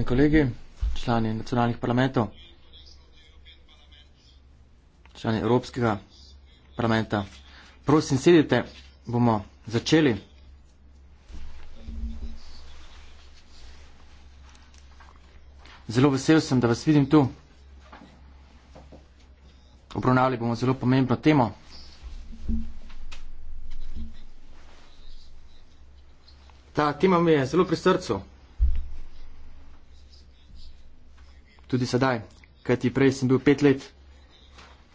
In kolegi, člani nacionalnih parlamentov, člani Evropskega parlamenta, prosim sedite, bomo začeli. Zelo vesel sem, da vas vidim tu. Obravnavali bomo zelo pomembno temo. Ta tema mi je zelo pri srcu. tudi sedaj, kajti prej sem bil pet let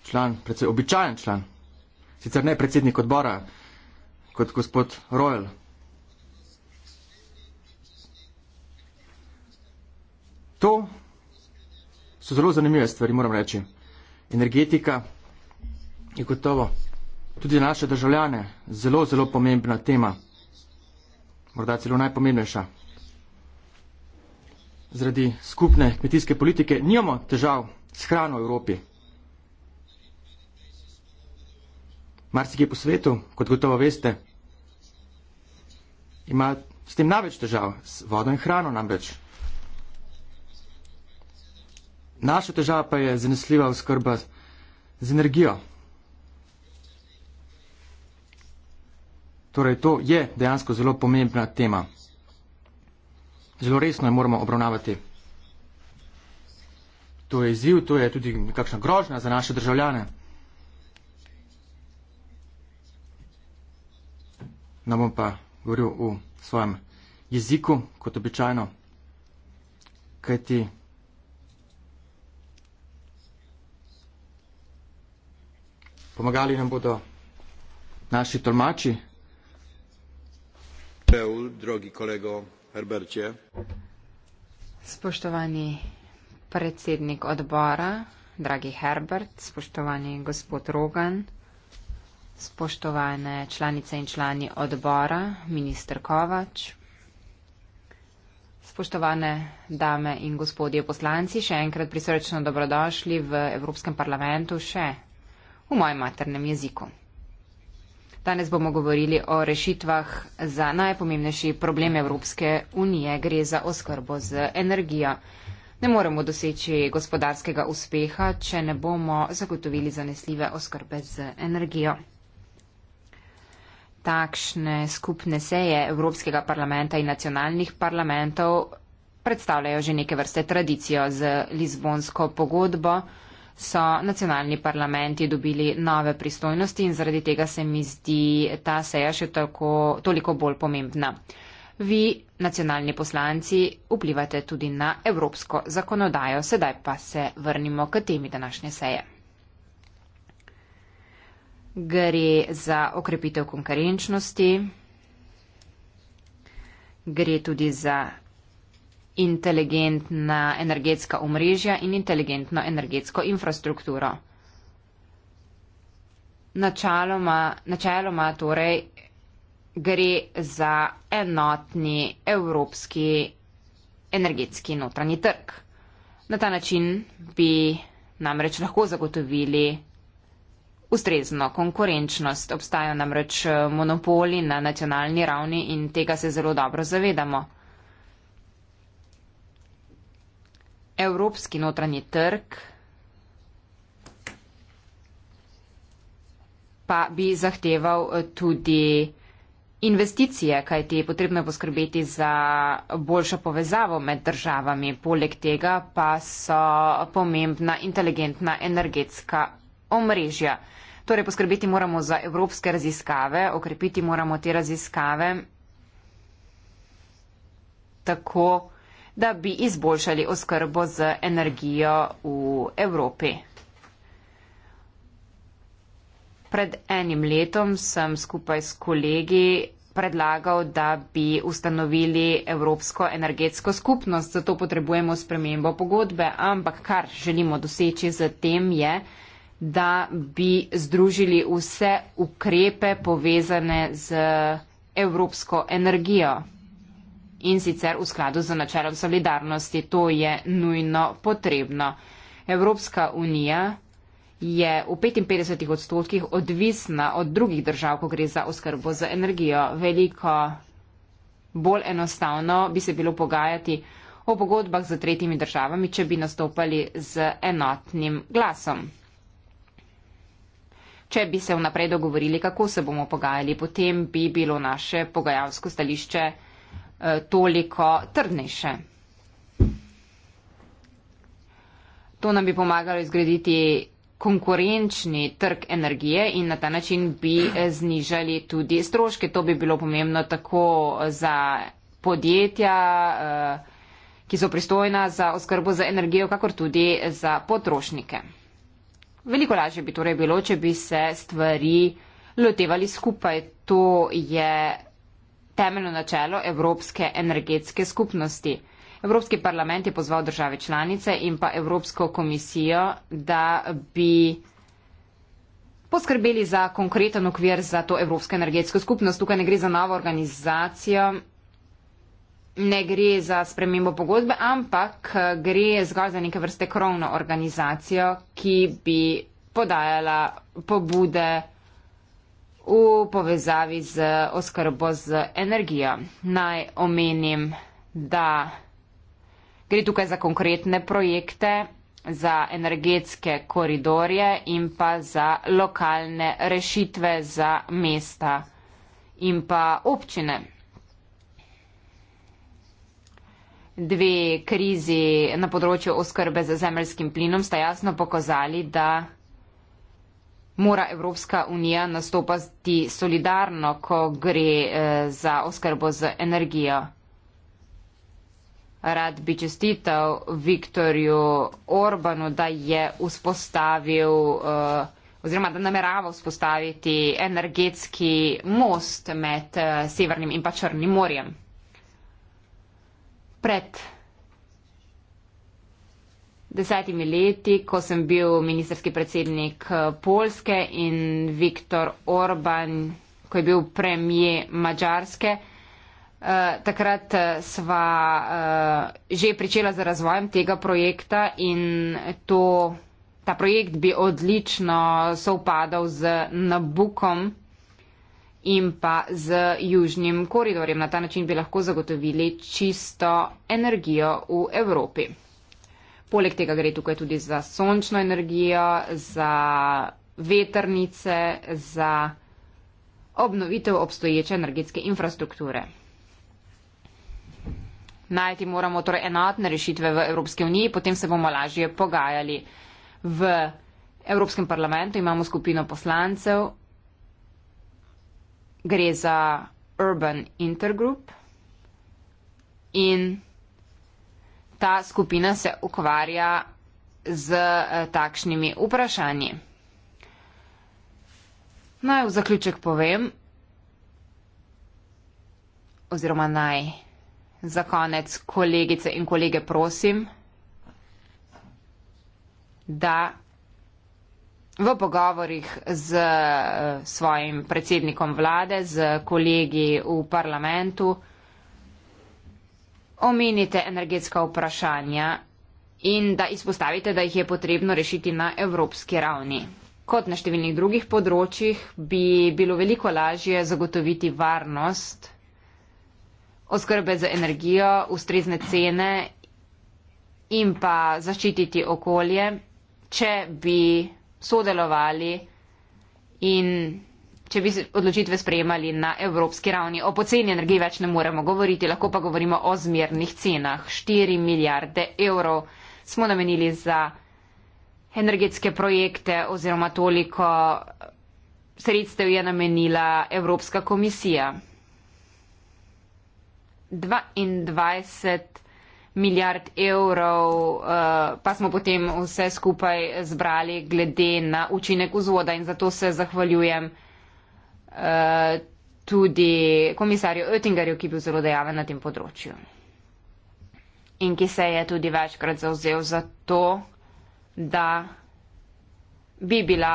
član, predvsej običajen član, sicer ne predsednik odbora, kot gospod Royal. To so zelo zanimive stvari, moram reči. Energetika je gotovo tudi za naše državljane zelo, zelo pomembna tema, morda celo najpomembnejša zaradi skupne kmetijske politike nimamo težav s hrano v Evropi. Marsik je po svetu, kot gotovo veste, ima s tem največ težav, s vodo in hrano namreč. Naša težava pa je zanesljiva oskrba z energijo. Torej, to je dejansko zelo pomembna tema zelo resno jo moramo obravnavati. To je izziv, to je tudi nekakšna grožnja za naše državljane. No bom pa govoril v svojem jeziku, kot običajno, kajti pomagali nam bodo naši tolmači. Peul, drogi kolego, Herberče. Spoštovani predsednik odbora, dragi Herbert, spoštovani gospod Rogan, spoštovane članice in člani odbora, minister Kovač, spoštovane dame in gospodje poslanci, še enkrat prisrčno dobrodošli v Evropskem parlamentu še v mojem maternem jeziku. Danes bomo govorili o rešitvah za najpomembnejši problem Evropske unije. Gre za oskrbo z energijo. Ne moremo doseči gospodarskega uspeha, če ne bomo zagotovili zanesljive oskrbe z energijo. Takšne skupne seje Evropskega parlamenta in nacionalnih parlamentov predstavljajo že neke vrste tradicijo z Lizbonsko pogodbo so nacionalni parlamenti dobili nove pristojnosti in zaradi tega se mi zdi ta seja še tako, toliko bolj pomembna. Vi, nacionalni poslanci, vplivate tudi na evropsko zakonodajo, sedaj pa se vrnimo k temi današnje seje. Gre za okrepitev konkurenčnosti, gre tudi za inteligentna energetska omrežja in inteligentno energetsko infrastrukturo. Načaloma, načaloma torej gre za enotni evropski energetski notranji trg. Na ta način bi namreč lahko zagotovili ustrezno konkurenčnost. Obstajajo namreč monopoli na nacionalni ravni in tega se zelo dobro zavedamo. evropski notranji trg, pa bi zahteval eh, tudi investicije, kajti potrebno je poskrbeti za boljšo povezavo med državami. Poleg tega pa so pomembna inteligentna energetska omrežja. Torej, poskrbeti moramo za evropske raziskave, okrepiti moramo te raziskave tako, da bi izboljšali oskrbo z energijo v Evropi. Pred enim letom sem skupaj s kolegi predlagal, da bi ustanovili Evropsko energetsko skupnost. Zato potrebujemo spremembo pogodbe, ampak kar želimo doseči z tem je, da bi združili vse ukrepe povezane z evropsko energijo in sicer v skladu z načelom solidarnosti. To je nujno potrebno. Evropska unija je v 55 odstotkih odvisna od drugih držav, ko gre za oskrbo z energijo. Veliko bolj enostavno bi se bilo pogajati o pogodbah z tretjimi državami, če bi nastopali z enotnim glasom. Če bi se vnaprej dogovorili, kako se bomo pogajali, potem bi bilo naše pogajalsko stališče Eh, toliko trdnejše. To nam bi pomagalo izgraditi konkurenčni trg energije in na ta način bi eh, znižali tudi stroške. To bi bilo pomembno tako za podjetja, eh, ki so pristojna za oskrbo za energijo, kakor tudi za potrošnike. Veliko lažje bi torej bilo, če bi se stvari lotevali skupaj. To je temeljno načelo Evropske energetske skupnosti. Evropski parlament je pozval države članice in pa Evropsko komisijo, da bi poskrbeli za konkreten okvir za to Evropsko energetsko skupnost. Tukaj ne gre za novo organizacijo, ne gre za spremembo pogodbe, ampak gre zgolj za neke vrste krovno organizacijo, ki bi podajala pobude v povezavi z oskrbo z energijo. Naj omenim, da gre tukaj za konkretne projekte, za energetske koridorje in pa za lokalne rešitve za mesta in pa občine. Dve krizi na področju oskrbe z zemljskim plinom sta jasno pokazali, da mora Evropska unija nastopati solidarno, ko gre eh, za oskrbo z energijo. Rad bi čestital Viktorju Orbanu, da je vzpostavil eh, oziroma da namerava vzpostaviti energetski most med eh, Severnim in pa Črnim morjem. Pred desetimi leti, ko sem bil ministerski predsednik eh, Polske in Viktor Orban, ko je bil premije Mačarske. Eh, takrat eh, sva že pričela z razvojem tega projekta in to, ta projekt bi odlično sovpadal z Nabukom in pa z južnim koridorjem. Na ta način bi lahko zagotovili čisto energijo v Evropi. Poleg tega gre tukaj tudi za sončno energijo, za veternice, za obnovitev obstoječe energetske infrastrukture. Najti moramo torej enotne rešitve v Evropske uniji, potem se bomo lažje pogajali. V Evropskem parlamentu imamo skupino poslancev, gre za Urban Intergroup in ta skupina se ukvarja z eh, takšnimi vprašanji. Naj v zaključek povem, oziroma naj za konec kolegice in kolege prosim, da v pogovorjih z eh, svojim predsednikom vlade, z kolegi v parlamentu, omenite energetska vprašanja in da izpostavite, da jih je potrebno rešiti na evropski ravni. Kot na številnih drugih področjih bi bilo veliko lažje zagotoviti varnost, oskrbe z energijo, ustrezne cene in pa zaščititi okolje, če bi sodelovali in če bi odločitve sprejemali na evropski ravni. O poceni energiji več ne moremo govoriti, lahko pa govorimo o zmernih cenah. 4 milijarde evrov smo namenili za energetske projekte oziroma toliko eh, sredstev je namenila Evropska komisija. 22 milijard evrov uh, pa smo potem vse skupaj zbrali glede na učinek vzvoda in zato se zahvaljujem. Eh, tudi komisarju Oettingerju, ki je bil zelo dejaven na tem področju in ki se je tudi večkrat zauzel za to, da bi bila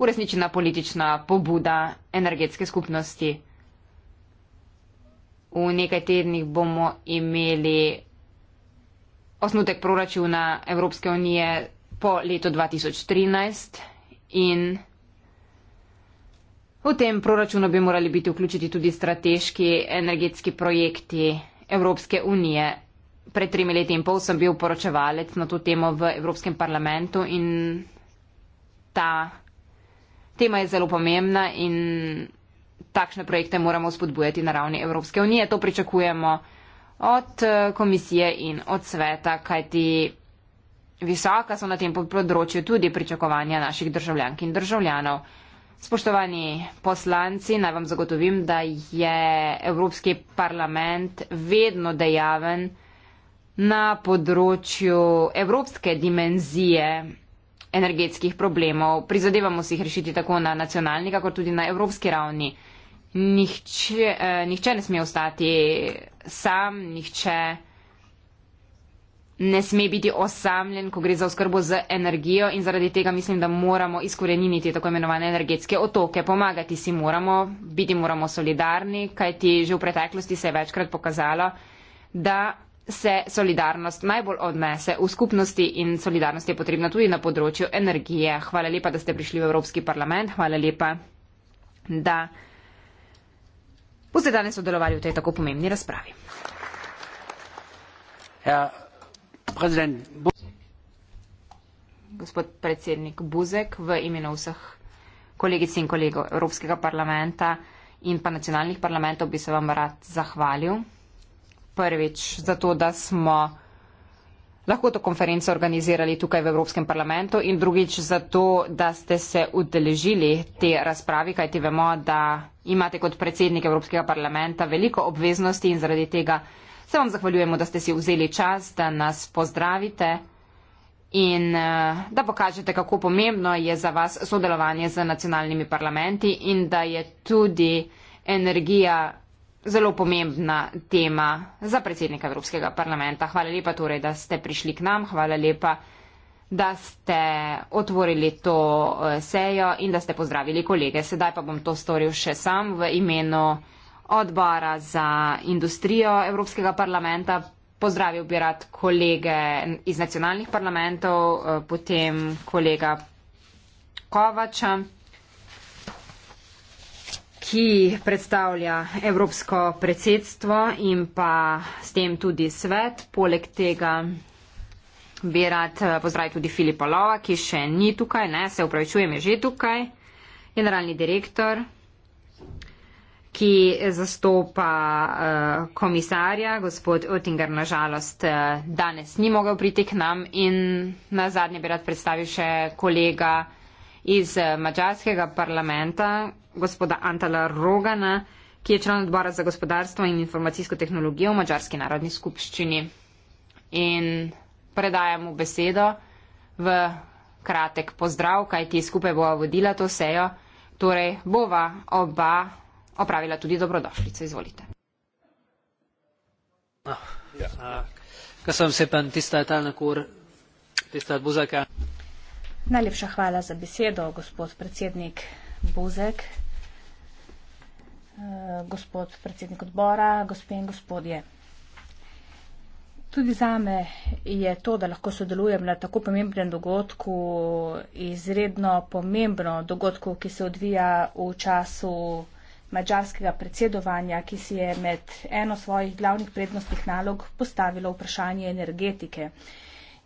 uresničena politična pobuda energetske skupnosti. V nekaj tednih bomo imeli osnutek proračuna Evropske unije po letu 2013 in V tem proračunu bi morali biti vključiti tudi strateški energetski projekti Evropske unije. Pred tremi leti in pol sem bil poročevalec na to temo v Evropskem parlamentu in ta tema je zelo pomembna in takšne projekte moramo spodbujati na ravni Evropske unije. To pričakujemo od eh, komisije in od sveta, kajti visoka so na tem področju tudi pričakovanja naših državljank in državljanov. Spoštovani poslanci, naj vam zagotovim, da je Evropski parlament vedno dejaven na področju evropske dimenzije energetskih problemov. Prizadevamo si jih rešiti tako na nacionalni, kako tudi na evropski ravni. Nihče, eh, nihče ne sme ostati sam, nihče ne sme biti osamljen, ko gre za oskrbo z energijo in zaradi tega mislim, da moramo izkoreniniti tako imenovane energetske otoke. Pomagati si moramo, biti moramo solidarni, kajti že v preteklosti se je večkrat pokazalo, da se solidarnost najbolj odnese v skupnosti in solidarnost je potrebna tudi na področju energije. Hvala lepa, da ste prišli v Evropski parlament. Hvala lepa, da boste danes sodelovali v tej tako pomembni razpravi. Ja. Gospod predsednik Buzek, v imenu vseh kolegic in kolegov Evropskega parlamenta in pa nacionalnih parlamentov bi se vam rad zahvalil. Prvič, zato, da smo lahko to konferenco organizirali tukaj v Evropskem parlamentu in drugič zato, da ste se udeležili te razpravi, kajti vemo, da imate kot predsednik Evropskega parlamenta veliko obveznosti in zaradi tega Se vam zahvaljujemo, da ste si vzeli čas, da nas pozdravite in eh, da pokažete, kako pomembno je za vas sodelovanje z nacionalnimi parlamenti in da je tudi energija zelo pomembna tema za predsednika Evropskega parlamenta. Hvala lepa torej, da ste prišli k nam. Hvala lepa da ste otvorili to eh, sejo in da ste pozdravili kolege. Sedaj pa bom to storil še sam v imenu odbora za industrijo Evropskega parlamenta. Pozdravil bi rad kolege iz nacionalnih parlamentov, eh, potem kolega Kovača, ki predstavlja Evropsko predsedstvo in pa s tem tudi svet. Poleg tega bi rad eh, pozdravil tudi Filipa Lova, ki še ni tukaj, ne, se upravičujem, je že tukaj, generalni direktor ki zastopa uh, komisarja, gospod Oettinger, nažalost, uh, eh, danes ni mogel priti k nam in na zadnje bi rad predstavil še kolega iz eh, mačarskega parlamenta, gospoda Antala Rogana, ki je član odbora za gospodarstvo in informacijsko tehnologijo v mačarski narodni skupščini. In predajam mu besedo v kratek pozdrav, kaj ti skupaj bova vodila to sejo, torej bova oba opravila tudi dobrodošlico. Izvolite. No, ja. a, köszönöm szépen, tisztelt elnök úr, tisztelt Buzek el. Najlepša hvala za besedo, gospod predsednik Buzek, e, gospod predsednik odbora, gospe in gospodje. Tudi zame je to, da lahko sodelujem na tako pomembnem dogodku, izredno pomembno dogodku, ki se odvija v času mađarskega predsedovanja, ki si je med eno svojih glavnih prednostnih nalog postavilo vprašanje energetike.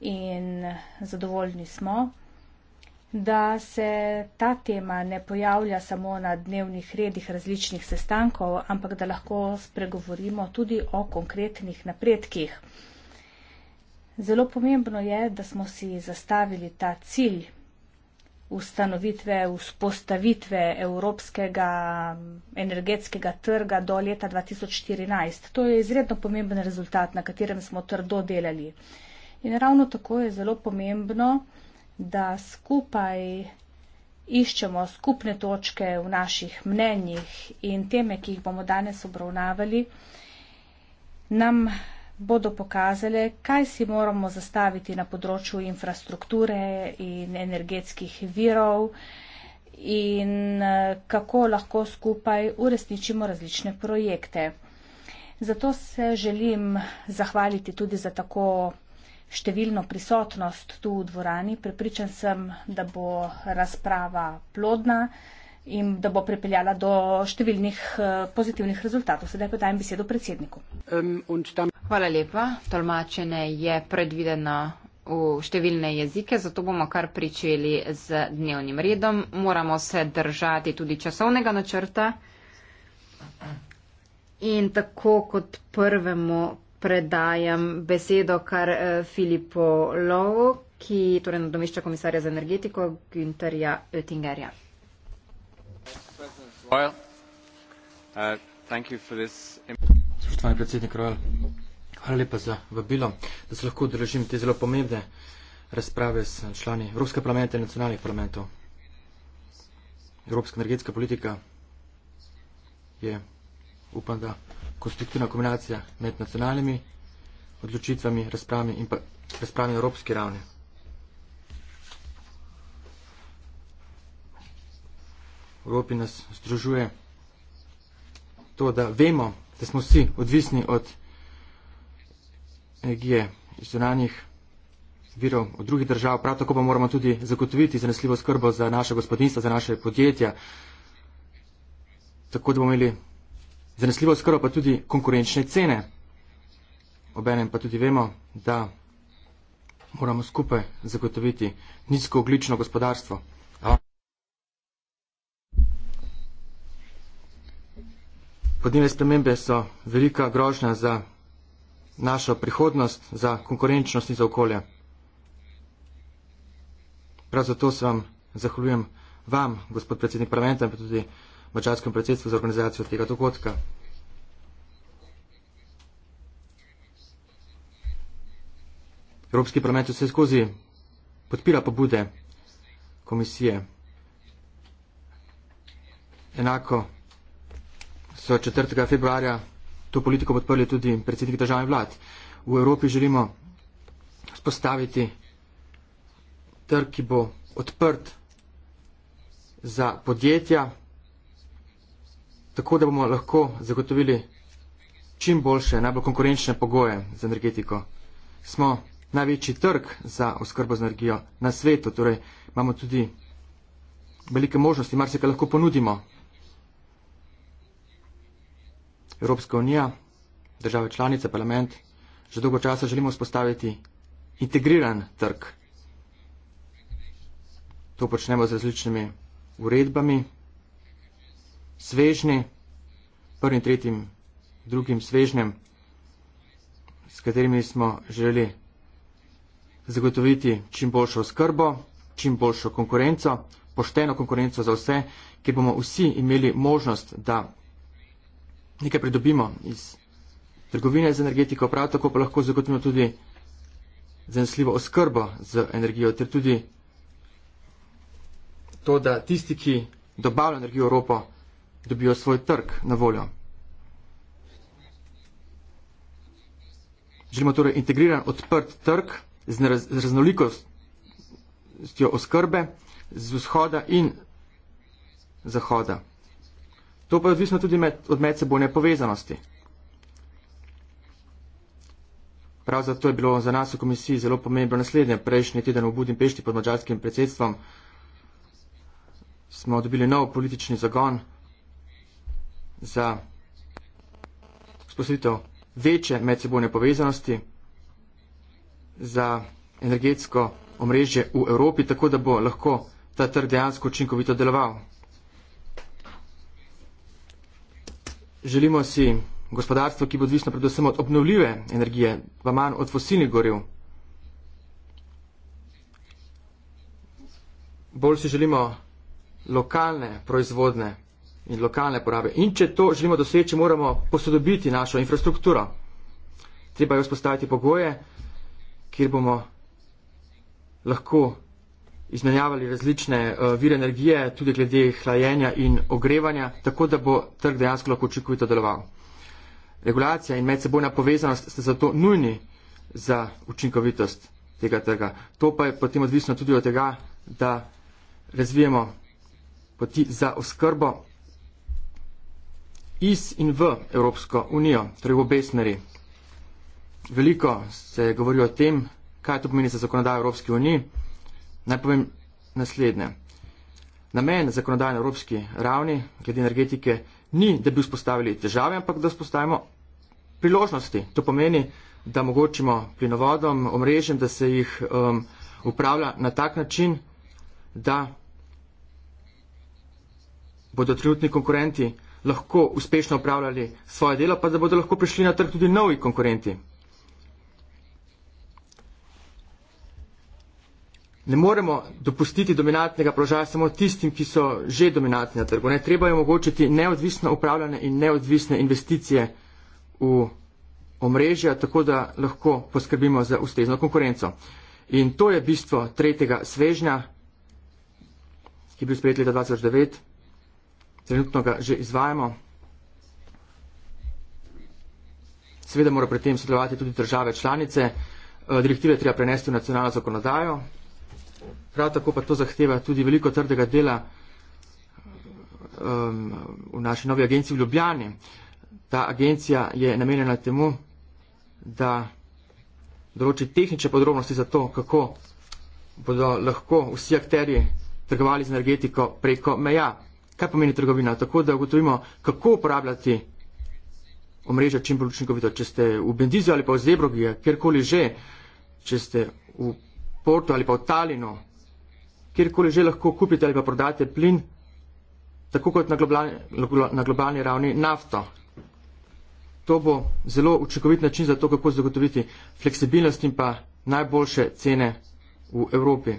In zadovoljni smo, da se ta tema ne pojavlja samo na dnevnih redih različnih sestankov, ampak da lahko spregovorimo tudi o konkretnih napredkih. Zelo pomembno je, da smo si zastavili ta cilj ustanovitve, vzpostavitve evropskega energetskega trga do leta 2014. To je izredno pomemben rezultat, na katerem smo trdo delali. In ravno tako je zelo pomembno, da skupaj iščemo skupne točke v naših mnenjih in teme, ki jih bomo danes obravnavali, nam bodo pokazale, kaj si moramo zastaviti na področju infrastrukture in energetskih virov in eh, kako lahko skupaj uresničimo različne projekte. Zato se želim zahvaliti tudi za tako številno prisotnost tu v dvorani. Prepričan sem, da bo razprava plodna in da bo pripeljala do številnih eh, pozitivnih rezultatov. Sedaj pa dajem besedo predsedniku. Um, Hvala lepa. Tolmačenje je predvideno v številne jezike, zato bomo kar pričeli z dnevnim redom. Moramo se držati tudi časovnega načrta. In tako kot prvemu predajam besedo kar eh, Filipo Lovu, ki torej nadomešča komisarja za energetiko Günterja Oettingerja. Uh, Spoštovani predsednik Royal. Hvala lepa za vabilo, da se lahko odrežim te zelo pomembne razprave s člani Evropske parlamente in nacionalnih parlamentov. Evropska energetska politika je, upam, da konstruktivna kombinacija med nacionalnimi odločitvami, razpravami in pa razpravami evropske ravni. V Evropi nas združuje to, da vemo, da smo vsi odvisni od energije iz zunanjih virov od drugih držav. Prav tako pa moramo tudi zagotoviti zanesljivo skrbo za naše gospodinstva, za naše podjetja, tako da bomo imeli zanesljivo skrbo pa tudi konkurenčne cene. Obenem pa tudi vemo, da moramo skupaj zagotoviti nizkooglično gospodarstvo. Podnebne spremembe so velika grožnja za našo prihodnost, za konkurenčnost in za okolje. Prav zato se vam zahvaljujem vam, gospod predsednik parlamenta, pa tudi mačarskem predsedstvu za organizacijo tega dogodka. Evropski parlament vse skozi podpira pobude komisije. Enako so 4. februarja to politiko podprli tudi predsedniki državnih vlad. V Evropi želimo spostaviti trg, ki bo odprt za podjetja, tako da bomo lahko zagotovili čim boljše, najbolj konkurenčne pogoje za energetiko. Smo največji trg za oskrbo z energijo na svetu, torej imamo tudi velike možnosti, mar se kaj lahko ponudimo Evropska unija, države članice, parlament, že dolgo časa želimo vzpostaviti integriran trg. To počnemo z različnimi uredbami, svežni, prvim, tretjim, drugim svežnjem, s katerimi smo želeli zagotoviti čim boljšo skrbo, čim boljšo konkurenco, pošteno konkurenco za vse, ki bomo vsi imeli možnost, da nekaj pridobimo iz trgovine z energetiko, prav tako pa lahko zagotovimo tudi zanesljivo oskrbo z energijo, ter tudi to, da tisti, ki dobavljajo energijo v Evropo, dobijo svoj trg na voljo. Želimo torej integriran, odprt trg z, raz, z raznolikostjo oskrbe z vzhoda in zahoda. To pa je odvisno tudi med, od medsebojne povezanosti. Prav zato je bilo za nas v komisiji zelo pomembno naslednje. Prejšnji teden v Budimpešti pod mačarskim predsedstvom smo dobili nov politični zagon za spostavitev večje medsebojne povezanosti za energetsko omrežje v Evropi, tako da bo lahko ta trg dejansko učinkovito deloval. Želimo si gospodarstvo, ki bo odvisno predvsem od obnovljive energije, pa manj od fosilnih goriv. Bolj si želimo lokalne proizvodne in lokalne porabe. In če to želimo doseči, moramo posodobiti našo infrastrukturo. Treba je vzpostaviti pogoje, kjer bomo lahko izmenjavali različne eh, vire energije, tudi glede hlajenja in ogrevanja, tako da bo trg dejansko lahko učinkovito deloval. Regulacija in medsebojna povezanost sta zato nujni za učinkovitost tega trga. To pa je potem odvisno tudi od tega, da razvijemo poti za oskrbo iz in v Evropsko unijo, torej v obe smeri. Veliko se govori o tem, kaj to pomeni za zakonodajo Evropske unije. Naj povem naslednje. Namen zakonodajne evropski ravni glede energetike ni, da bi vzpostavili težave, ampak da vzpostavimo priložnosti. To pomeni, da mogočimo plinovodom, omrežjem, da se jih um, upravlja na tak način, da bodo trenutni konkurenti lahko uspešno upravljali svoje delo, pa da bodo lahko prišli na trg tudi novi konkurenti. ne moremo dopustiti dominantnega položaja samo tistim, ki so že dominantni na trgu. Ne, treba je omogočiti neodvisno upravljanje in neodvisne investicije v omrežja, tako da lahko poskrbimo za ustrezno konkurenco. In to je bistvo tretjega svežnja, ki je bil sprejet leta 2009. Trenutno ga že izvajamo. Seveda mora pri tem sodelovati tudi države članice. Eh, direktive treba prenesti v nacionalno zakonodajo prav tako pa to zahteva tudi veliko trdega dela um, v naši novi agenciji v Ljubljani. Ta agencija je namenjena temu, da določi tehnične podrobnosti za to, kako bodo lahko vsi akterji trgovali z energetiko preko meja. Kaj pomeni trgovina? Tako da ugotovimo, kako uporabljati omrežja čim bolj učinkovito. Če ste v Bendizu ali pa v Zebrogi, kjerkoli že, če ste v Portu ali pa v Talinu, kjerkoli že lahko kupite ali pa prodate plin, tako kot na globalni, na globalni ravni nafto. To bo zelo učinkovit način za to, kako zagotoviti fleksibilnost in pa najboljše cene v Evropi.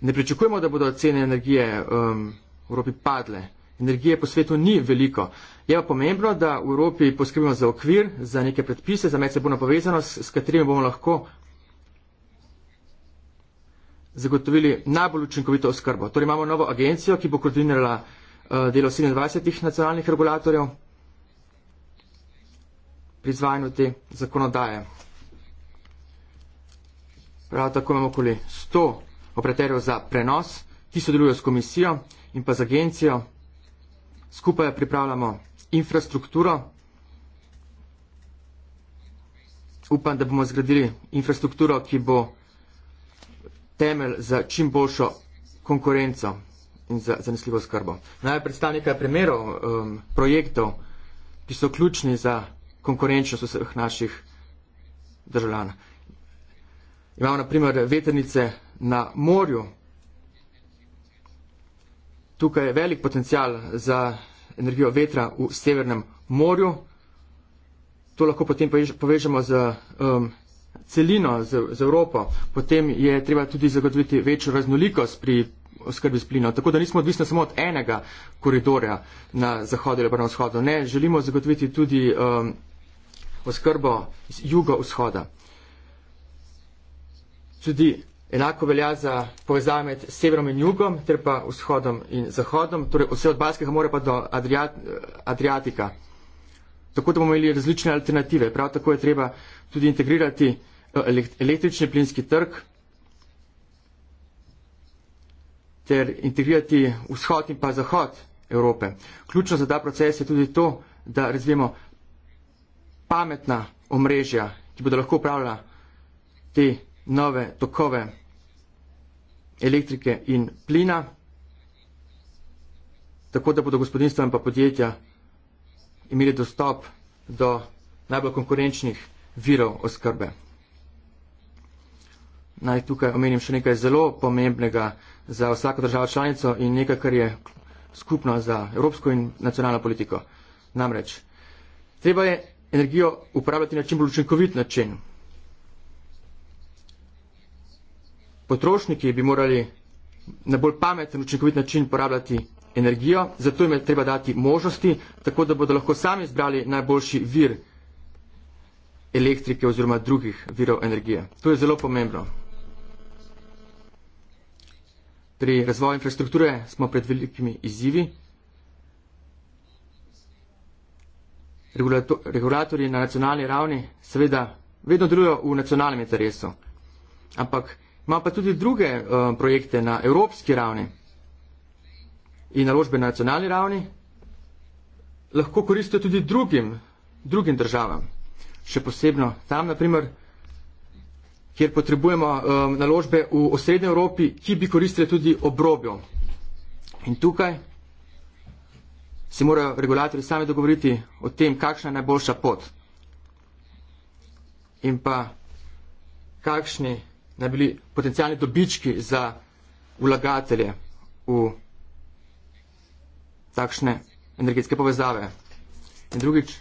Ne pričakujemo, da bodo cene energije um, v Evropi padle. Energije po svetu ni veliko. Je pa pomembno, da v Evropi poskrbimo za okvir, za neke predpise, za medsebojno povezanost, s katerimi bomo lahko zagotovili najbolj učinkovito oskrbo. Torej imamo novo agencijo, ki bo koordinirala eh, delo 27 nacionalnih regulatorjev pri izvajanju te zakonodaje. Prav tako imamo okoli 100 operaterjev za prenos, ki sodelujo s komisijo in pa z agencijo. Skupaj pripravljamo infrastrukturo. Upam, da bomo zgradili infrastrukturo, ki bo temelj za čim boljšo konkurenco in za zanesljivo skrbo. Naj predstavim nekaj primerov um, projektov, ki so ključni za konkurenčnost vseh naših državljanov. Imamo naprimer veternice na morju. Tukaj je velik potencial za energijo vetra v Severnem morju. To lahko potem povežemo z um, celino z, z Evropo, potem je treba tudi zagotoviti večjo raznolikost pri oskrbi s plinom. Tako da nismo odvisni samo od enega koridorja na zahodu ali na vzhodu. Ne, želimo zagotoviti tudi um, oskrbo z jugovzhoda. Tudi enako velja za povezave med severom in jugom, ter pa vzhodom in zahodom, torej vse od Balskega morja pa do Adriat, Adriatika. Tako da bomo imeli različne alternative. Prav tako je treba tudi integrirati električni plinski trg ter integrirati vzhod in pa zahod Evrope. Ključno za ta proces je tudi to, da razvijemo pametna omrežja, ki bodo lahko upravljala te nove tokove elektrike in plina, tako da bodo gospodinstva in pa podjetja imeli dostop do najbolj konkurenčnih virov oskrbe. Naj tukaj omenim še nekaj zelo pomembnega za vsako državo članico in nekaj, kar je skupno za evropsko in nacionalno politiko. Namreč, treba je energijo uporabljati na čim bolj učinkovit način. Potrošniki bi morali na bolj pameten, učinkovit način uporabljati energijo, zato jim je treba dati možnosti, tako da bodo lahko sami izbrali najboljši vir elektrike oziroma drugih virov energije. To je zelo pomembno. Pri razvoju infrastrukture smo pred velikimi izzivi. Regulator, regulatori na nacionalni ravni seveda vedno delujejo v nacionalnem interesu, ampak ima pa tudi druge uh, projekte na evropski ravni in naložbe na nacionalni ravni lahko koristijo tudi drugim, drugim državam. Še posebno tam, naprimer, kjer potrebujemo um, naložbe v osrednji Evropi, ki bi koristile tudi obrobjo. In tukaj se morajo regulatorji sami dogovoriti o tem, kakšna je najboljša pot in pa kakšni naj bili potencijalni dobički za vlagatelje v takšne energetske povezave. In drugič,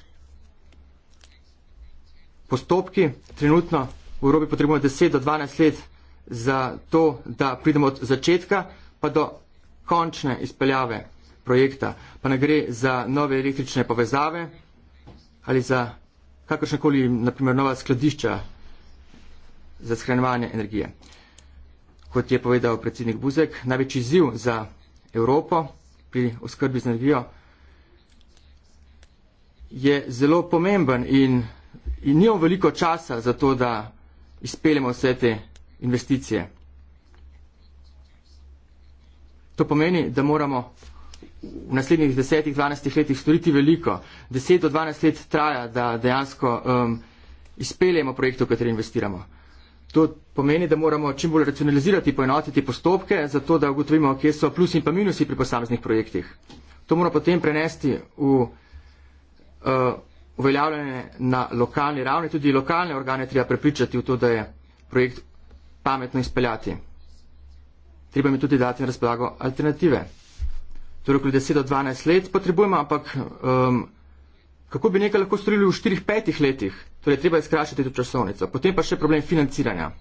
postopki trenutno v Evropi potrebujemo 10 do 12 let za to, da pridemo od začetka pa do končne izpeljave projekta. Pa ne gre za nove električne povezave ali za kakršnekoli, naprimer, nova skladišča za shranjevanje energije. Kot je povedal predsednik Buzek, največji izziv za Evropo pri oskrbi z energijo je zelo pomemben in, in nijo veliko časa za to, da izpeljemo vse te investicije. To pomeni, da moramo v naslednjih 10-12 letih storiti veliko. 10-12 let traja, da dejansko um, izpeljemo projekte, v katere investiramo. To pomeni, da moramo čim bolj racionalizirati, poenotiti postopke, zato da ugotovimo, kje so plusi in pa minusi pri posameznih projektih. To moramo potem prenesti v uh, uveljavljene na lokalni ravni, tudi lokalne organe treba prepričati v to, da je projekt pametno izpeljati. Treba mi tudi dati na razpolago alternative. Torej, okoli 10 do 12 let potrebujemo, ampak um, kako bi nekaj lahko storili v 4-5 letih? Torej, treba je skrašiti to časovnico. Potem pa še problem financiranja.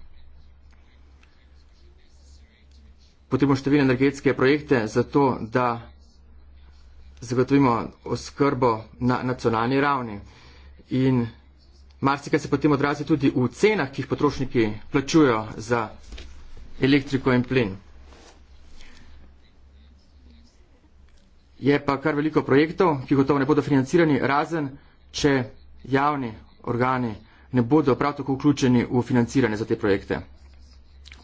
Potrebujemo številne energetske projekte za to, da zagotovimo oskrbo na nacionalni ravni. In marsikaj se potem odrazi tudi v cenah, ki jih potrošniki plačujo za elektriko in plin. Je pa kar veliko projektov, ki gotovo ne bodo financirani, razen če javni organi ne bodo prav tako vključeni v financiranje za te projekte.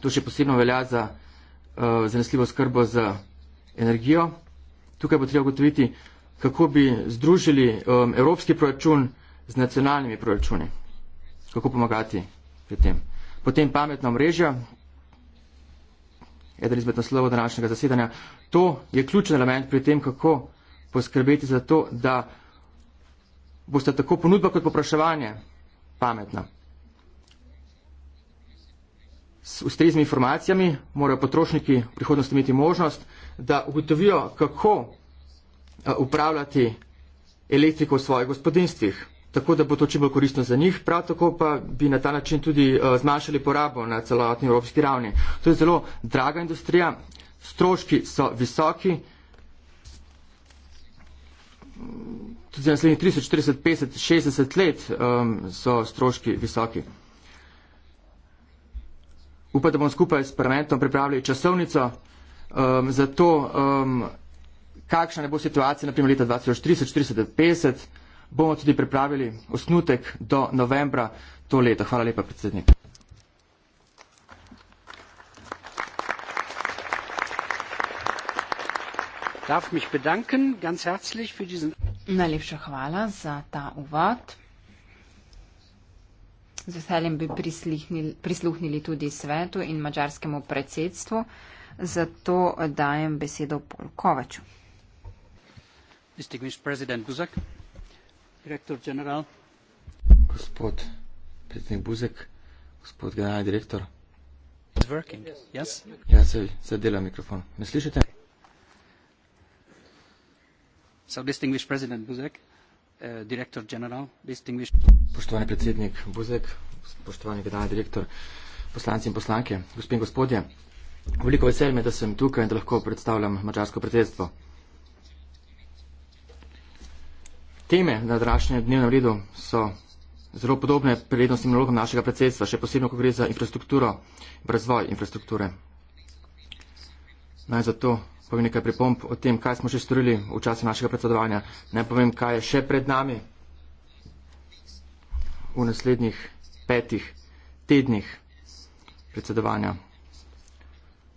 To še posebno velja za uh, zanesljivo skrbo z energijo tukaj bo treba ugotoviti, kako bi združili um, evropski proračun z nacionalnimi proračuni, kako pomagati pri tem. Potem pametna mrežja, eden izmed naslovov današnjega zasedanja, to je ključen element pri tem, kako poskrbeti za to, da boste tako ponudba kot popraševanje pametna. S ustreznimi informacijami morajo potrošniki v prihodnosti imeti možnost, da ugotovijo, kako eh, upravljati elektriko v svojih gospodinstvih, tako da bo to čim bolj koristno za njih, prav tako pa bi na ta način tudi eh, zmanjšali porabo na celotni evropski ravni. To je zelo draga industrija, stroški so visoki. Tudi naslednjih 30, 40, 50, 60 let um, so stroški visoki. Upam, da bom skupaj s parlamentom pripravili časovnico um, za to, um, kakšna ne bo situacija, naprimer leta 2030-2050, bomo tudi pripravili osnutek do novembra to leto. Hvala lepa, predsednik. Darf mich bedanken ganz herzlich für diesen. Najlepša hvala za ta uvod. Z veseljem bi prisluhnili tudi svetu in mačarskemu predsedstvu zato dajem besedo Pol Kovaču. Gospod predsednik Buzek, gospod generalni direktor. Yes? Ja, se, se dela mikrofon. Me slišite? So, Buzek, uh, general, poštovani predsednik Buzek, poštovani generalni direktor, poslanci in poslanke, gospe in gospodje. Veliko vesel me, da sem tukaj in da lahko predstavljam mačarsko predsedstvo. Teme na današnjem dnevnem redu so zelo podobne prednostnim nalogam našega predsedstva, še posebno, ko gre za infrastrukturo, razvoj infrastrukture. Naj zato povem nekaj pripomp o tem, kaj smo že storili v času našega predsedovanja. Naj povem, kaj je še pred nami v naslednjih petih tednih predsedovanja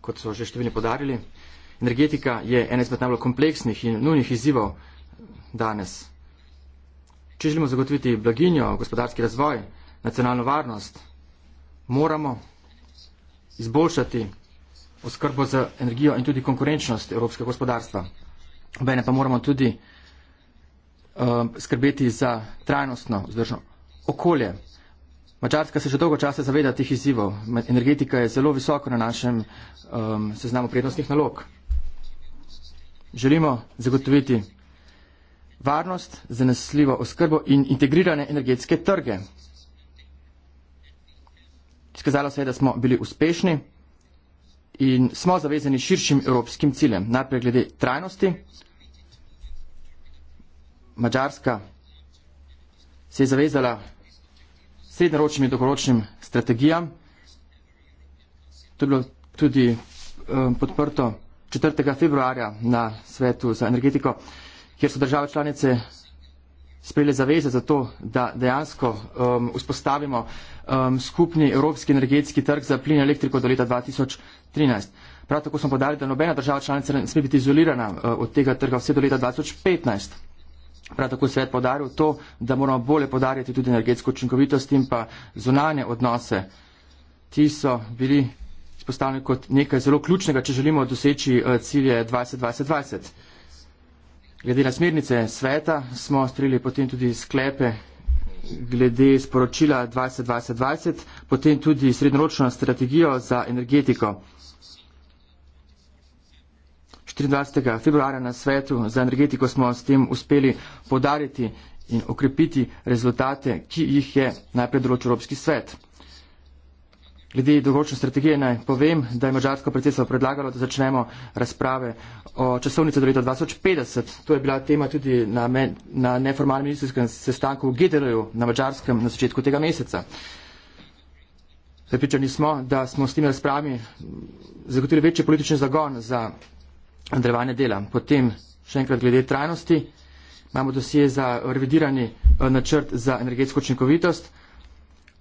kot so že številni podarili. Energetika je ena izmed najbolj kompleksnih in nujnih izzivov danes. Če želimo zagotoviti blaginjo, gospodarski razvoj, nacionalno varnost, moramo izboljšati oskrbo z energijo in tudi konkurenčnost evropskega gospodarstva. Obene pa moramo tudi uh, skrbeti za trajnostno vzdržno okolje. Mačarska se že dolgo časa zaveda teh izzivov. Energetika je zelo visoko na našem um, seznamu prednostnih nalog. Želimo zagotoviti varnost, zanesljivo oskrbo in integrirane energetske trge. Skazalo se je, da smo bili uspešni in smo zavezani širšim evropskim ciljem. Najprej glede trajnosti. Mačarska se je zavezala srednjeročnim in dolgoročnim strategijam. To je bilo tudi um, podprto 4. februarja na svetu za energetiko, kjer so države članice sprejeli zaveze za to, da dejansko um, vzpostavimo um, skupni evropski energetski trg za plin in elektriko do leta 2013. Prav tako smo podali, da nobena država članica ne sme biti izolirana uh, od tega trga vse do leta 2015. Prav tako svet podaril to, da moramo bolje podarjati tudi energetsko učinkovitost in pa zunanje odnose. Ti so bili izpostavljeni kot nekaj zelo ključnega, če želimo doseči eh, cilje 2020. Glede na smernice sveta smo strili potem tudi sklepe glede sporočila 2020, potem tudi srednjeročno strategijo za energetiko. 24. februarja na svetu za energetiko smo s tem uspeli podariti in okrepiti rezultate, ki jih je najprej določil Evropski svet. Glede dolgočne strategije naj povem, da je mađarsko predsedstvo predlagalo, da začnemo razprave o časovnici do leta 2050. To je bila tema tudi na, na neformalnem ministrskem sestanku v Gedeloju na mađarskem na začetku tega meseca. Zapričani smo, da smo s temi razpravami zagotovili večji politični zagon za nadaljevanje dela. Potem še enkrat glede trajnosti. Imamo dosije za revidirani eh, načrt za energetsko učinkovitost.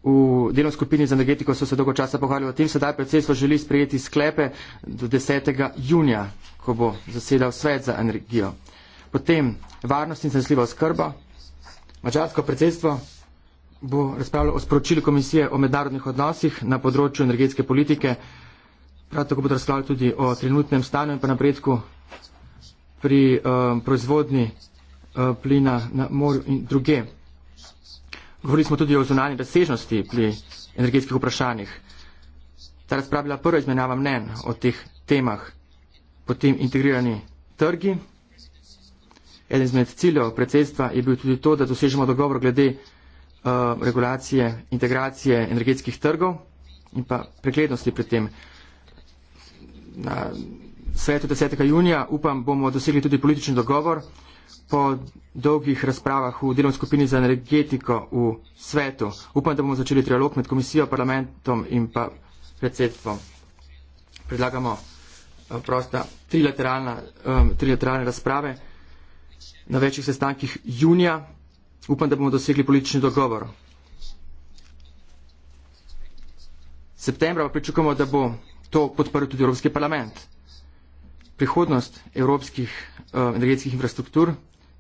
V delovni skupini za energetiko so se dolgo časa pogovarjali o tem, sedaj predsedstvo želi sprejeti sklepe do 10. junija, ko bo zasedal svet za energijo. Potem varnost in zanesljiva oskrba. Mačarsko predsedstvo bo razpravljalo o sporočili komisije o mednarodnih odnosih na področju energetske politike Prav tako bodo razpravljali tudi o trenutnem stanju in pa napredku pri uh, eh, proizvodni uh, eh, plina na morju in druge. Govorili smo tudi o zunanji razsežnosti pri energetskih vprašanjih. Ta razprava je bila prva izmenjava mnen o teh temah. Potem integrirani trgi. Eden izmed ciljev predsedstva je bil tudi to, da dosežemo dogovor glede uh, regulacije, integracije energetskih trgov in pa preglednosti pri tem na svetu 10. junija, upam, bomo dosegli tudi politični dogovor po dolgih razpravah v delovni skupini za energetiko v svetu. Upam, da bomo začeli trialog med komisijo, parlamentom in pa predsedstvom. Predlagamo eh, prosta trilateralna, um, trilateralne razprave na večjih sestankih junija. Upam, da bomo dosegli politični dogovor. Septembra pa pričakujemo, da bo to podprl tudi Evropski parlament. Prihodnost evropskih eh, energetskih infrastruktur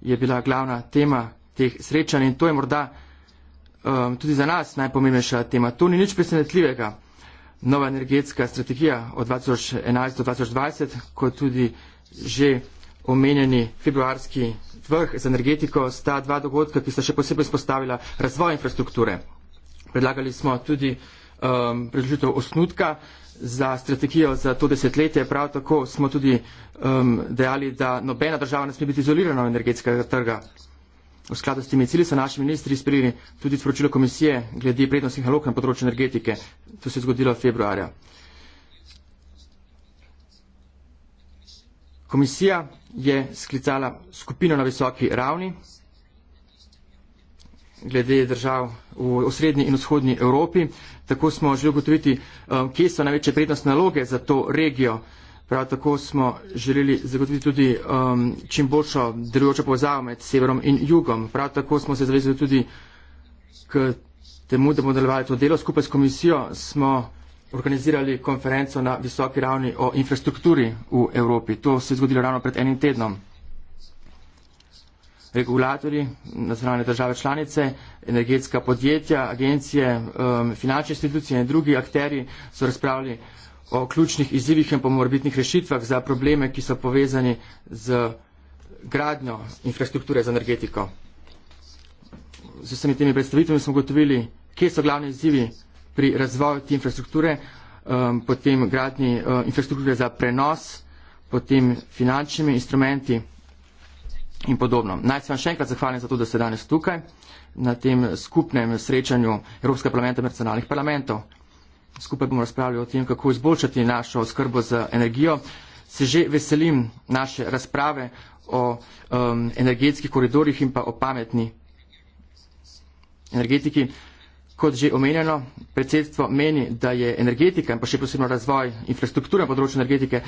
je bila glavna tema teh srečanj in to je morda eh, tudi za nas najpomembnejša tema. To ni nič presenetljivega. Nova energetska strategija od 2011 do 2020, kot tudi že omenjeni februarski vrh za energetiko, sta dva dogodka, ki sta še posebej spostavila razvoj infrastrukture. Predlagali smo tudi uh, um, predložitev osnutka za strategijo za to desetletje. Prav tako smo tudi um, dejali, da nobena država ne sme biti izolirana od energetskega trga. V skladu s temi cilji so naši ministri sprejeli tudi sporočilo komisije glede prednostnih nalog na področju energetike. To se je zgodilo februarja. Komisija je sklicala skupino na visoki ravni glede držav v osrednji in vzhodnji Evropi. Tako smo želeli ugotoviti, eh, kje so največje prednostne naloge za to regijo. Prav tako smo želeli zagotoviti tudi um, čim boljšo delujočo povezavo med severom in jugom. Prav tako smo se zavezali tudi k temu, da bomo delovali to delo. Skupaj s komisijo smo organizirali konferenco na visoki ravni o infrastrukturi v Evropi. To se je zgodilo ravno pred enim tednom regulatorji, nacionalne države članice, energetska podjetja, agencije, um, finančne institucije in drugi akteri so razpravljali o ključnih izzivih in pomorbitnih rešitvah za probleme, ki so povezani z gradnjo infrastrukture za energetiko. Z vsemi temi predstavitvami smo gotovili, kje so glavne izzivi pri razvoju te infrastrukture, um, potem gradni uh, infrastrukture za prenos, potem finančnimi instrumenti, in podobno. Naj se vam še enkrat zahvalim za to, da ste danes tukaj na tem skupnem srečanju Evropskega parlamenta in nacionalnih parlamentov. Skupaj bomo razpravljali o tem, kako izboljšati našo skrbo z energijo. Se že veselim naše razprave o um, energetskih koridorjih in pa o pametni energetiki. Kot že omenjeno, predsedstvo meni, da je energetika in pa še posebno razvoj infrastrukture področja energetike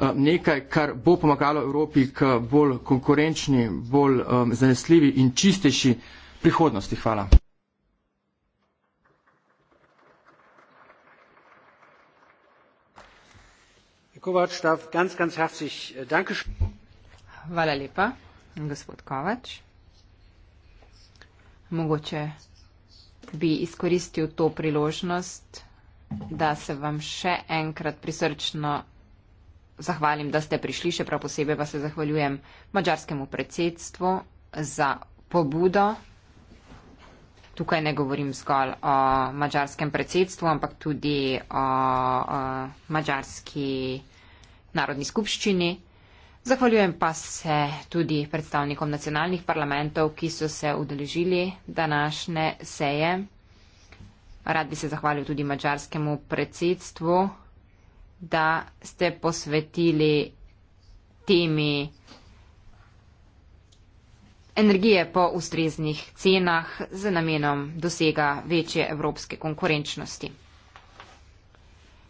Eh, nekaj, kar bo pomagalo Evropi k bolj konkurenčni, bolj um, zanesljivi in čistejši prihodnosti. Hvala. Äh, Hvala lepa, gospod Kovač. Mogoče bi izkoristil to priložnost, da se vam še enkrat prisrčno zahvalim, da ste prišli, še prav posebej pa se zahvaljujem mačarskemu predsedstvu za pobudo. Tukaj ne govorim zgolj o mačarskem predsedstvu, ampak tudi o, o mačarski narodni skupščini. Zahvaljujem pa se tudi predstavnikom nacionalnih parlamentov, ki so se udeležili današnje seje. Rad bi se zahvalil tudi mačarskemu predsedstvu da ste posvetili temi energije po ustreznih cenah z namenom dosega večje evropske konkurenčnosti.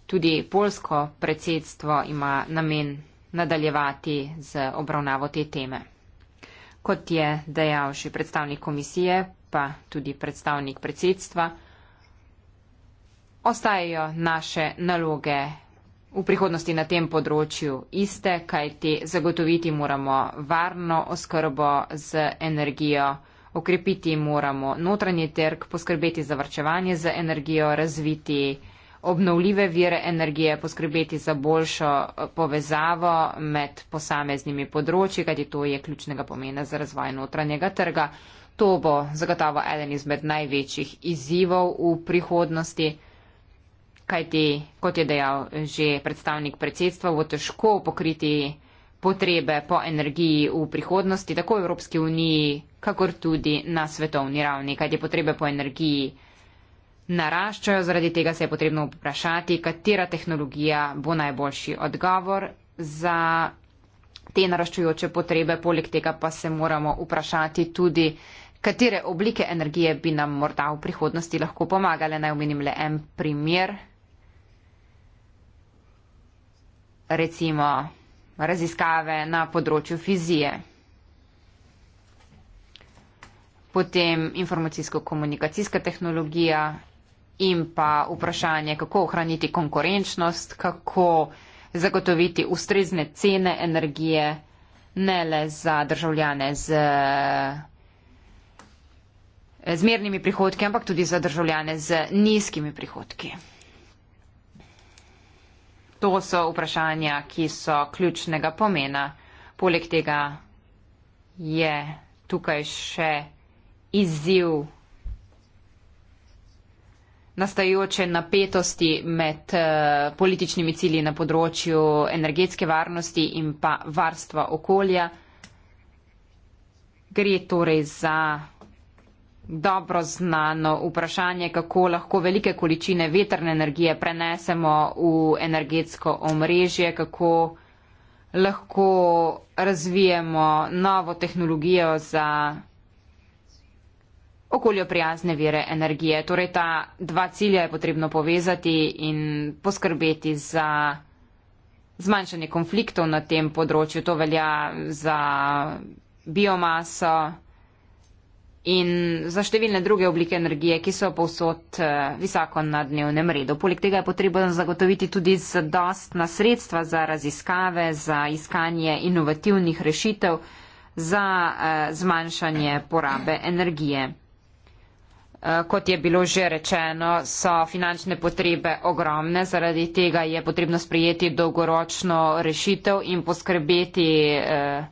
Tudi polsko predsedstvo ima namen nadaljevati z obravnavo te teme. Kot je dejal še predstavnik komisije, pa tudi predstavnik predsedstva, ostajajo naše naloge v prihodnosti na tem področju iste, kajti zagotoviti moramo varno oskrbo z energijo, okrepiti moramo notranji trg, poskrbeti za vrčevanje z energijo, razviti obnovljive vire energije, poskrbeti za boljšo eh, povezavo med posameznimi področji, kajti to je ključnega pomena za razvoj notranjega trga. To bo zagotovo eden izmed največjih izzivov v prihodnosti kajti, kot je dejal že predstavnik predsedstva, bo težko pokriti potrebe po energiji v prihodnosti, tako v Evropski uniji, kakor tudi na svetovni ravni, kajti potrebe po energiji naraščajo, zaradi tega se je potrebno vprašati, katera tehnologija bo najboljši odgovor za te naraščujoče potrebe, poleg tega pa se moramo vprašati tudi, katere oblike energije bi nam morda v prihodnosti lahko pomagale. Naj omenim le en primer, recimo raziskave na področju fizije, potem informacijsko-komunikacijska tehnologija in pa vprašanje, kako ohraniti konkurenčnost, kako zagotoviti ustrezne cene energije, ne le za državljane z zmernimi prihodki, ampak tudi za državljane z nizkimi prihodki. To so vprašanja, ki so ključnega pomena. Poleg tega je tukaj še izziv nastajoče napetosti med eh, političnimi cilji na področju energetske varnosti in pa varstva okolja. Gre torej za dobro znano vprašanje, kako lahko velike količine vetrne energije prenesemo v energetsko omrežje, kako lahko razvijemo novo tehnologijo za okoljoprijazne vire energije. Torej ta dva cilja je potrebno povezati in poskrbeti za zmanjšanje konfliktov na tem področju. To velja za biomaso, in za številne druge oblike energije, ki so povsod eh, visoko na dnevnem redu. Poleg tega je potrebno zagotoviti tudi zadostna sredstva za raziskave, za iskanje inovativnih rešitev, za eh, zmanjšanje porabe energije. Eh, kot je bilo že rečeno, so finančne potrebe ogromne, zaradi tega je potrebno sprejeti dolgoročno rešitev in poskrbeti eh,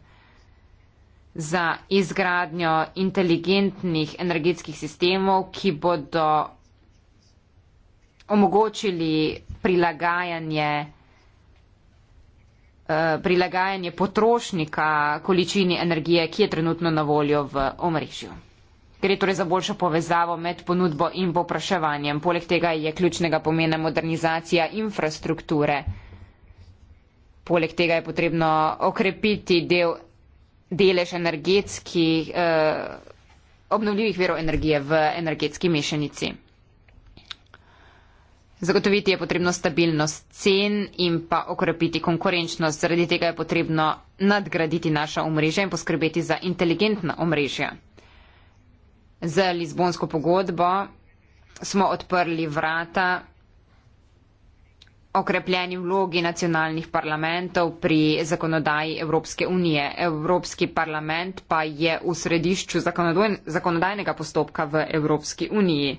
za izgradnjo inteligentnih energetskih sistemov, ki bodo omogočili prilagajanje, eh, prilagajanje potrošnika količini energije, ki je trenutno na voljo v omrežju. Gre torej za boljšo povezavo med ponudbo in popraševanjem. Poleg tega je ključnega pomena modernizacija infrastrukture. Poleg tega je potrebno okrepiti del delež energetski, eh, obnovljivih verov energije v energetski mešanici. Zagotoviti je potrebno stabilnost cen in pa okrepiti konkurenčnost. Zaradi tega je potrebno nadgraditi naša omrežja in poskrbeti za inteligentna omrežja. Z Lizbonsko pogodbo smo odprli vrata okrepljeni vlogi nacionalnih parlamentov pri zakonodaji Evropske unije. Evropski parlament pa je v središču zakonodajnega postopka v Evropski uniji.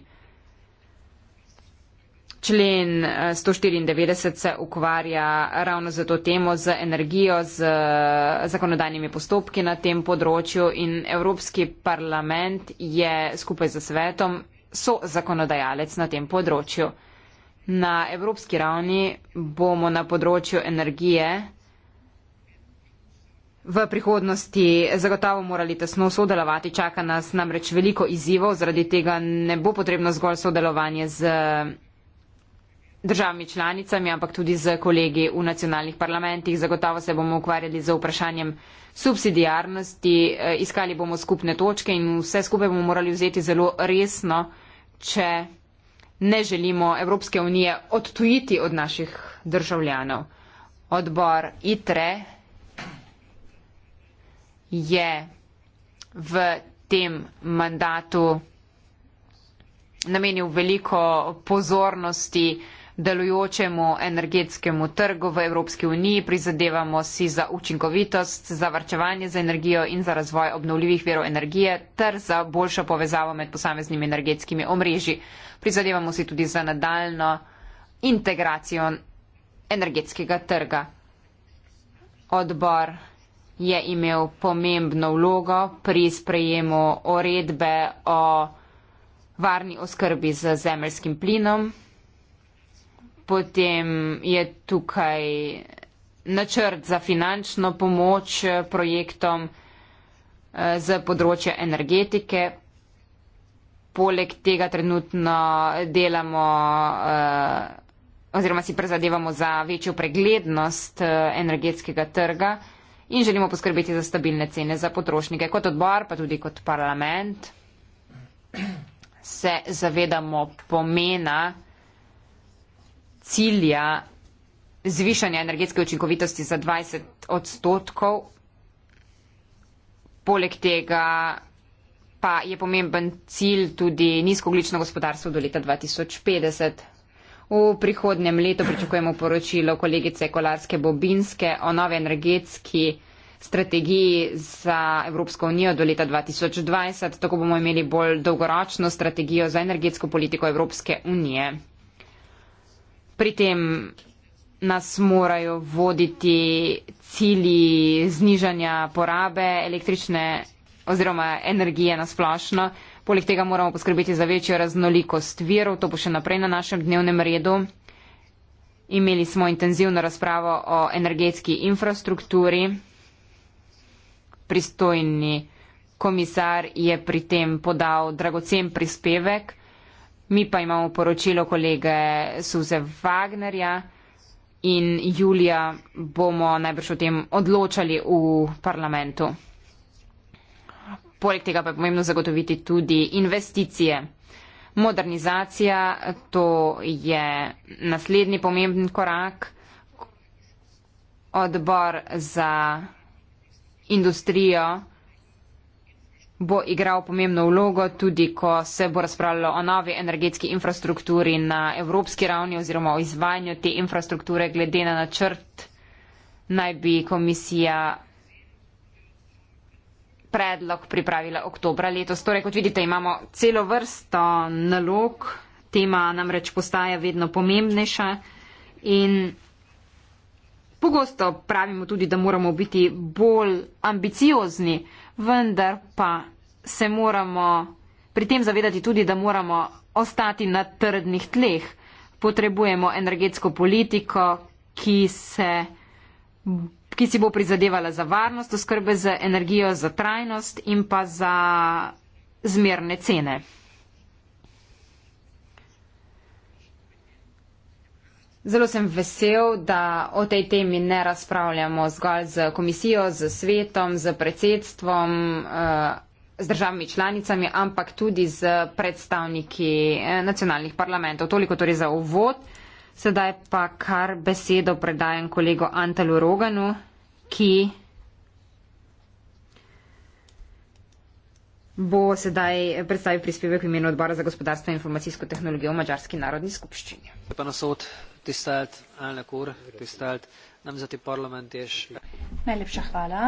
Člen 194 eh, se ukvarja ravno za to temo z energijo, z eh, zakonodajnimi postopki na tem področju in Evropski parlament je skupaj z svetom so zakonodajalec na tem področju. Na evropski ravni bomo na področju energije v prihodnosti zagotovo morali tesno sodelovati. Čaka nas namreč veliko izzivov, zaradi tega ne bo potrebno zgolj sodelovanje z državami članicami, ampak tudi z kolegi v nacionalnih parlamentih. Zagotovo se bomo ukvarjali z vprašanjem subsidijarnosti, eh, iskali bomo skupne točke in vse skupaj bomo morali vzeti zelo resno, če ne želimo Evropske unije odtujiti od naših državljanov. Odbor ITRE je v tem mandatu namenil veliko pozornosti delujočemu energetskemu trgu v Evropski uniji. Prizadevamo si za učinkovitost, za varčevanje za energijo in za razvoj obnovljivih verov energije ter za boljšo povezavo med posameznimi energetskimi omrežji prizadevamo si tudi za nadaljno integracijo energetskega trga. Odbor je imel pomembno vlogo pri sprejemu uredbe o varni oskrbi z zemljskim plinom. Potem je tukaj načrt za finančno pomoč projektom eh, z področja energetike, poleg tega trenutno delamo eh, oziroma si prezadevamo za večjo preglednost eh, energetskega trga in želimo poskrbeti za stabilne cene za potrošnike. Kot odbor, pa tudi kot parlament se zavedamo pomena cilja zvišanja energetske učinkovitosti za 20 odstotkov. Poleg tega pa je pomemben cilj tudi nizkoglično gospodarstvo do leta 2050. V prihodnem letu pričakujemo poročilo kolegice Kolarske Bobinske o novi energetski strategiji za Evropsko unijo do leta 2020. Tako bomo imeli bolj dolgoročno strategijo za energetsko politiko Evropske unije. Pri tem nas morajo voditi cili znižanja porabe električne energije oziroma energije na splošno. Poleg tega moramo poskrbeti za večjo raznolikost virov, to bo še naprej na našem dnevnem redu. Imeli smo intenzivno razpravo o energetski infrastrukturi. Pristojni komisar je pri tem podal dragocen prispevek. Mi pa imamo poročilo kolege Suze Wagnerja in Julija bomo najbrž o tem odločali v parlamentu. Poleg tega pa je pomembno zagotoviti tudi investicije. Modernizacija, to je naslednji pomemben korak. Odbor za industrijo bo igral pomembno vlogo tudi, ko se bo razpravljalo o novi energetski infrastrukturi na evropski ravni oziroma o izvajanju te infrastrukture glede na načrt. Naj bi komisija predlog pripravila oktobra letos. Torej, kot vidite, imamo celo vrsto nalog, tema namreč postaja vedno pomembnejša in pogosto pravimo tudi, da moramo biti bolj ambiciozni, vendar pa se moramo pri tem zavedati tudi, da moramo ostati na trdnih tleh. Potrebujemo energetsko politiko, ki se ki si bo prizadevala za varnost, oskrbe za energijo, za trajnost in pa za zmerne cene. Zelo sem vesel, da o tej temi ne razpravljamo zgolj z komisijo, z svetom, z predsedstvom, eh, z državami članicami, ampak tudi z predstavniki eh, nacionalnih parlamentov. Toliko torej za uvod. Sedaj pa kar besedo predajam kolego Antalu Roganu, ki bo sedaj predstavil prispevek v imenu odbora za gospodarstvo in informacijsko tehnologijo v Mačarski narodni skupščini. Najlepša hvala,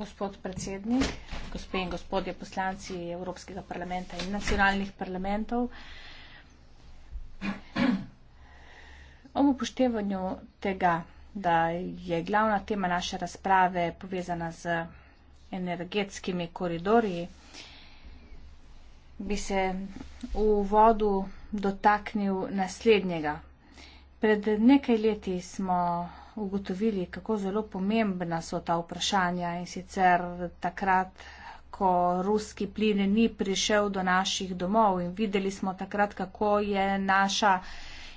gospod predsednik, gospe in gospodje poslanci Evropskega parlamenta in nacionalnih parlamentov. Ob upoštevanju tega, da je glavna tema naše razprave povezana z energetskimi koridorji, bi se v vodu dotaknil naslednjega. Pred nekaj leti smo ugotovili, kako zelo pomembna so ta vprašanja in sicer takrat, ko ruski plin ni prišel do naših domov in videli smo takrat, kako je naša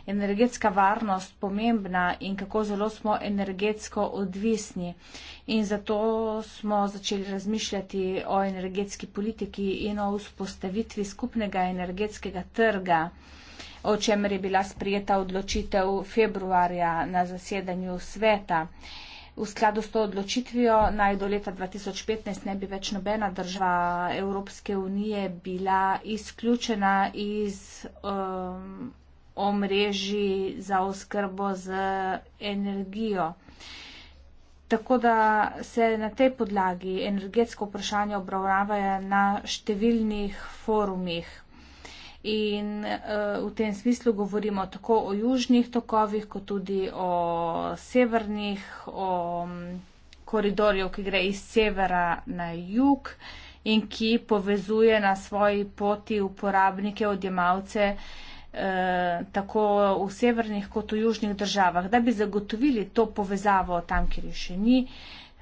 energetska varnost pomembna in kako zelo smo energetsko odvisni. In zato smo začeli razmišljati o energetski politiki in o vzpostavitvi skupnega energetskega trga o čemer je bila sprijeta odločitev februarja na zasedanju sveta. V skladu s to odločitvijo naj do leta 2015 ne bi več nobena država Evropske unije bila izključena iz um, omrežji za oskrbo z energijo. Tako da se na tej podlagi energetsko vprašanje obravnavajo na številnih forumih. In uh, v tem smislu govorimo tako o južnih tokovih, kot tudi o severnih, o mm, koridorju, ki gre iz severa na jug in ki povezuje na svoji poti uporabnike, odjemalce uh, Eh, tako v severnih kot v južnih državah. Da bi zagotovili to povezavo tam, kjer jo še ni,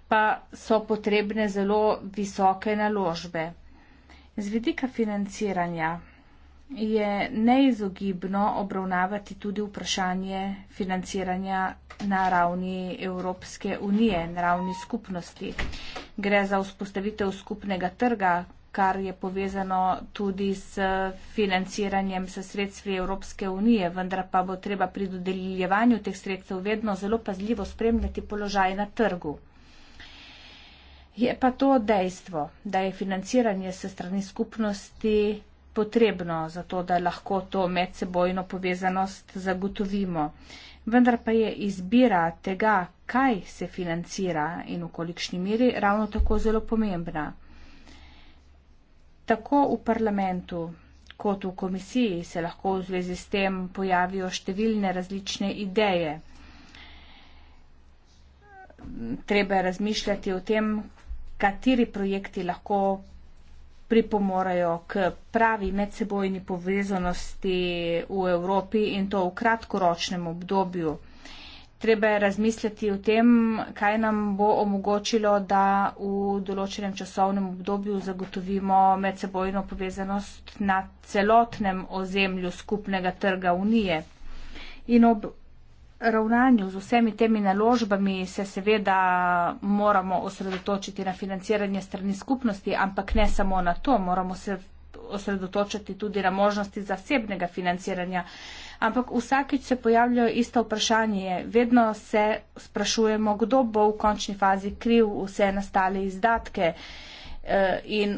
pa so potrebne zelo visoke naložbe. Z vidika financiranja je neizogibno obravnavati tudi vprašanje financiranja na ravni Evropske unije, na ravni skupnosti. Gre za vzpostavitev skupnega trga, kar je povezano tudi s financiranjem s sredstvi Evropske unije, vendar pa bo treba pri dodeljevanju teh sredstev vedno zelo pazljivo spremljati položaj na trgu. Je pa to dejstvo, da je financiranje se strani skupnosti potrebno za to, da lahko to medsebojno povezanost zagotovimo. Vendar pa je izbira tega, kaj se financira in v kolikšni meri, ravno tako zelo pomembna tako v parlamentu kot v komisiji se lahko v zvezi s tem pojavijo številne različne ideje. Treba je razmišljati o tem, kateri projekti lahko pripomorajo k pravi medsebojni povezanosti v Evropi in to v kratkoročnem obdobju treba je razmisliti o tem, kaj nam bo omogočilo, da v določenem časovnem obdobju zagotovimo medsebojno povezanost na celotnem ozemlju skupnega trga Unije. In ob ravnanju z vsemi temi naložbami se seveda moramo osredotočiti na financiranje strani skupnosti, ampak ne samo na to, moramo se osredotočiti tudi na možnosti zasebnega financiranja ampak vsakeč se pojavljajo ista vprašanje. Vedno se sprašujemo, kdo bo v končni fazi kriv vse nastale izdatke eh, in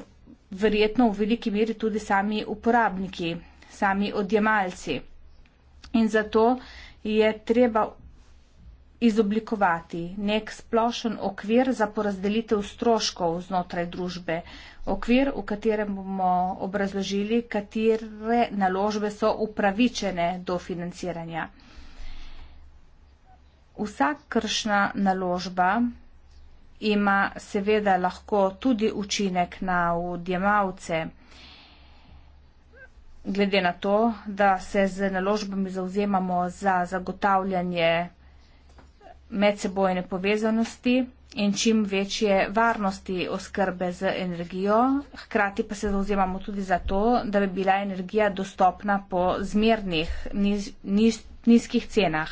verjetno v veliki meri tudi sami uporabniki, sami odjemalci. In zato je treba izoblikovati nek splošen okvir za porazdelitev stroškov znotraj družbe, okvir, v katerem bomo obrazložili, katere naložbe so upravičene do financiranja. Vsak kršna naložba ima seveda lahko tudi učinek na odjemalce, glede na to, da se z naložbami zauzemamo za zagotavljanje medsebojne povezanosti in čim večje varnosti oskrbe z energijo. Hkrati pa se zauzemamo tudi za to, da bi bila energija dostopna po zmernih niz, niz, nizkih cenah.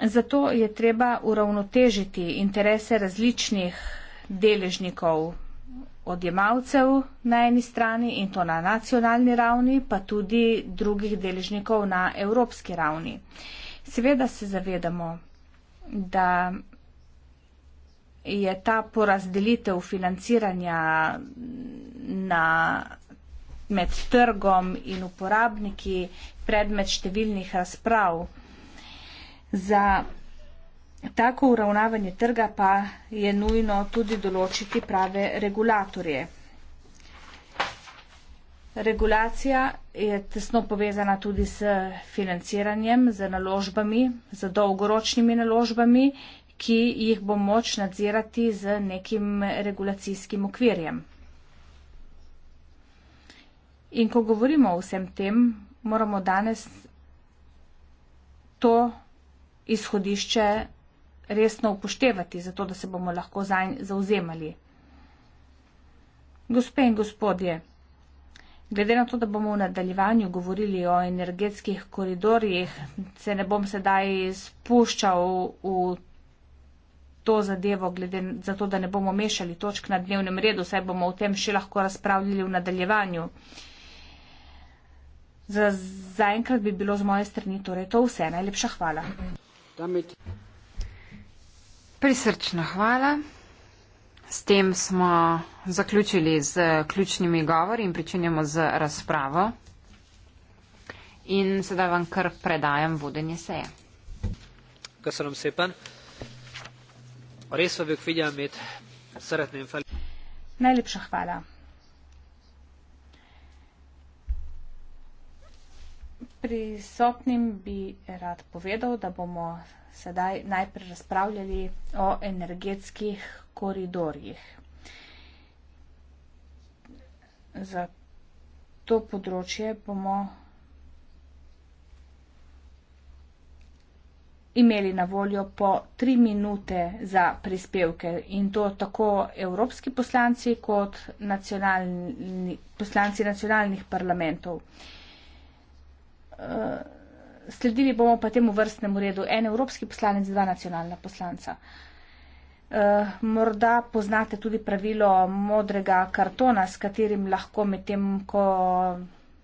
Zato je treba uravnotežiti interese različnih deležnikov odjemalcev na eni strani in to na nacionalni ravni, pa tudi drugih deležnikov na evropski ravni. Seveda se zavedamo, da je ta porazdelitev financiranja na, med trgom in uporabniki predmet številnih razprav. Za Tako uravnavanje trga pa je nujno tudi določiti prave regulatorje. Regulacija je tesno povezana tudi s financiranjem, z naložbami, z dolgoročnimi naložbami, ki jih bo moč nadzirati z nekim regulacijskim okvirjem. In ko govorimo o vsem tem, moramo danes to izhodišče resno upoštevati, zato da se bomo lahko zanj zauzemali. Gospe in gospodje, glede na to, da bomo v nadaljevanju govorili o energetskih koridorjih, se ne bom sedaj spuščal v, v to zadevo, glede, zato da ne bomo mešali točk na dnevnem redu, saj bomo o tem še lahko razpravljali v nadaljevanju. Za zaenkrat bi bilo z moje strani torej to vse. Najlepša hvala. Damit. Prisrčna hvala. S tem smo zaključili z ključnimi govori in pričenjamo z razpravo. In sedaj vam kar predajam vodenje seje. Kasanom Sepan, res vam bi kvidja imeti srdne infali. Najlepša hvala. Prisotnim bi rad povedal, da bomo sedaj najprej razpravljali o energetskih koridorjih. Za to področje bomo imeli na voljo po tri minute za prispevke in to tako evropski poslanci kot nacionalni, poslanci nacionalnih parlamentov. Eh, sledili bomo pa temu vrstnemu redu. En evropski poslanec, dva nacionalna poslanca. Uh, morda poznate tudi pravilo modrega kartona, s katerim lahko medtem, ko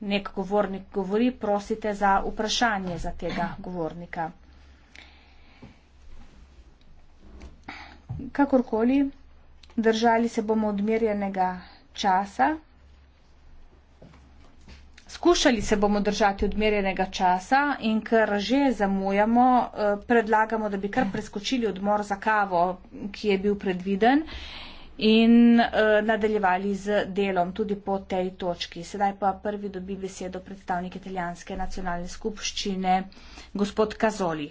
nek govornik govori, prosite za vprašanje za tega govornika. Kakorkoli, držali se bomo odmerjenega časa. Skušali se bomo držati odmerjenega časa in ker že zamujamo, eh, predlagamo, da bi kar preskočili odmor za kavo, ki je bil predviden in eh, nadaljevali z delom tudi po tej točki. Sedaj pa prvi dobi besedo predstavnik italijanske nacionalne skupščine, gospod Kazoli.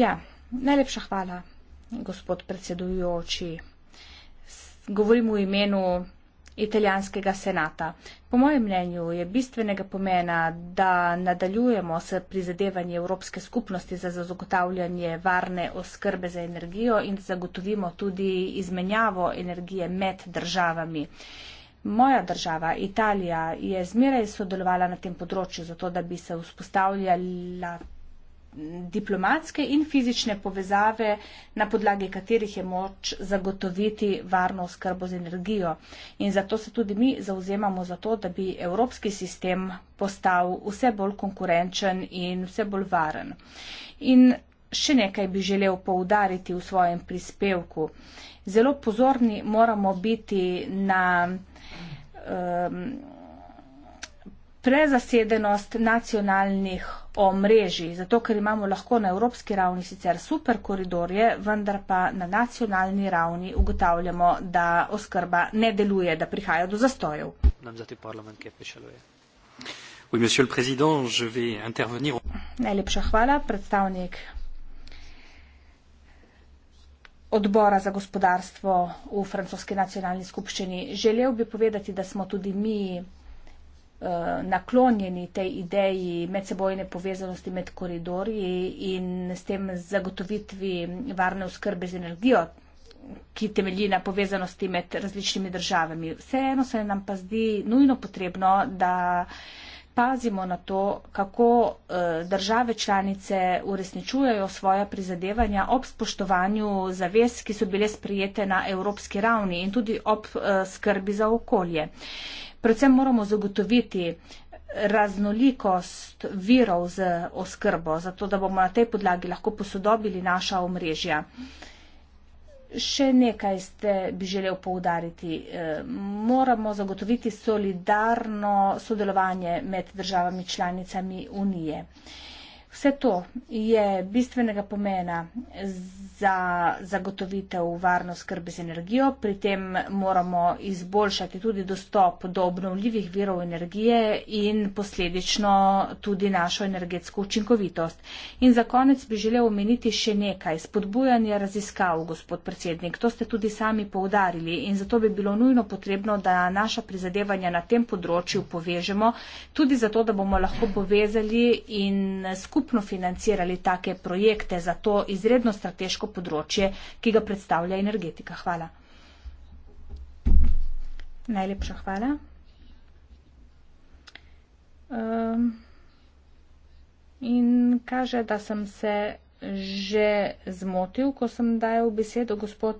Ja, najlepša hvala, gospod predsedujoči. Govorim v imenu italijanskega senata. Po mojem mnenju je bistvenega pomena, da nadaljujemo s prizadevanjem Evropske skupnosti za zagotavljanje varne oskrbe za energijo in zagotovimo tudi izmenjavo energije med državami. Moja država, Italija, je zmeraj sodelovala na tem področju, zato da bi se vzpostavljala diplomatske in fizične povezave, na podlagi katerih je moč zagotoviti varno skrbo z energijo. In zato se tudi mi zauzemamo za to, da bi evropski sistem postal vse bolj konkurenčen in vse bolj varen. In še nekaj bi želel poudariti v svojem prispevku. Zelo pozorni moramo biti na um, prezasedenost nacionalnih o mreži, zato ker imamo lahko na evropski ravni sicer super koridorje, vendar pa na nacionalni ravni ugotavljamo, da oskrba ne deluje, da prihaja do zastojev. Najlepša hvala, predstavnik odbora za gospodarstvo v francoski nacionalni skupščini. Želel bi povedati, da smo tudi mi Eh, naklonjeni tej ideji medsebojne povezanosti med koridorji in s tem zagotovitvi varne oskrbe z energijo, ki temelji na povezanosti med različnimi državami. Vseeno se nam pa zdi nujno potrebno, da pazimo na to, kako eh, države članice uresničujejo svoja prizadevanja ob spoštovanju zavez, ki so bile sprijete na evropski ravni in tudi ob eh, skrbi za okolje predvsem moramo zagotoviti raznolikost virov z oskrbo, zato da bomo na tej podlagi lahko posodobili naša omrežja. Še nekaj ste bi želel poudariti. E, moramo zagotoviti solidarno sodelovanje med državami članicami Unije. Vse to je bistvenega pomena za zagotovitev varno skrbi z energijo, pri tem moramo izboljšati tudi dostop do obnovljivih virov energije in posledično tudi našo energetsko učinkovitost. In za konec bi želel omeniti še nekaj. Spodbujanje raziskav, gospod predsednik, to ste tudi sami poudarili in zato bi bilo nujno potrebno, da naša prizadevanja na tem področju povežemo, tudi zato, da bomo lahko povezali in skupaj skupno financirali take projekte za to izredno strateško področje, ki ga predstavlja energetika. Hvala. Najlepša hvala. Um, in kaže, da sem se že zmotil, ko sem dajal besedo. Gospod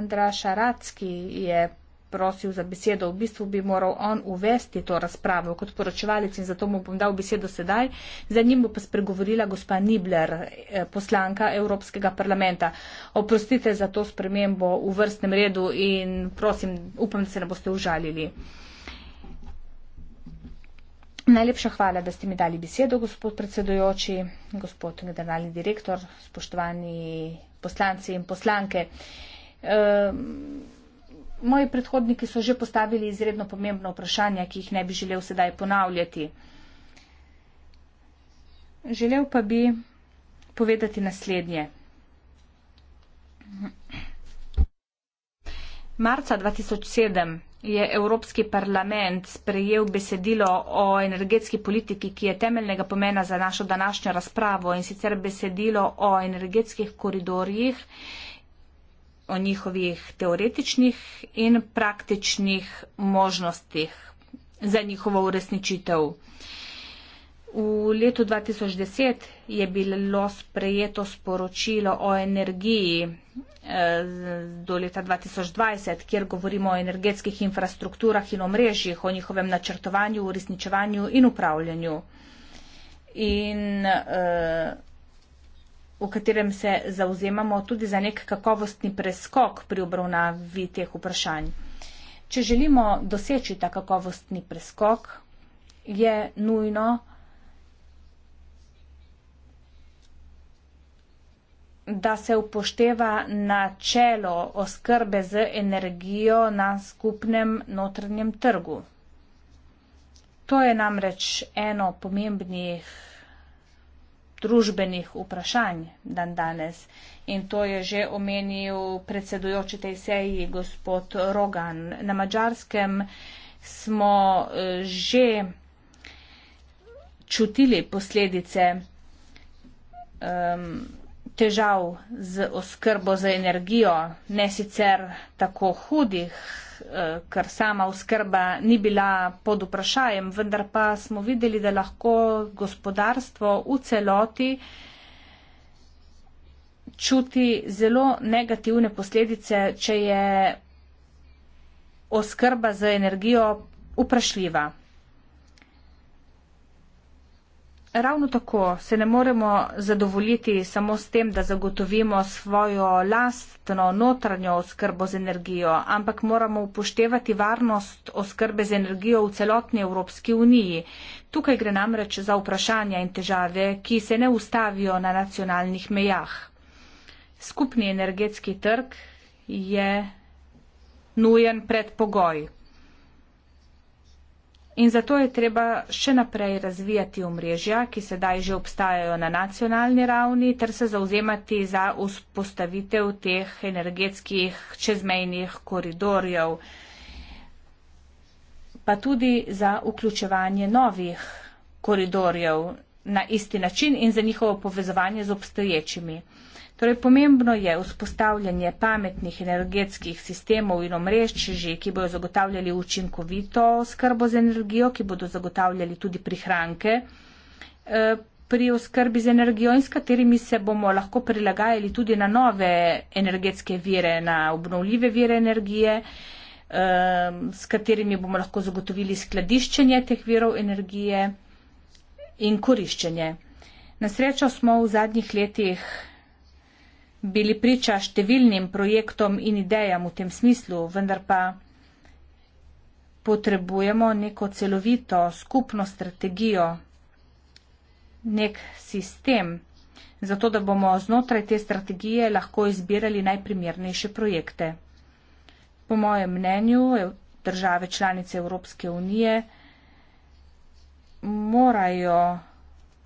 Andraš Aracki je prosil za besedo. V bistvu bi moral on uvesti to razpravo kot poročevalec in zato mu bom dal besedo sedaj. Za njim bo pa spregovorila gospa Nibler, eh, poslanka Evropskega parlamenta. Oprostite za to spremembo v vrstnem redu in prosim, upam, da se ne boste užalili. Najlepša hvala, da ste mi dali besedo, gospod predsedojoči, gospod generalni direktor, spoštovani poslanci in poslanke. Uh, moji predhodniki so že postavili izredno pomembno vprašanje, ki jih ne bi želel sedaj ponavljati. Želel pa bi povedati naslednje. Marca 2007 je Evropski parlament sprejel besedilo o energetski politiki, ki je temeljnega pomena za našo današnjo razpravo in sicer besedilo o energetskih koridorjih, o njihovih teoretičnih in praktičnih možnostih za njihovo uresničitev. V letu 2010 je bilo sprejeto sporočilo o energiji eh, do leta 2020, kjer govorimo o energetskih infrastrukturah in omrežjih, o njihovem načrtovanju, uresničevanju in upravljanju. In, uh, v katerem se zauzemamo tudi za nek kakovostni preskok pri obravnavi teh vprašanj. Če želimo doseči ta kakovostni preskok, je nujno, da se upošteva načelo oskrbe z energijo na skupnem notrnjem trgu. To je namreč eno pomembnih družbenih vprašanj dan danes. In to je že omenil predsedujoči tej seji gospod Rogan. Na mačarskem smo eh, že čutili posledice um, težav z oskrbo za energijo, ne sicer tako hudih, Eh, ker sama oskrba ni bila pod vprašajem, vendar pa smo videli, da lahko gospodarstvo v celoti čuti zelo negativne posledice, če je oskrba z energijo vprašljiva. Ravno tako se ne moremo zadovoljiti samo s tem, da zagotovimo svojo lastno notranjo oskrbo z energijo, ampak moramo upoštevati varnost oskrbe z energijo v celotni Evropski uniji. Tukaj gre namreč za vprašanja in težave, ki se ne ustavijo na nacionalnih mejah. Skupni energetski trg je nujen predpogoj. In zato je treba še naprej razvijati omrežja, ki sedaj že obstajajo na nacionalni ravni, ter se zauzemati za vzpostavitev teh energetskih čezmejnih koridorjev, pa tudi za vključevanje novih koridorjev na isti način in za njihovo povezovanje z obstoječimi. Torej, pomembno je vzpostavljanje pametnih energetskih sistemov in omrežji, ki bodo zagotavljali učinkovito skrbo z energijo, ki bodo zagotavljali tudi prihranke eh, pri oskrbi z energijo in s katerimi se bomo lahko prilagajali tudi na nove energetske vire, na obnovljive vire energije, eh, s katerimi bomo lahko zagotovili skladiščenje teh virov energije in koriščenje. Na srečo smo v zadnjih letih bili priča številnim projektom in idejam v tem smislu, vendar pa potrebujemo neko celovito skupno strategijo, nek sistem, zato da bomo znotraj te strategije lahko izbirali najprimernejše projekte. Po mojem mnenju, države članice Evropske unije morajo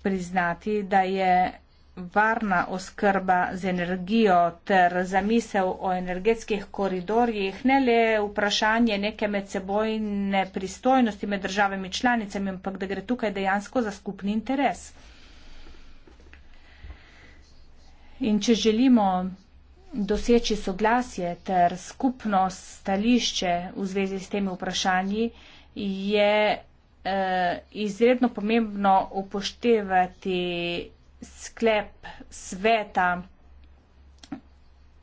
priznati, da je varna oskrba z energijo ter zamisel o energetskih koridorjih ne le vprašanje neke medsebojne pristojnosti med državami članicami, ampak da gre tukaj dejansko za skupni interes. In če želimo doseči soglasje ter skupno stališče v zvezi s temi vprašanji, je eh, izredno pomembno upoštevati sklep sveta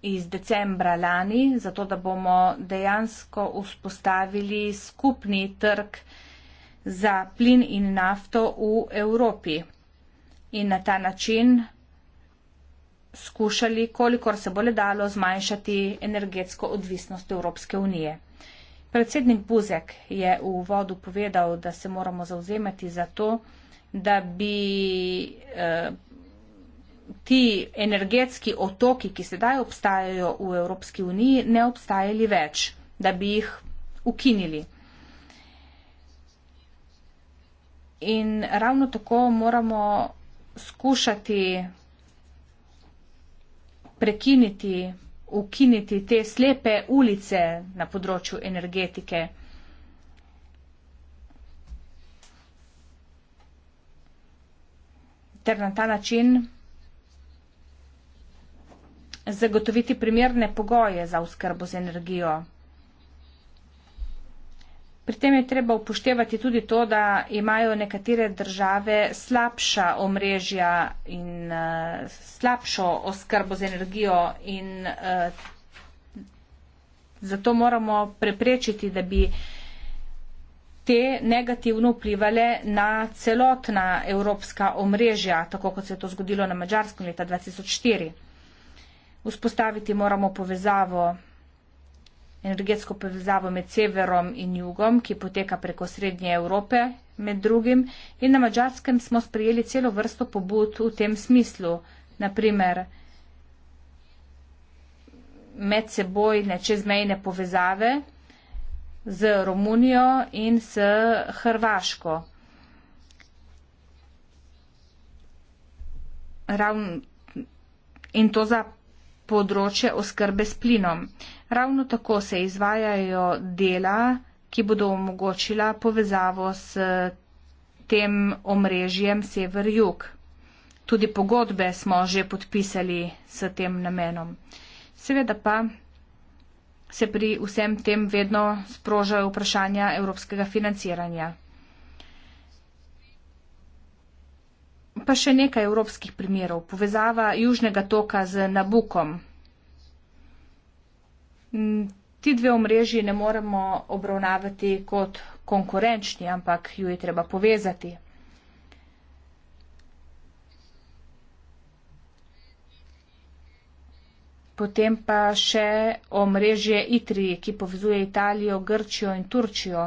iz decembra lani, zato da bomo dejansko vzpostavili skupni trg za plin in nafto v Evropi in na ta način skušali, kolikor se bo le dalo, zmanjšati energetsko odvisnost Evropske unije. Predsednik Buzek je v uvodu povedal, da se moramo zauzemati za to, da bi eh, ti energetski otoki, ki sedaj obstajajo v Evropski uniji, ne obstajali več, da bi jih ukinili. In ravno tako moramo skušati prekiniti, ukiniti te slepe ulice na področju energetike. ter na ta način zagotoviti primerne pogoje za oskrbo z energijo. Pri tem je treba upoštevati tudi to, da imajo nekatere države slabša omrežja in uh, slabšo oskrbo z energijo in uh, zato moramo preprečiti, da bi uh, te negativno vplivale na celotna evropska omrežja, tako kot se je to zgodilo na Mačarskem leta 2004. Vzpostaviti moramo povezavo, energetsko povezavo med severom in jugom, ki poteka preko Srednje Evrope med drugim. In na Mačarskem smo sprejeli celo vrsto pobud v tem smislu. Naprimer, medsebojne, čezmejne povezave z Romunijo in s Hrvaško. Ravn, in to za področje oskrbe s plinom. Ravno tako se izvajajo dela, ki bodo omogočila povezavo s tem omrežjem sever-jug. Tudi pogodbe smo že podpisali s tem namenom. Seveda pa se pri vsem tem vedno sprožajo vprašanja evropskega financiranja. Pa še nekaj evropskih primerov. Povezava Južnega toka z Nabukom. Ti dve omrežji ne moremo obravnavati kot konkurenčni, ampak ju je treba povezati. Potem pa še omrežje ITRI, ki povezuje Italijo, Grčijo in Turčijo.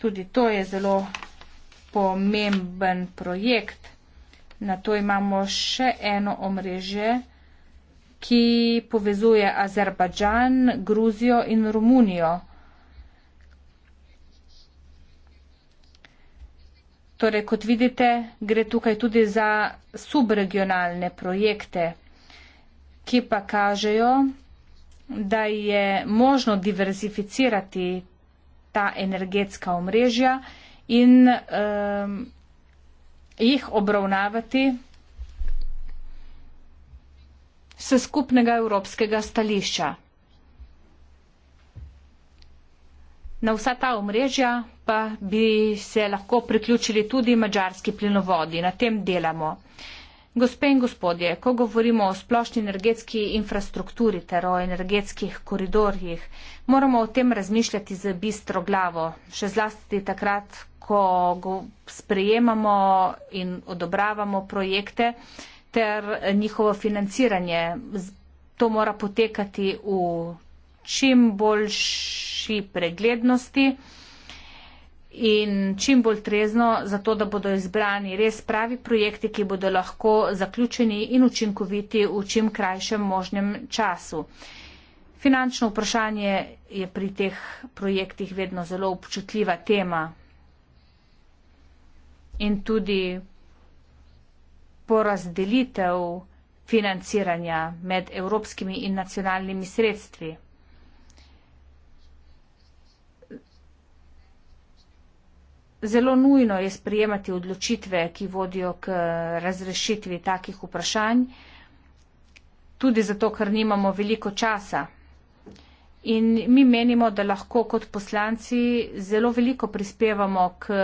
Tudi to je zelo pomemben projekt. Na to imamo še eno omrežje, ki povezuje Azerbajdžan, Gruzijo in Romunijo. Torej, kot vidite, gre tukaj tudi za subregionalne projekte, ki pa kažejo, da je možno diverzificirati ta energetska omrežja in um, jih obravnavati s skupnega evropskega stališča. Na vsa ta omrežja pa bi se lahko priključili tudi mađarski plinovodi. Na tem delamo. Gospe in gospodje, ko govorimo o splošni energetski infrastrukturi ter o energetskih koridorjih, moramo o tem razmišljati z bistro glavo, še zlasti takrat, ko sprejemamo in odobravamo projekte ter njihovo financiranje. To mora potekati v čim boljši preglednosti in čim bolj trezno, zato da bodo izbrani res pravi projekti, ki bodo lahko zaključeni in učinkoviti v čim krajšem možnem času. Finančno vprašanje je pri teh projektih vedno zelo občutljiva tema in tudi porazdelitev financiranja med evropskimi in nacionalnimi sredstvi. zelo nujno je sprejemati odločitve, ki vodijo k razrešitvi takih vprašanj, tudi zato, ker nimamo veliko časa. In mi menimo, da lahko kot poslanci zelo veliko prispevamo k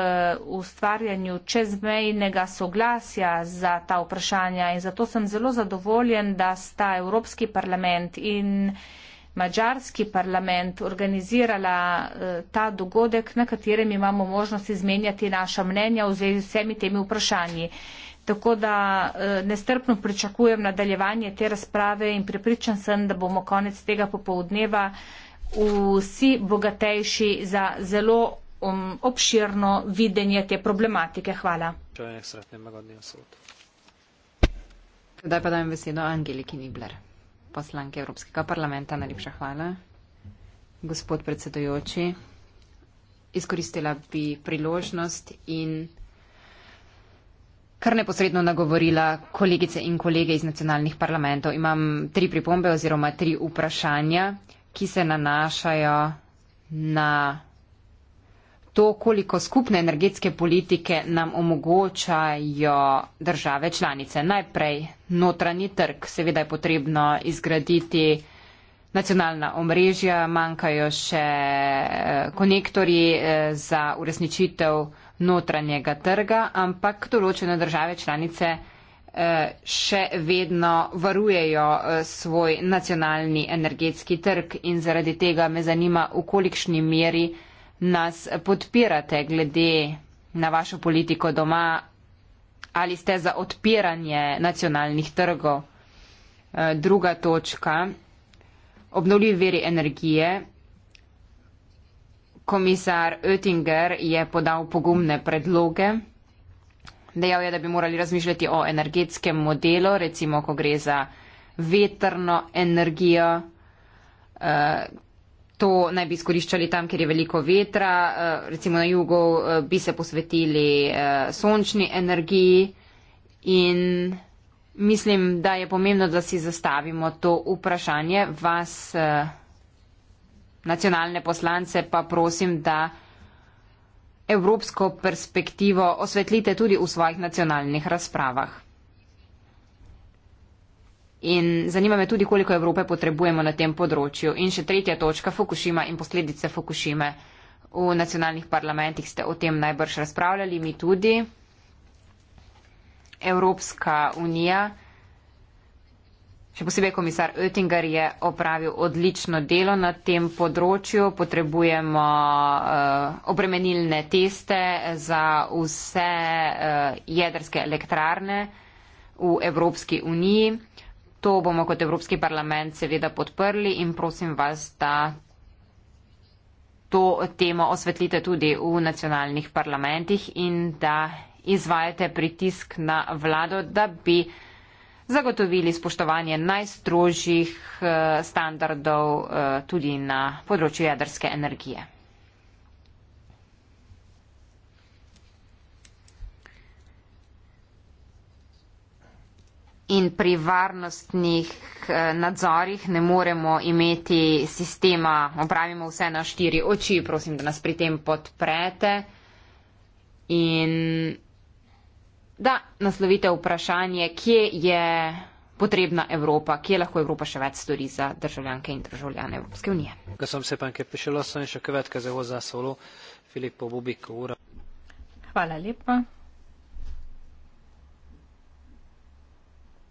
ustvarjanju čezmejnega soglasja za ta vprašanja. In zato sem zelo zadovoljen, da sta Evropski parlament in. Mađarski parlament organizirala e, ta dogodek, na katerem imamo možnost izmenjati naša mnenja v zvezi z vsemi temi vprašanji. Tako da e, nestrpno pričakujem nadaljevanje te razprave in pripričan sem, da bomo konec tega popovdneva vsi bogatejši za zelo um, obširno videnje te problematike. Hvala. Kdaj pa dajem besedo Angeliki Nibler? poslanke Evropskega parlamenta, najlepša hvala. Gospod predsedujoči, izkoristila bi priložnost in kar neposredno nagovorila kolegice in kolege iz nacionalnih parlamentov. Imam tri pripombe oziroma tri vprašanja, ki se nanašajo na to, koliko skupne energetske politike nam omogočajo države članice. Najprej notranji trg, seveda je potrebno izgraditi nacionalna omrežja, manjkajo še eh, konektori eh, za uresničitev notranjega trga, ampak določene države članice eh, še vedno varujejo svoj nacionalni energetski trg in zaradi tega me zanima, v kolikšni meri nas podpirate glede na vašo politiko doma, ali ste za odpiranje nacionalnih trgov. Eh, druga točka, obnovljivi veri energije. Komisar Oettinger je podal pogumne predloge. Dejal je, da bi morali razmišljati o energetskem modelu, recimo, ko gre za vetrno energijo. Uh, to naj bi izkoriščali tam, kjer je veliko vetra, eh, recimo na jugu eh, bi se posvetili eh, sončni energiji in mislim, da je pomembno, da si zastavimo to vprašanje. Vas, nacionalne poslance, pa prosim, da evropsko perspektivo osvetlite tudi v svojih nacionalnih razpravah. In zanima me tudi, koliko Evrope potrebujemo na tem področju. In še tretja točka, Fukushima in posledice Fukushime. V nacionalnih parlamentih ste o tem najbrž razpravljali, mi tudi. Evropska unija, še posebej komisar Oettinger je opravil odlično delo na tem področju. Potrebujemo uh, obremenilne teste za vse uh, jedrske elektrarne v Evropski uniji. To bomo kot Evropski parlament seveda podprli in prosim vas, da to temo osvetlite tudi v nacionalnih parlamentih in da izvajate pritisk na vlado, da bi zagotovili spoštovanje najstrožjih eh, standardov eh, tudi na področju jedrske energije. in pri varnostnih eh, nadzorih ne moremo imeti sistema, opravimo vse na štiri oči, prosim, da nas pri tem podprete in da naslovite vprašanje, kje je potrebna Evropa, kje lahko Evropa še več stori za državljanke in državljane Evropske unije. Hvala lepa.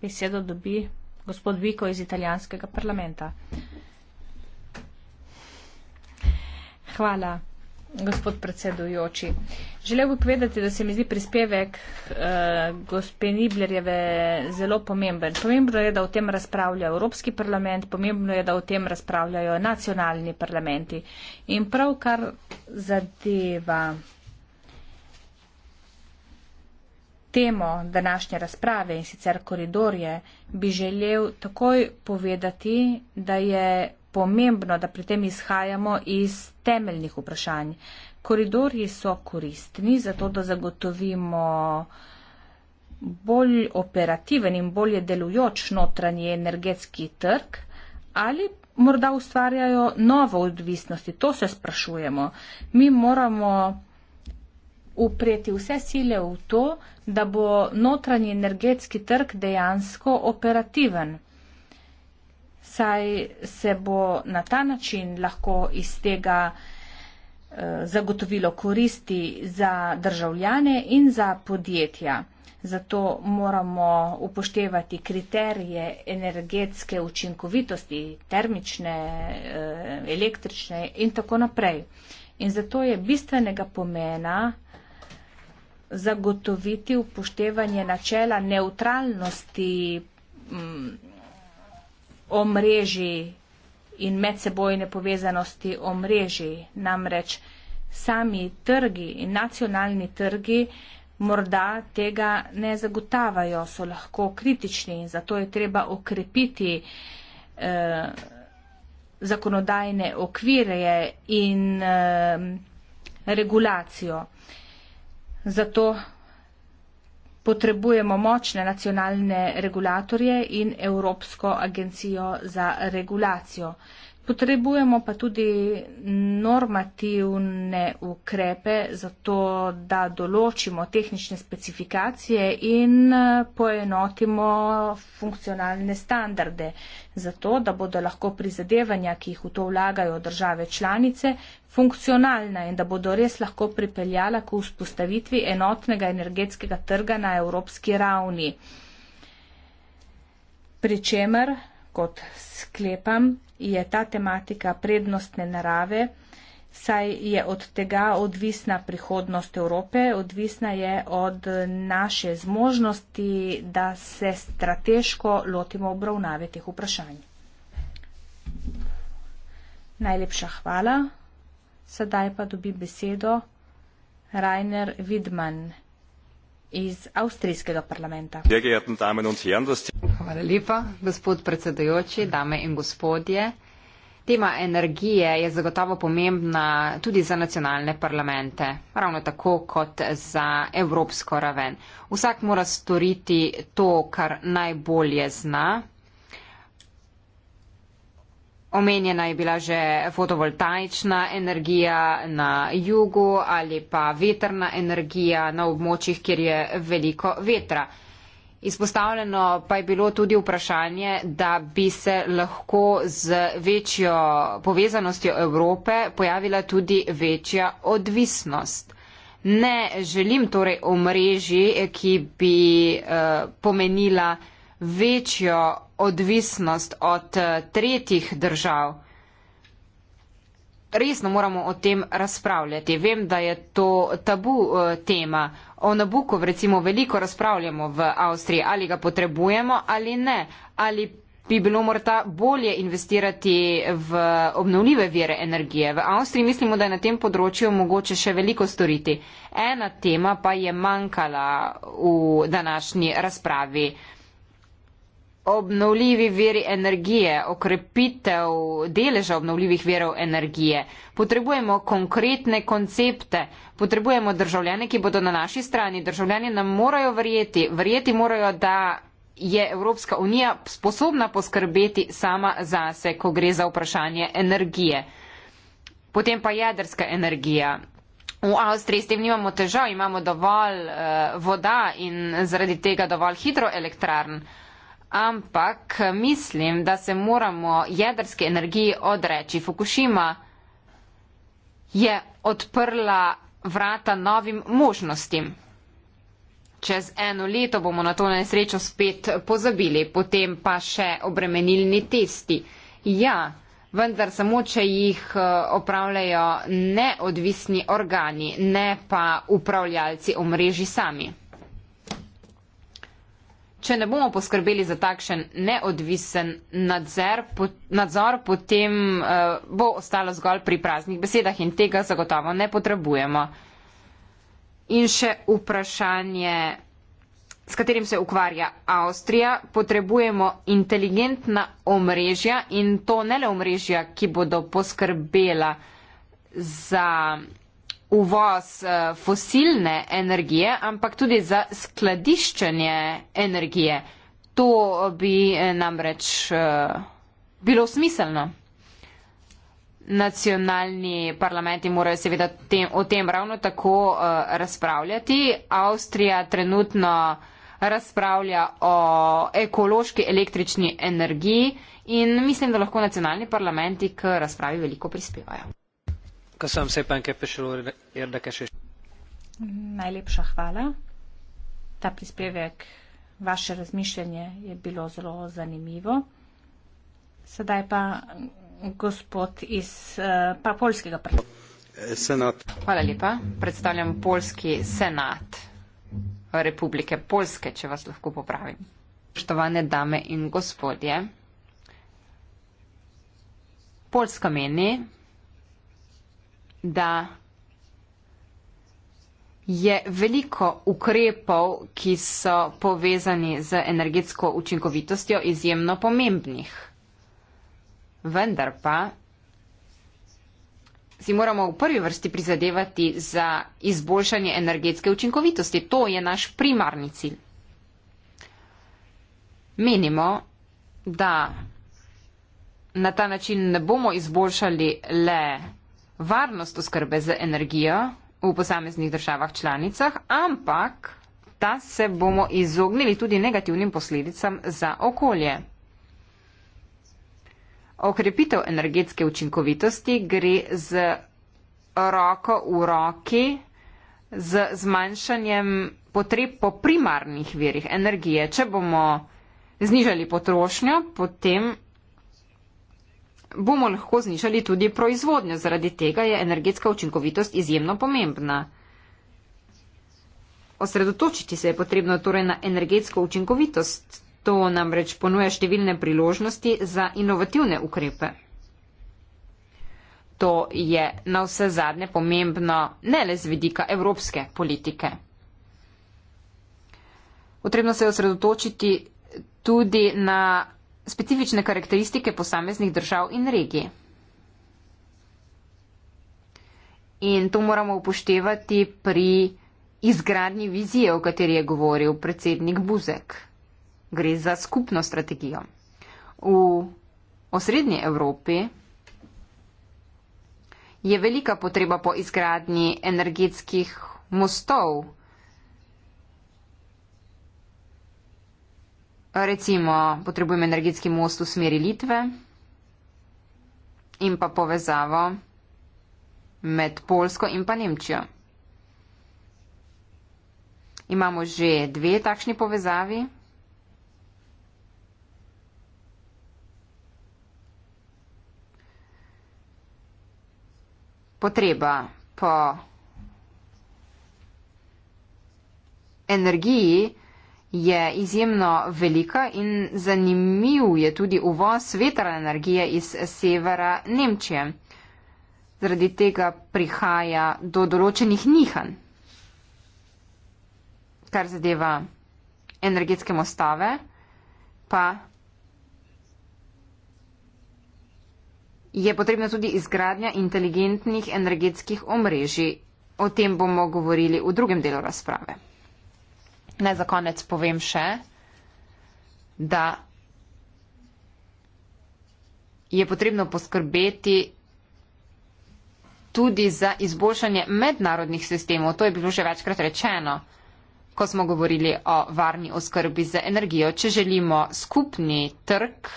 besedo dobi gospod Viko iz italijanskega parlamenta. Hvala, gospod predsedujoči. Želel bi povedati, da se mi zdi prispevek uh, gospe Niblerjeve zelo pomemben. Pomembno je, da o tem razpravlja Evropski parlament, pomembno je, da o tem razpravljajo nacionalni parlamenti. In prav kar zadeva temo današnje razprave in sicer koridorje, bi želel takoj povedati, da je pomembno, da pri tem izhajamo iz temeljnih vprašanj. Koridorji so koristni zato, da zagotovimo bolj operativen in bolje delujoč notranji energetski trg ali morda ustvarjajo novo odvisnosti. To se sprašujemo. Mi moramo upreti vse sile v to, da bo notranji energetski trg dejansko operativen, saj se bo na ta način lahko iz tega eh, zagotovilo koristi za državljane in za podjetja. Zato moramo upoštevati kriterije energetske učinkovitosti, termične, eh, električne in tako naprej. In zato je bistvenega pomena, zagotoviti upoštevanje načela neutralnosti mm, omrežij in medsebojne povezanosti omrežij. Namreč sami trgi in nacionalni trgi morda tega ne zagotavajo, so lahko kritični in zato je treba okrepiti eh, zakonodajne okvire in eh, regulacijo. Eh, Zato potrebujemo močne nacionalne regulatorje in Evropsko agencijo za regulacijo. Potrebujemo pa tudi normativne ukrepe za to, da določimo tehnične specifikacije in eh, poenotimo funkcionalne standarde, zato da bodo lahko prizadevanja, ki jih v to vlagajo države članice, funkcionalna in da bodo res lahko pripeljala k vzpostavitvi enotnega energetskega trga na evropski ravni. Pričemer, kot sklepam, je ta tematika prednostne narave, saj je od tega odvisna prihodnost Evrope, odvisna je od naše zmožnosti, da se strateško lotimo obravnave teh vprašanj. Najlepša hvala. Sedaj pa dobi besedo Rainer Widmann iz avstrijskega parlamenta. Hvala lepa, gospod predsedujoči, dame in gospodje. Tema energije je zagotovo pomembna tudi za nacionalne parlamente, ravno tako kot za evropsko raven. Vsak mora storiti to, kar najbolje zna, Omenjena je bila že fotovoltaična energija na jugu ali pa vetrna energija na območjih, kjer je veliko vetra. Izpostavljeno pa je bilo tudi vprašanje, da bi se lahko z večjo povezanostjo Evrope pojavila tudi večja odvisnost. Ne želim torej omrežji, ki bi uh, pomenila večjo odvisnost od eh, tretjih držav. Resno moramo o tem razpravljati. Vem, da je to tabu eh, tema. O Nabuku recimo veliko razpravljamo v Avstriji, ali ga potrebujemo ali ne, ali bi bilo morda bolje investirati v obnovljive vire energije. V Avstriji mislimo, da je na tem področju mogoče še veliko storiti. Ena tema pa je manjkala v današnji razpravi obnovljivi veri energije, okrepitev deleža obnovljivih verov energije. Potrebujemo konkretne koncepte, potrebujemo državljane, ki bodo na naši strani. Državljani nam morajo verjeti, verjeti morajo, da je Evropska unija sposobna poskrbeti sama zase, ko gre za vprašanje energije. Potem pa jedrska energija. V Avstriji s tem nimamo težav, imamo dovolj eh, voda in zaradi tega dovolj hidroelektrarn ampak eh, mislim, da se moramo jedrske energiji odreči. Fukushima je odprla vrata novim možnostim. Čez eno leto bomo na to nesrečo spet pozabili, potem pa še obremenilni testi. Ja, vendar samo, če jih eh, opravljajo neodvisni organi, ne pa upravljalci omrežji sami če ne bomo poskrbeli za takšen neodvisen nadzor, nadzor potem uh, bo ostalo zgolj pri praznih besedah in tega zagotovo ne potrebujemo. In še vprašanje, s katerim se ukvarja Avstrija, potrebujemo inteligentna omrežja in to ne le omrežja, ki bodo poskrbela za uvoz eh, fosilne energije, ampak tudi za skladiščenje energije. To bi eh, namreč eh, bilo smiselno. Nacionalni parlamenti morajo seveda tem, o tem ravno tako razpravljati. Avstrija trenutno razpravlja o ekološki električni energiji in mislim, da lahko nacionalni parlamenti k razpravi veliko prispevajo. Köszönöm szépen, képviselő úr, érdekes és... Najlepša hvala. Ta prispevek, vaše razmišljanje je bilo zelo zanimivo. Sedaj pa gospod iz eh, pa polskega senat. Hvala lepa. Predstavljam polski senat Republike Polske, če vas lahko popravim. Poštovane dame in gospodje, Polska meni, da je veliko ukrepov, ki so povezani z energetsko učinkovitostjo, izjemno pomembnih. Vendar pa si moramo v prvi vrsti prizadevati za izboljšanje energetske učinkovitosti. To je naš primarni cilj. Menimo, da na ta način ne bomo izboljšali le varnost oskrbe z energijo v posameznih državah članicah, ampak da se bomo izognili tudi negativnim posledicam za okolje. Okrepitev energetske učinkovitosti gre z roko v roki z zmanjšanjem potreb po primarnih virih energije. Če bomo znižali potrošnjo, potem bomo lahko znižali tudi proizvodnjo. Zaradi tega je energetska učinkovitost izjemno pomembna. Osredotočiti se je potrebno torej na energetsko učinkovitost. To namreč ponuja številne priložnosti za inovativne ukrepe. To je na vse zadnje pomembno ne le z vidika evropske politike. Potrebno se je osredotočiti tudi na specifične karakteristike posameznih držav in regij. In to moramo upoštevati pri izgradnji vizije, o kateri je govoril predsednik Buzek. Gre za skupno strategijo. V osrednji Evropi je velika potreba po izgradnji energetskih mostov, Recimo, potrebujem energetski most v smeri Litve in pa povezavo med Polsko in pa Nemčijo. Imamo že dve takšni povezavi. Potreba po energiji je, je izjemno velika in zanimiv je tudi uvoz vetrne energije iz severa Nemčije. Zaradi tega prihaja do določenih nihanj, kar zadeva energetske mostave, pa je potrebna tudi izgradnja inteligentnih energetskih omrežij. O tem bomo govorili v drugem delu razprave. Naj za konec povem še, da je potrebno poskrbeti tudi za izboljšanje mednarodnih sistemov. To je bilo že večkrat rečeno, ko smo govorili o varni oskrbi za energijo. Če želimo skupni trg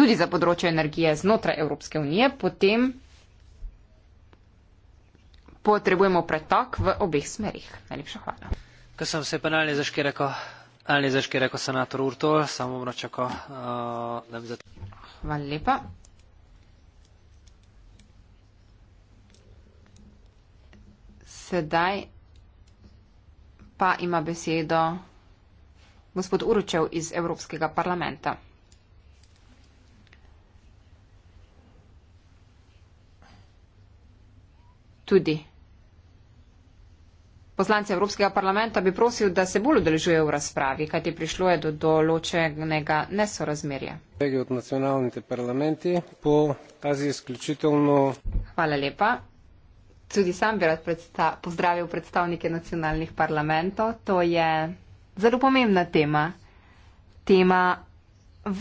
tudi za področje energije znotraj Evropske unije, potem potrebujemo pretok v obeh smerih. Najlepša hvala. Köszönöm szépen, elnézést kérek a, elnézést kérek a szenátor úrtól, számomra csak a, a nemzet. Vallipa. Sedaj pa ima besedo gospod Uročev iz Evropskega parlamenta. Tudi. Poslance Evropskega parlamenta bi prosil, da se bolj udeležuje v razpravi, kajti prišlo je do določenega nesorazmerja. Hvala lepa. Tudi sam bi rad predsta pozdravil predstavnike nacionalnih parlamentov. To je zelo pomembna tema. Tema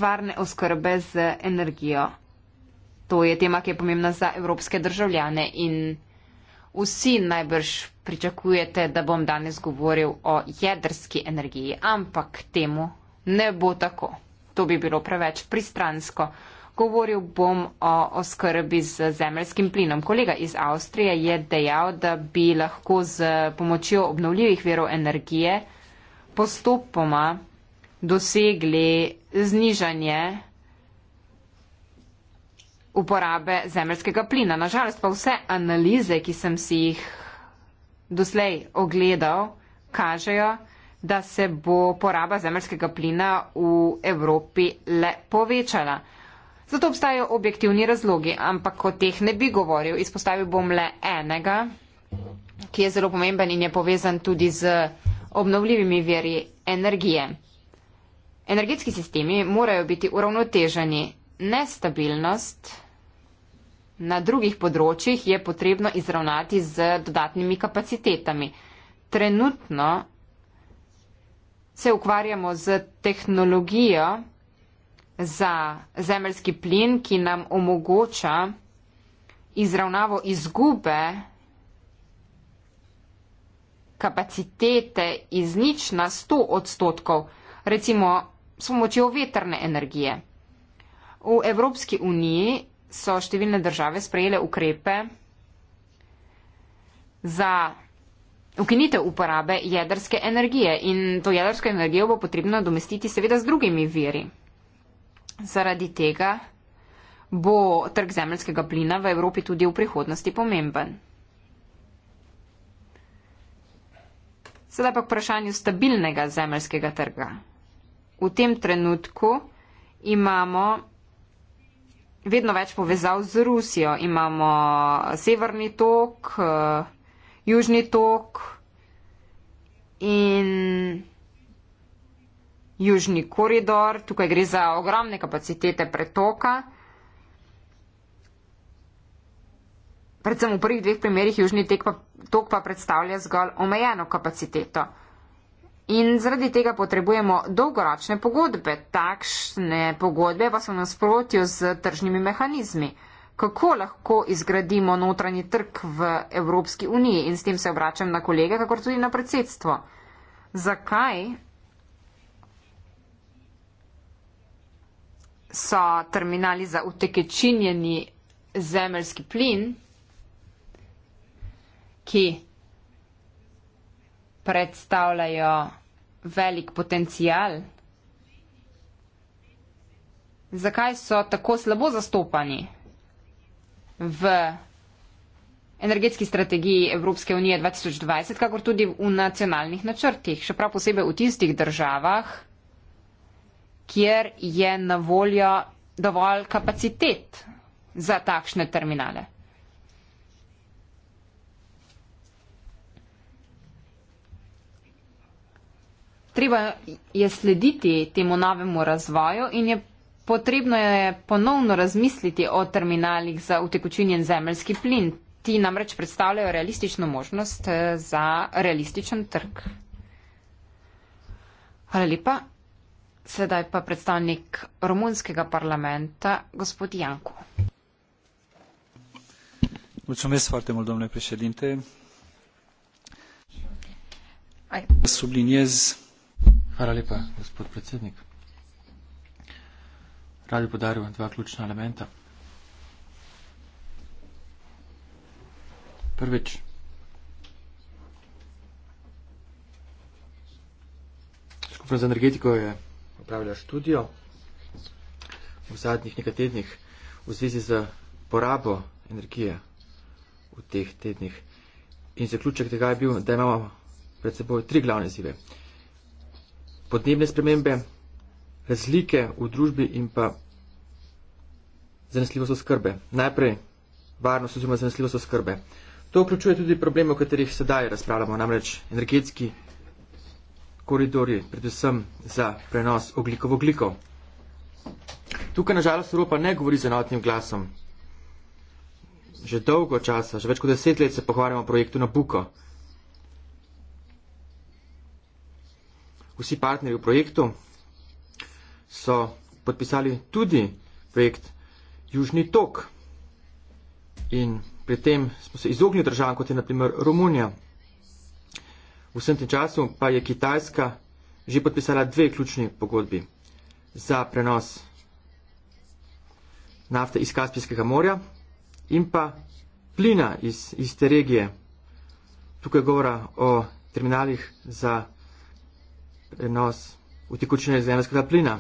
varne oskrbe z energijo. To je tema, ki je pomembna za evropske državljane in. Vsi najbrž pričakujete, da bom danes govoril o jedrski energiji, ampak temu ne bo tako. To bi bilo preveč pristransko. Govoril bom o oskrbi z zemljskim plinom. Kolega iz Avstrije je dejal, da bi lahko z pomočjo obnovljivih verov energije postopoma dosegli znižanje uporabe zemljskega plina. Nažalost pa vse analize, ki sem si jih doslej ogledal, kažejo, da se bo poraba zemljskega plina v Evropi le povečala. Zato obstajajo objektivni razlogi, ampak o teh ne bi govoril. Izpostavil bom le enega, ki je zelo pomemben in je povezan tudi z obnovljivimi veri energije. Energetski sistemi morajo biti uravnoteženi. Nestabilnost Na drugih področjih je potrebno izravnati z dodatnimi kapacitetami. Trenutno se ukvarjamo z tehnologijo za zemeljski plin, ki nam omogoča izravnavo izgube kapacitete iz nič na 100 odstotkov, recimo s pomočjo vetrne energije. V Evropski uniji so številne države sprejele ukrepe za ukinitev uporabe jedrske energije in to jedrsko energijo bo potrebno domestiti seveda z drugimi viri. Zaradi tega bo trg zemljskega plina v Evropi tudi v prihodnosti pomemben. Sedaj pa k vprašanju stabilnega zemljskega trga. V tem trenutku imamo vedno več povezav z Rusijo. Imamo eh, severni tok, eh, južni tok in južni koridor. Tukaj gre za ogromne kapacitete pretoka. Predvsem v prvih dveh primerjih južni tek pa, tok pa predstavlja zgolj omejeno kapaciteto in zaradi tega potrebujemo dolgoročne pogodbe. Takšne pogodbe pa so nasprotju z tržnimi mehanizmi. Kako lahko izgradimo notranji trg v Evropski uniji in s tem se obračam na kolege, kakor tudi na predsedstvo. Zakaj so terminali za utekečinjeni zemeljski plin, ki predstavljajo velik potencijal? Zakaj so tako slabo zastopani v energetski strategiji Evropske unije 2020, kakor tudi v nacionalnih načrtih, še prav posebej v tistih državah, kjer je na voljo dovolj kapacitet za takšne terminale? treba je slediti temu novemu razvoju in je potrebno je ponovno razmisliti o terminalih za utekočinjen zemljski plin. Ti namreč predstavljajo realistično možnost eh, za realističen trg. Hvala lepa. Sedaj pa predstavnik romunskega parlamenta, gospod Janko. Mulțumesc foarte mult, domnule președinte. Subliniez Hvala lepa, gospod predsednik. Radi podaril dva ključna elementa. Prvič, skupno z energetiko je opravila študijo v zadnjih nekaj tednih v zvezi z porabo energije v teh tednih. In zaključek tega je bil, da imamo pred seboj tri glavne zive podnebne spremembe, razlike v družbi in pa zanesljivost oskrbe. Najprej varnost oziroma zanesljivost oskrbe. To vključuje tudi probleme, o katerih sedaj razpravljamo, namreč energetski koridori, predvsem za prenos oglikov oglikov. Tukaj nažalost Evropa ne govori z enotnim glasom. Že dolgo časa, že več kot deset let se pohvarjamo o projektu Nabuko. vsi partnerji v projektu so podpisali tudi projekt Južni tok. In pri tem smo se izognili državam, kot je naprimer Romunija. Vsem tem času pa je Kitajska že podpisala dve ključni pogodbi za prenos nafte iz Kaspijskega morja in pa plina iz, iz te regije. Tukaj govora o terminalih za prenos utekočine zemljskega plina.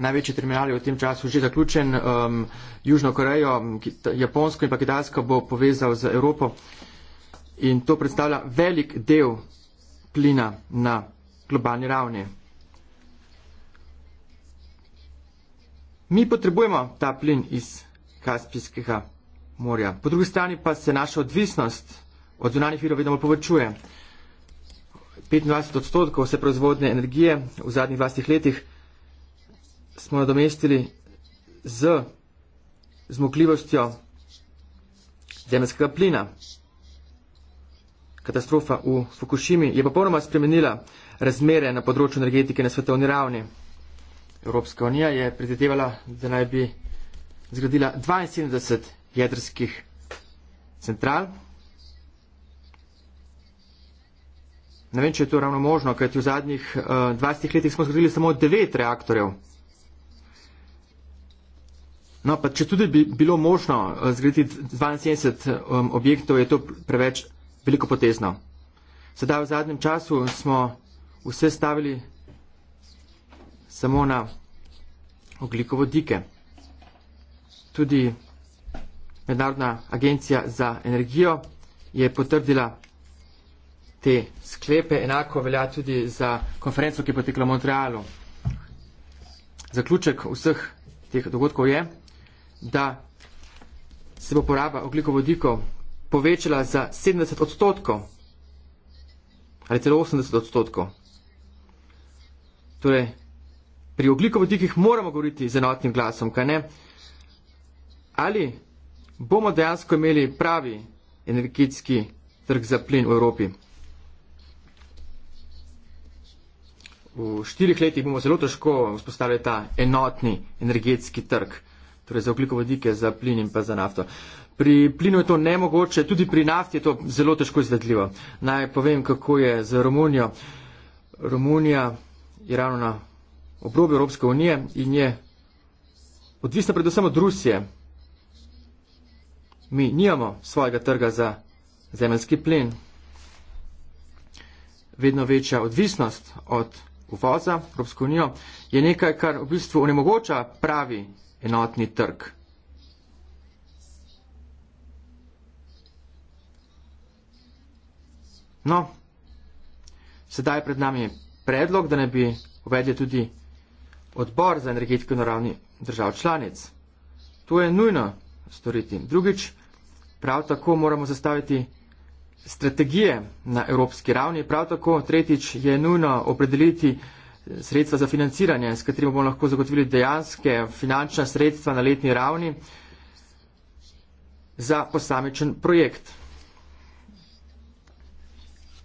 Največji terminal je v tem času že zaključen. Um, Južno Korejo, um, Japonsko in pa Kitajsko bo povezal z Evropo in to predstavlja velik del plina na globalni ravni. Mi potrebujemo ta plin iz Kaspijskega morja. Po drugi strani pa se naša odvisnost od zunanjih virov vedno bolj povečuje. Uh, 25 odstotkov vse proizvodne energije v zadnjih 20 letih smo nadomestili z zmogljivostjo zemljskega plina. Katastrofa v Fukushimi je popolnoma spremenila razmere na področju energetike na svetovni ravni. Evropska unija je predvidevala, da naj bi zgradila 72 jedrskih central. Ne vem, če je to ravno možno, kajti v zadnjih uh, eh, 20 letih smo zgradili samo 9 reaktorjev. No, pa če tudi bi bilo možno eh, zgraditi 72 um, objektov, je to preveč veliko potezno. Sedaj v zadnjem času smo vse stavili samo na oglikovodike. Tudi Mednarodna agencija za energijo je potrdila te sklepe. Enako velja tudi za konferenco, ki je potekla v Montrealu. Zaključek vseh teh dogodkov je, da se bo poraba oglikovodikov povečala za 70 odstotkov ali celo 80 odstotkov. Torej, pri oglikovodikih moramo govoriti z enotnim glasom, kaj ne? Ali bomo dejansko imeli pravi energetski trg za plin v Evropi? v štirih letih bomo zelo težko vzpostavili ta enotni energetski trg, torej za ogljikov vodike, za plin in pa za nafto. Pri plinu je to nemogoče, tudi pri nafti je to zelo težko izvedljivo. Naj povem, kako je z Romunijo. Romunija je ravno na obrobju Evropske unije in je odvisna predvsem od Rusije. Mi nijamo svojega trga za zemeljski plin. Vedno večja odvisnost od uvoza v Evropsko unijo, je nekaj, kar v bistvu onemogoča pravi enotni trg. No, sedaj je pred nami predlog, da ne bi uvedli tudi odbor za energetiko na ravni držav članic. To je nujno storiti. Drugič, prav tako moramo zastaviti strategije na evropski ravni. Prav tako tretjič je nujno opredeliti sredstva za financiranje, s katerimi bomo lahko zagotovili dejanske finančna sredstva na letni ravni za posamičen projekt.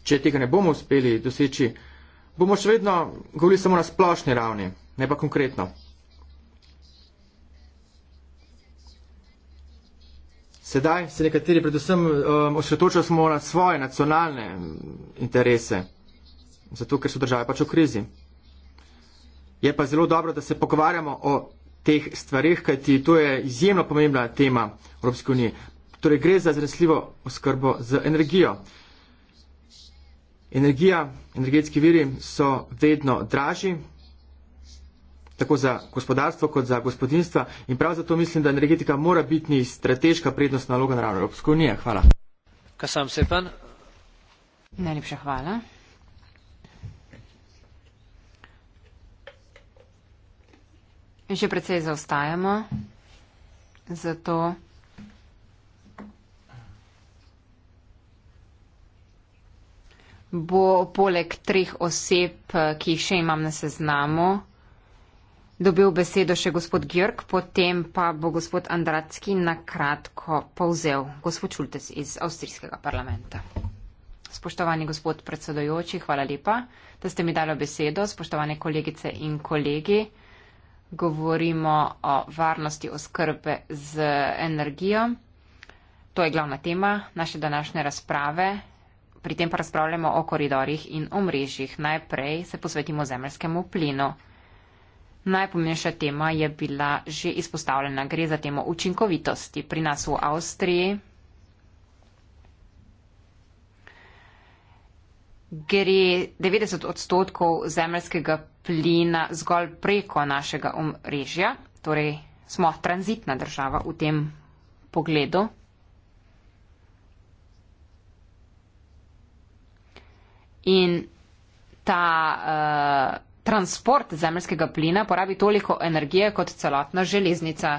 Če tega ne bomo uspeli doseči, bomo še vedno govorili samo na splošni ravni, ne pa konkretno. Sedaj se nekateri predvsem um, osredotočajo na svoje nacionalne um, interese, zato ker so države pač v krizi. Je pa zelo dobro, da se pogovarjamo o teh stvarih, kajti to je izjemno pomembna tema Evropske unije. Torej gre za zanesljivo oskrbo z energijo. Energija, energetski viri so vedno dražji, tako za gospodarstvo kot za gospodinstva in prav zato mislim, da energetika mora biti strateška prednost naloga na ravno Evropske unije. Hvala. Kasam Sepan. Najlepša hvala. Že precej zaostajamo, zato bo poleg treh oseb, ki jih še imam na seznamu, dobil besedo še gospod Györk, potem pa bo gospod Andratski na kratko povzel gospod Čultes iz avstrijskega parlamenta. Spoštovani gospod predsedojoči, hvala lepa, da ste mi dali besedo. Spoštovane kolegice in kolegi, govorimo o varnosti oskrbe z energijo. To je glavna tema naše današnje razprave. Pri tem pa razpravljamo o koridorjih in omrežjih. Najprej se posvetimo zemljskemu plinu. Najpomembnejša tema je bila že izpostavljena. Gre za temo učinkovitosti. Pri nas v Avstriji gre 90 odstotkov zemljskega plina zgolj preko našega omrežja. Torej smo tranzitna država v tem pogledu. In ta uh, transport zemljskega plina porabi toliko energije kot celotna železnica.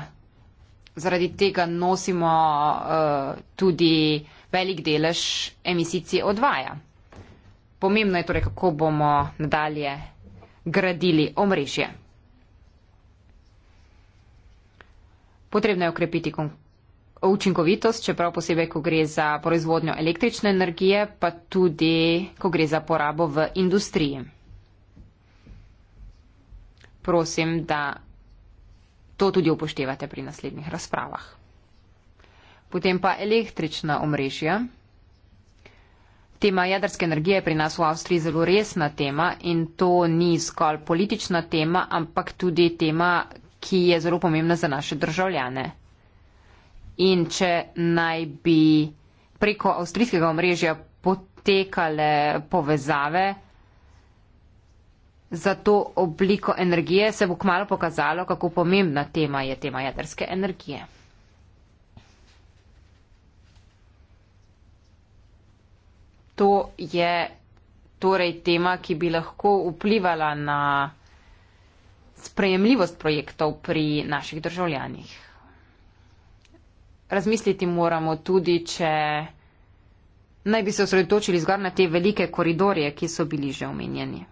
Zaradi tega nosimo uh, tudi velik delež emisij CO2. -ja. Pomembno je torej, kako bomo nadalje gradili omrežje. Potrebno je ukrepiti učinkovitost, čeprav posebej, ko gre za proizvodnjo električne energije, pa tudi, ko gre za porabo v industriji prosim, da to tudi upoštevate pri naslednjih razpravah. Potem pa električna omrežja. Tema jedrske energije je pri nas v Avstriji zelo resna tema in to ni zgolj politična tema, ampak tudi tema, ki je zelo pomembna za naše državljane. In če naj bi preko avstrijskega omrežja potekale povezave, za to obliko energije, se bo kmalo pokazalo, kako pomembna tema je tema jedrske energije. To je torej tema, ki bi lahko vplivala na sprejemljivost projektov pri naših državljanih. Razmisliti moramo tudi, če naj bi se osredotočili zgor na te velike koridorje, ki so bili že omenjeni.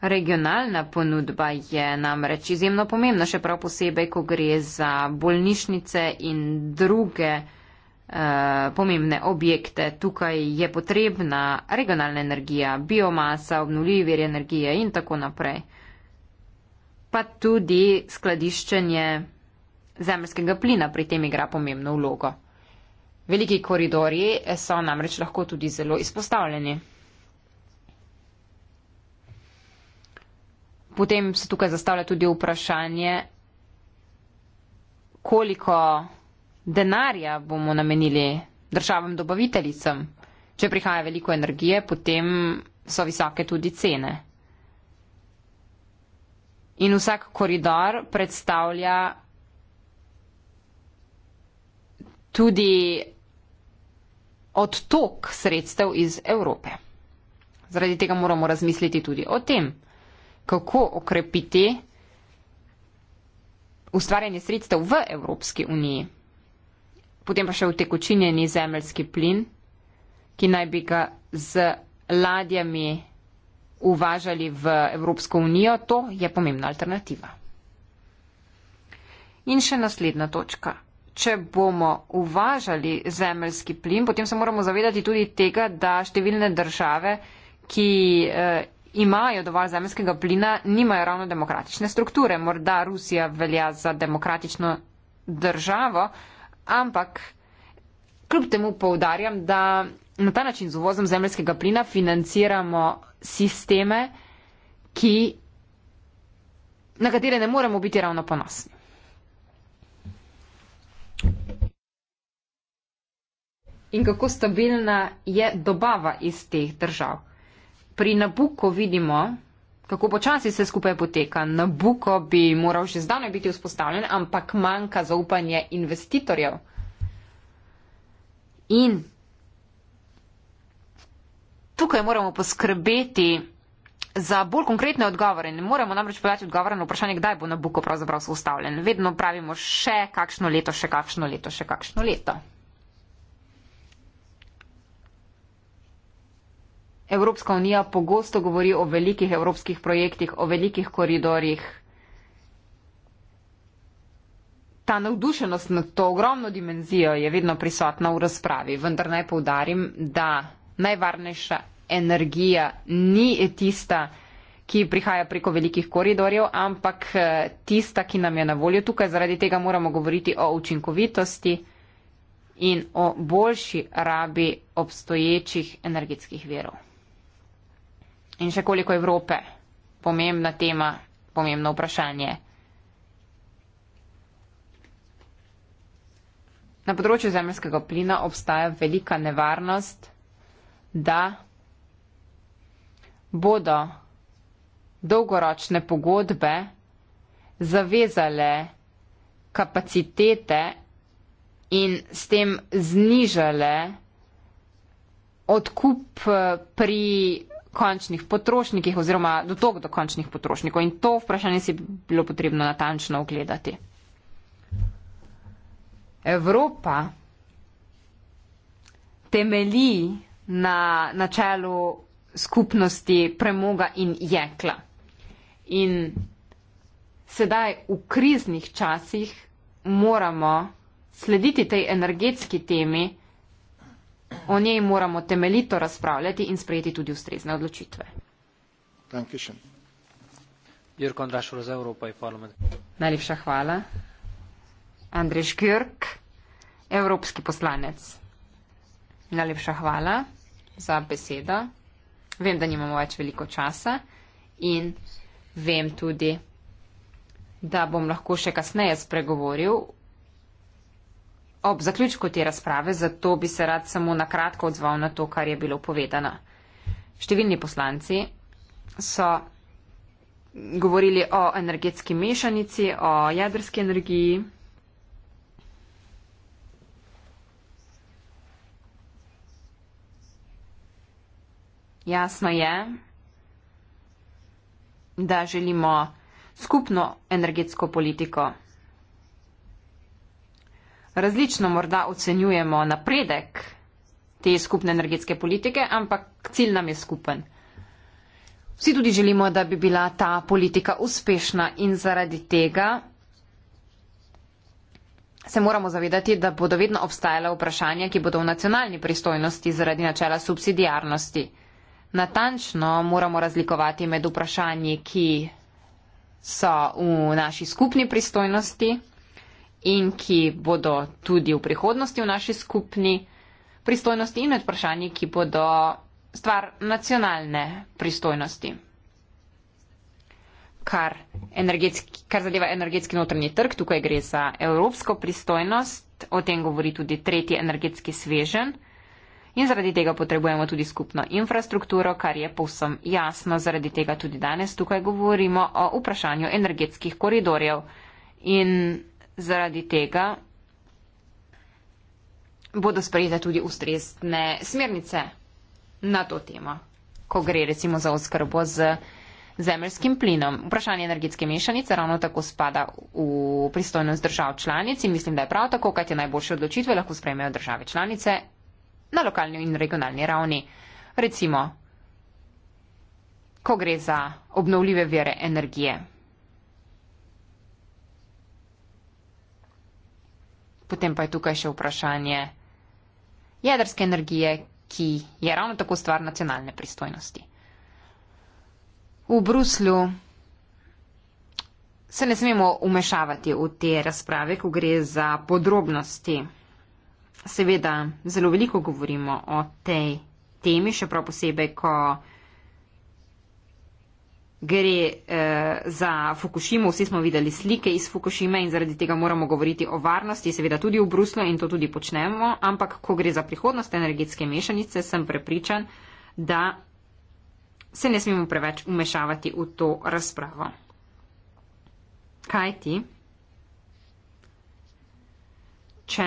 Regionalna ponudba je namreč izjemno pomembna, še prav posebej, ko gre za bolnišnice in druge eh, pomembne objekte. Tukaj je potrebna regionalna energija, biomasa, obnuljivi veri energije in tako naprej. Pa tudi skladiščenje zemljskega plina pri tem igra pomembno vlogo. Veliki koridori so namreč lahko tudi zelo izpostavljeni. potem se tukaj zastavlja tudi vprašanje, koliko denarja bomo namenili državam dobaviteljicam. Če prihaja veliko energije, potem so visoke tudi cene. In vsak koridor predstavlja tudi odtok sredstev iz Evrope. Zaradi tega moramo razmisliti tudi o tem kako okrepiti ustvarjanje sredstev v Evropski uniji. Potem pa še v tekočinjeni zemljski plin, ki naj bi ga z ladjami uvažali v Evropsko unijo. To je pomembna alternativa. In še naslednja točka. Če bomo uvažali zemljski plin, potem se moramo zavedati tudi tega, da številne države, ki eh, imajo dovolj zemljskega plina, nimajo ravno demokratične strukture. Morda Rusija velja za demokratično državo, ampak kljub temu poudarjam, da na ta način z uvozom zemljskega plina financiramo sisteme, ki, na katere ne moremo biti ravno ponosni. In kako stabilna je dobava iz teh držav? pri Nabuko vidimo, kako počasi se skupaj poteka. Nabuko bi moral že zdanje biti vzpostavljen, ampak manjka zaupanje investitorjev. In tukaj moramo poskrbeti za bolj konkretne odgovore. Ne moremo namreč podati odgovore na vprašanje, kdaj bo Nabuko pravzaprav vzpostavljen. Vedno pravimo še kakšno leto, še kakšno leto, še kakšno leto. Evropska unija pogosto govori o velikih evropskih projektih, o velikih koridorjih. Ta navdušenost nad to ogromno dimenzijo je vedno prisotna v razpravi, vendar naj povdarim, da najvarnejša energija ni tista, ki prihaja preko velikih koridorjev, ampak eh, tista, ki nam je na voljo tukaj. Zaradi tega moramo govoriti o učinkovitosti in o boljši rabi obstoječih energetskih verov. In še koliko Evrope. Pomembna tema, pomembno vprašanje. Na področju zemljskega plina obstaja velika nevarnost, da bodo dolgoročne pogodbe zavezale kapacitete in s tem znižale odkup eh, pri končnih potrošnikih oziroma dotok do končnih potrošnikov in to vprašanje si bilo potrebno natančno ogledati. Evropa temelji na načelu skupnosti premoga in jekla. In sedaj v kriznih časih moramo slediti tej energetski temi, O njej moramo temeljito razpravljati in sprejeti tudi ustrezne odločitve. Jurko Andraš, Roza Evropa in parlament. Najlepša hvala. Andrej Škjörk, evropski poslanec. Najlepša hvala za besedo. Vem, da nimamo več veliko časa in vem tudi, da bom lahko še kasneje spregovoril Ob zaključku te razprave zato bi se rad samo na kratko odzval na to, kar je bilo povedano. Številni poslanci so govorili o energetski mešanici, o jedrski energiji. Jasno je, da želimo skupno energetsko politiko različno morda ocenjujemo napredek te skupne energetske politike, ampak cilj nam je skupen. Vsi tudi želimo, da bi bila ta politika uspešna in zaradi tega se moramo zavedati, da bodo vedno obstajala vprašanja, ki bodo v nacionalni pristojnosti zaradi načela subsidijarnosti. Natančno moramo razlikovati med vprašanji, ki so v naši skupni pristojnosti in ki bodo tudi v prihodnosti v naši skupni pristojnosti in med vprašanji, ki bodo stvar nacionalne pristojnosti. Kar, kar zadeva energetski notrni trg, tukaj gre za evropsko pristojnost, o tem govori tudi tretji energetski svežen in zaradi tega potrebujemo tudi skupno infrastrukturo, kar je povsem jasno, zaradi tega tudi danes tukaj govorimo o vprašanju energetskih koridorjev in Zaradi tega bodo sprejete tudi ustrezne smernice na to temo, ko gre recimo za oskrbo z zemljskim plinom. Vprašanje energetske mešanice ravno tako spada v pristojnost držav članic in mislim, da je prav tako, kajti najboljše odločitve lahko sprejmejo države članice na lokalni in regionalni ravni. Recimo, ko gre za obnovljive vire energije. Potem pa je tukaj še vprašanje jedrske energije, ki je ravno tako stvar nacionalne pristojnosti. V Bruslju se ne smemo umešavati v te razprave, ko gre za podrobnosti. Seveda, zelo veliko govorimo o tej temi, še prav posebej, ko gre eh, za Fukushimo. Vsi smo videli slike iz Fukushime in zaradi tega moramo govoriti o varnosti, seveda tudi v Bruslu in to tudi počnemo. Ampak, ko gre za prihodnost energetske mešanice, sem prepričan, da se ne smemo preveč umešavati v to razpravo. Kaj ti? Če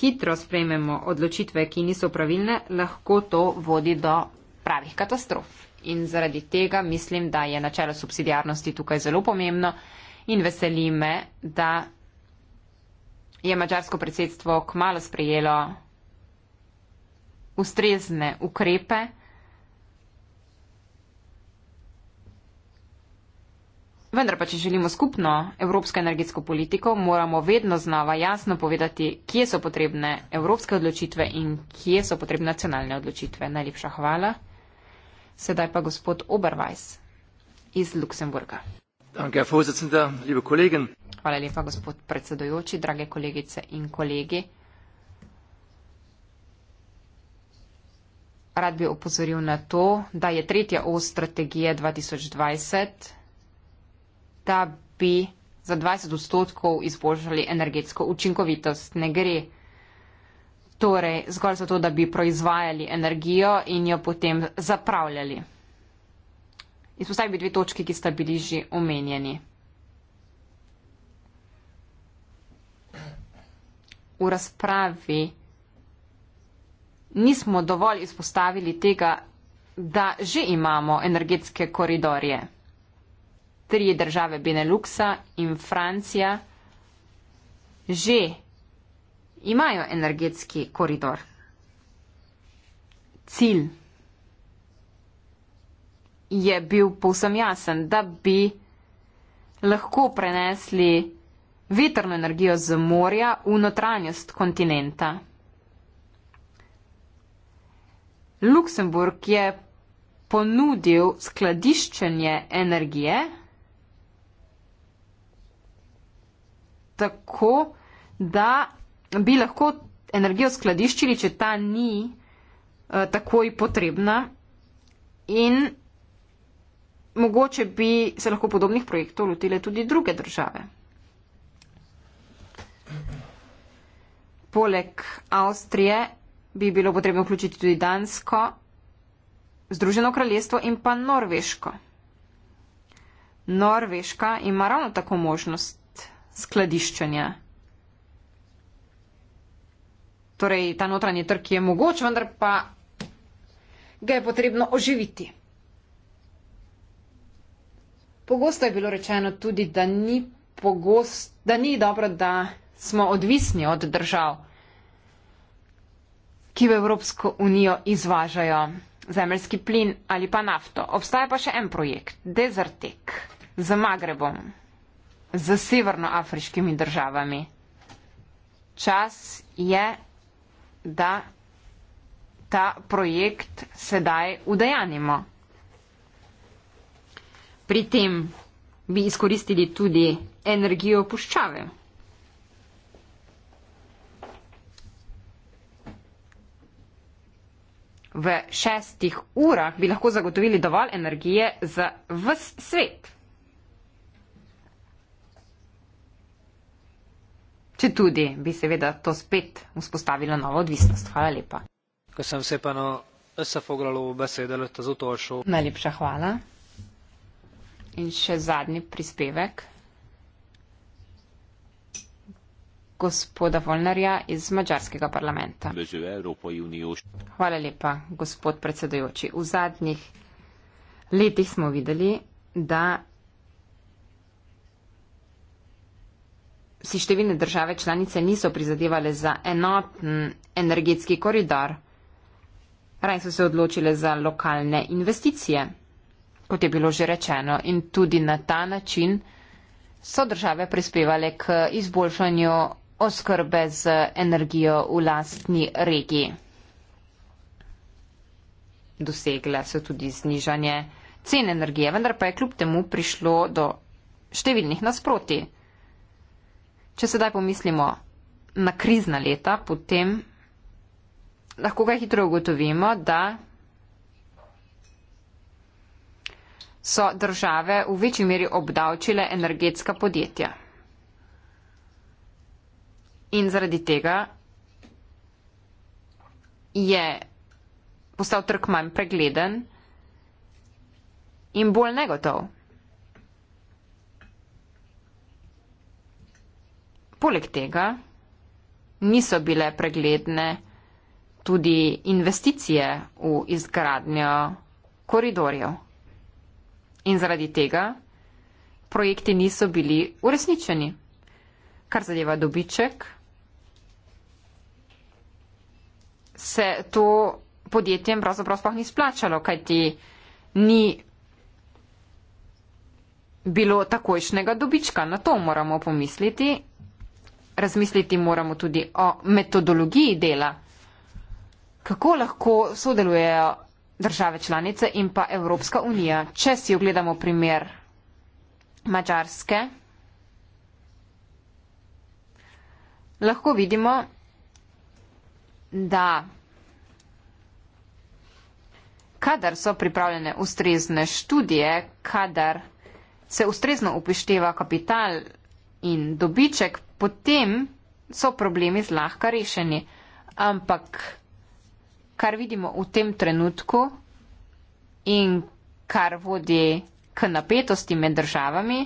hitro sprejmemo odločitve, ki niso pravilne, lahko to vodi do pravih katastrof in zaradi tega mislim, da je načelo subsidijarnosti tukaj zelo pomembno in veseli me, da je mačarsko predsedstvo kmalo sprejelo ustrezne ukrepe. Vendar pa, če želimo skupno evropsko energetsko politiko, moramo vedno znova jasno povedati, kje so potrebne evropske odločitve in kje so potrebne nacionalne odločitve. Najlepša hvala. Sedaj pa gospod Obervajs iz Luksemburga. Hvala lepa, gospod predsedojoči, drage kolegice in kolegi. Rad bi opozoril na to, da je tretja o strategije 2020, da bi za 20 odstotkov izboljšali energetsko učinkovitost. Ne gre torej zgolj zato, da bi proizvajali energijo in jo potem zapravljali. Izpostavljam bi dve točki, ki sta bili že omenjeni. V razpravi nismo dovolj izpostavili tega, da že imamo energetske koridorje. Tri države Beneluxa in Francija že imamo imajo energetski koridor. Cilj je bil povsem jasen, da bi lahko prenesli vetrno energijo z morja v notranjost kontinenta. Luksemburg je ponudil skladiščenje energije tako, da bi lahko energijo skladiščili, če ta ni eh, takoj potrebna in mogoče bi se lahko podobnih projektov lotile tudi druge države. Poleg Avstrije bi bilo potrebno vključiti tudi Dansko, Združeno kraljestvo in pa Norveško. Norveška ima ravno tako možnost skladiščenja torej ta notranji trg je mogoč, vendar pa ga je potrebno oživiti. Pogosto je bilo rečeno tudi, da ni, pogost, da ni dobro, da smo odvisni od držav, ki v Evropsko unijo izvažajo zemljski plin ali pa nafto. Obstaja pa še en projekt, Desertek, z Magrebom, z severnoafriškimi državami. Čas je da ta projekt sedaj udejanimo. Pri tem bi izkoristili tudi energijo puščave. V šestih urah bi lahko zagotovili dovolj energije za vse svet. če tudi bi seveda to spet vzpostavilo novo odvisnost. Hvala lepa. Ko sem se pa na Safoglalovo besedalo, to zato šel. Najlepša hvala. In še zadnji prispevek gospoda Volnerja iz Mačarskega parlamenta. Hvala lepa, gospod predsedojoči. V zadnjih letih smo videli, da si številne države članice niso prizadevale za enoten energetski koridor. Raj so se odločile za lokalne investicije, kot je bilo že rečeno, in tudi na ta način so države prispevale k izboljšanju oskrbe z energijo v lastni regiji. Dosegle so tudi znižanje cen energije, vendar pa je kljub temu prišlo do številnih nasproti. Če sedaj pomislimo na krizna leta, potem lahko ga hitro ugotovimo, da so države v večji meri obdavčile energetska podjetja. In zaradi tega je postal trg manj pregleden in bolj negotov. Poleg tega niso bile pregledne tudi investicije v izgradnjo koridorjev. In zaradi tega projekti niso bili uresničeni, kar zadeva dobiček. Se to podjetjem pravzaprav sploh ni splačalo, kajti ni bilo takojšnjega dobička. Na to moramo pomisliti razmisliti moramo tudi o metodologiji dela. Kako lahko sodelujejo države članice in pa Evropska unija? Če si ogledamo primer Mačarske, lahko vidimo, da kadar so pripravljene ustrezne študije, kadar se ustrezno upošteva kapital in dobiček potem so problemi zlahka rešeni. Ampak, kar vidimo v tem trenutku in kar vodi k napetosti med državami,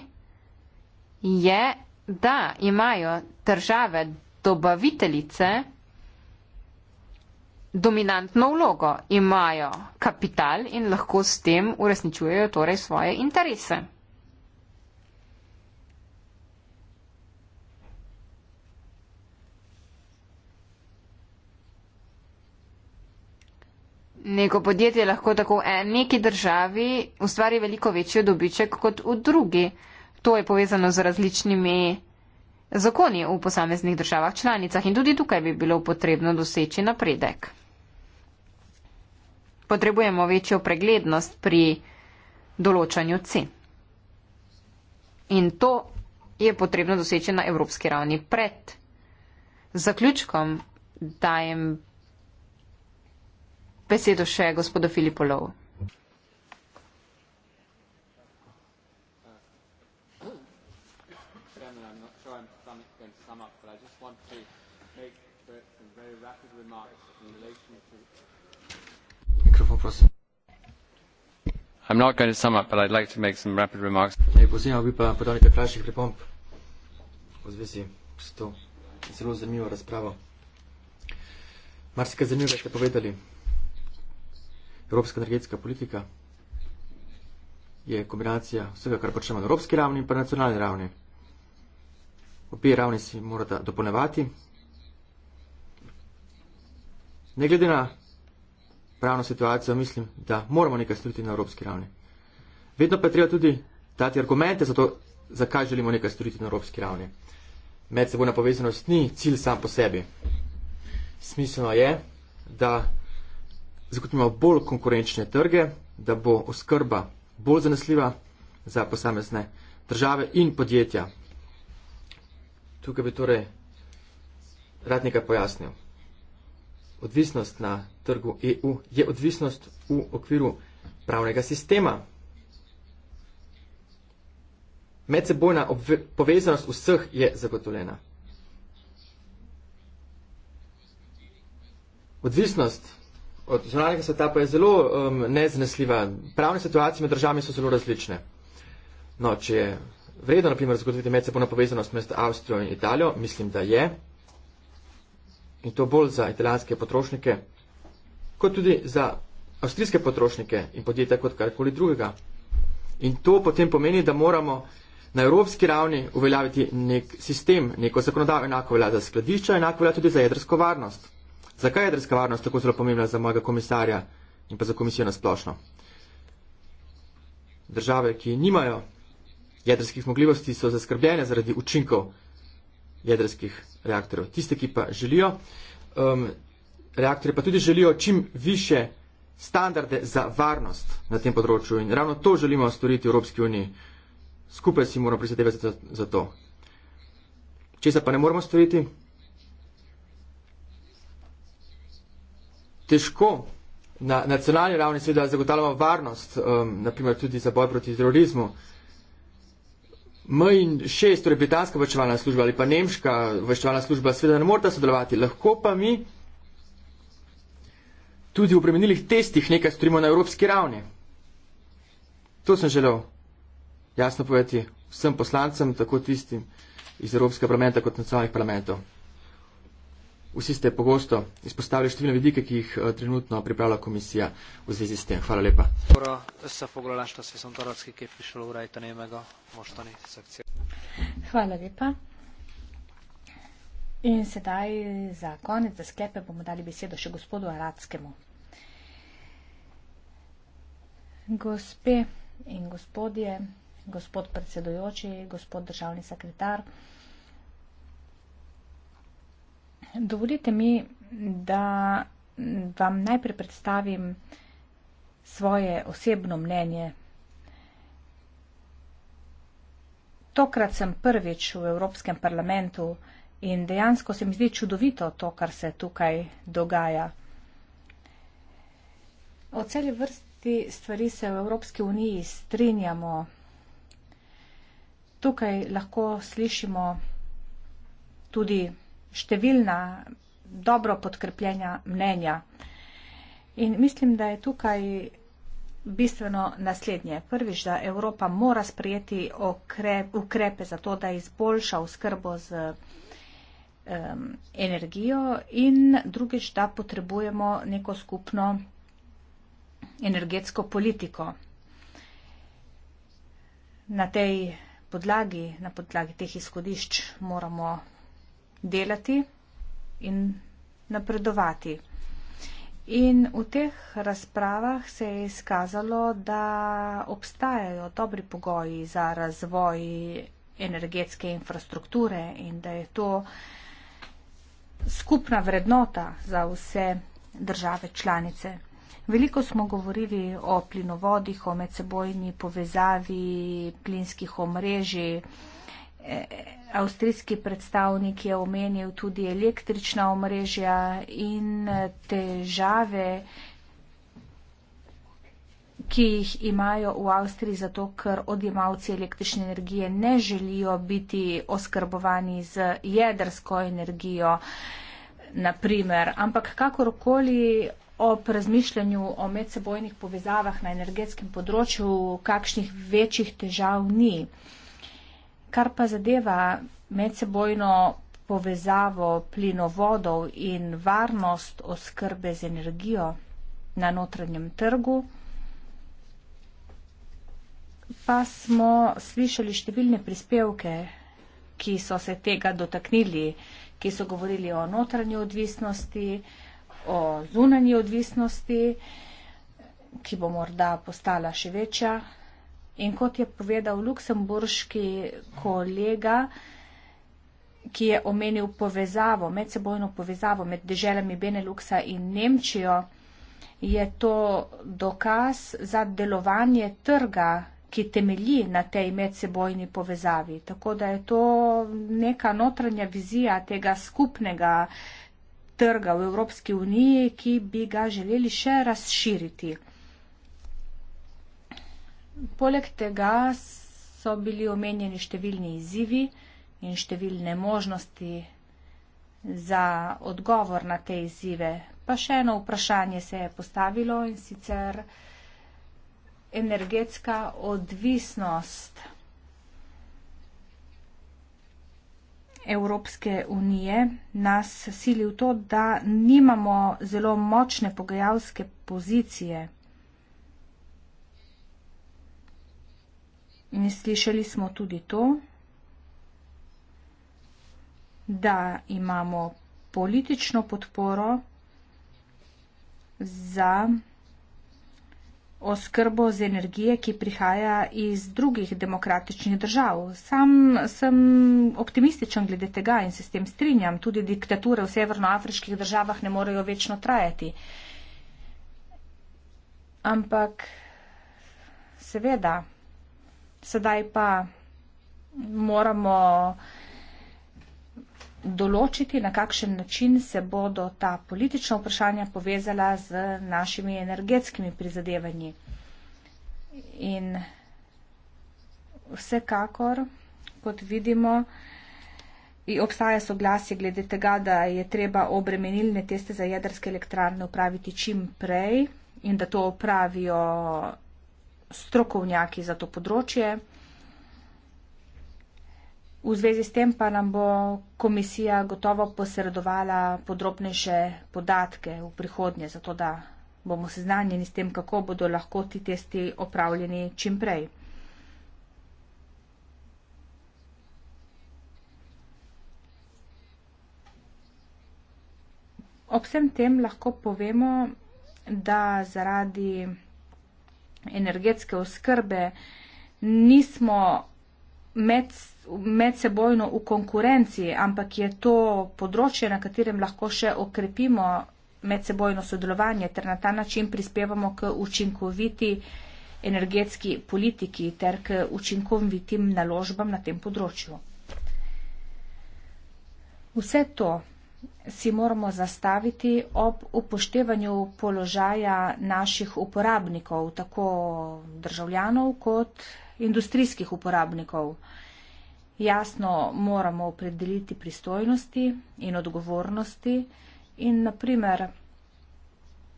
je, da imajo države dobaviteljice dominantno vlogo, imajo kapital in lahko s tem uresničujejo torej svoje interese. neko podjetje lahko tako v neki državi ustvari veliko večjo dobiček kot v drugi. To je povezano z različnimi zakoni v posameznih državah članicah in tudi tukaj bi bilo potrebno doseči napredek. Potrebujemo večjo preglednost pri določanju cen. In to je potrebno doseči na evropski ravni pred zaključkom dajem besedo še gospodu Filipolovu. I'm not going to sum up, but I'd like to make some rapid remarks. Ja, Marsikaj zanimivega ste povedali evropska energetska politika je kombinacija vsega, kar počnemo na evropski ravni in pa nacionalni ravni. Obe ravni si morata dopolnevati. Ne glede na pravno situacijo, mislim, da moramo nekaj storiti na evropski ravni. Vedno pa je treba tudi dati argumente za to, zakaj želimo nekaj storiti na evropski ravni. Medsebojna povezanost ni cilj sam po sebi. Smiselno je, da zagotovimo bolj konkurenčne trge, da bo oskrba bolj zanesljiva za posamezne države in podjetja. Tukaj bi torej rad nekaj pojasnil. Odvisnost na trgu EU je odvisnost v okviru pravnega sistema. Medsebojna povezanost vseh je zagotovljena. Odvisnost od zunanjega sveta pa je zelo um, neznesljiva. Pravne situacije med državami so zelo različne. No, če je vredno, naprimer, zgoditi medsebojno povezanost med Avstrijo in Italijo, mislim, da je. In to bolj za italijanske potrošnike, kot tudi za avstrijske potrošnike in podjetja kot karkoli drugega. In to potem pomeni, da moramo na evropski ravni uveljaviti nek sistem, neko zakonodajo, enako velja za skladišča, enako velja tudi za jedrsko varnost. Zakaj je jedrska varnost tako zelo pomembna za mojega komisarja in pa za komisijo na splošno? Države, ki nimajo jedrskih zmogljivosti, so zaskrbljene zaradi učinkov jedrskih reaktorjev. Tiste, ki pa želijo, um, reaktorje pa tudi želijo čim više standarde za varnost na tem področju. In ravno to želimo storiti v Evropski uniji. Skupaj si moramo prisedevati za, za to. Če se pa ne moramo storiti, težko na nacionalni ravni seveda zagotavljamo varnost, um, naprimer tudi za boj proti terorizmu. MI6, torej britanska obveščevalna služba ali pa nemška obveščevalna služba, seveda ne morata sodelovati, lahko pa mi tudi v obremenilih testih nekaj storimo na evropski ravni. To sem želel jasno povedati vsem poslancem, tako tistim iz Evropskega parlamenta kot nacionalnih parlamentov. Vsi ste pogosto izpostavili številne vidike, ki jih eh, trenutno pripravlja komisija v zvezi s tem. Hvala lepa. Hvala lepa. In sedaj za konec, za sklepe bomo dali besedo še gospodu Aradskemu. Gospe in gospodje, gospod predsedojoči, gospod državni sekretar. Dovolite mi, da vam najprej predstavim svoje osebno mnenje. Tokrat sem prvič v Evropskem parlamentu in dejansko se mi zdi čudovito to, kar se tukaj dogaja. O celi vrsti stvari se v Evropski uniji strinjamo. Tukaj lahko slišimo tudi številna dobro podkrepljena mnenja. In mislim, da je tukaj bistveno naslednje. Prvič, da Evropa mora sprejeti okrep, ukrepe za to, da izboljša oskrbo z um, energijo in drugič, da potrebujemo neko skupno energetsko politiko. Na tej podlagi, na podlagi teh izhodišč moramo delati in napredovati. In v teh razpravah se je izkazalo, da obstajajo dobri pogoji za razvoj energetske infrastrukture in da je to skupna vrednota za vse države članice. Veliko smo govorili o plinovodih, o medsebojni povezavi plinskih omrežij, Avstrijski predstavnik je omenil tudi električna omrežja in težave, ki jih imajo v Avstriji, zato ker odjemalci električne energije ne želijo biti oskrbovani z jedrsko energijo, naprimer. Ampak kakorkoli ob razmišljanju o medsebojnih povezavah na energetskem področju, kakšnih večjih težav ni. Kar pa zadeva medsebojno povezavo plinovodov in varnost oskrbe z energijo na notranjem trgu, pa smo slišali številne prispevke, ki so se tega dotaknili, ki so govorili o notranji odvisnosti, o zunanji odvisnosti, ki bo morda postala še večja. In kot je povedal luksemburški kolega, ki je omenil povezavo, medsebojno povezavo med deželami Beneluxa in Nemčijo, je to dokaz za delovanje trga, ki temelji na tej medsebojni povezavi. Tako da je to neka notranja vizija tega skupnega trga v Evropski uniji, ki bi ga želeli še razširiti. Poleg tega so bili omenjeni številni izzivi in številne možnosti za odgovor na te izzive. Pa še eno vprašanje se je postavilo in sicer energetska odvisnost Evropske unije nas sili v to, da nimamo zelo močne pogajalske pozicije. In slišali smo tudi to, da imamo politično podporo za oskrbo z energije, ki prihaja iz drugih demokratičnih držav. Sam sem optimističen glede tega in se s tem strinjam. Tudi diktature v severnoafriških državah ne morejo večno trajati. Ampak seveda sedaj pa moramo določiti, na kakšen način se bodo ta politična vprašanja povezala z našimi energetskimi prizadevanji. In vsekakor, kot vidimo, obstaja soglasje glede tega, da je treba obremenilne teste za jedrske elektrarne upraviti čim prej in da to opravijo strokovnjaki za to področje. V zvezi s tem pa nam bo komisija gotovo posredovala podrobnejše podatke v prihodnje, zato da bomo seznanjeni s tem, kako bodo lahko ti testi opravljeni čim prej. Ob vsem tem lahko povemo, da zaradi energetske oskrbe, nismo med, medsebojno v konkurenci, ampak je to področje, na katerem lahko še okrepimo medsebojno sodelovanje ter na ta način prispevamo k učinkoviti energetski politiki ter k učinkovitim naložbam na tem področju. Vse to si moramo zastaviti ob upoštevanju položaja naših uporabnikov, tako državljanov kot industrijskih uporabnikov. Jasno moramo opredeliti pristojnosti in odgovornosti in naprimer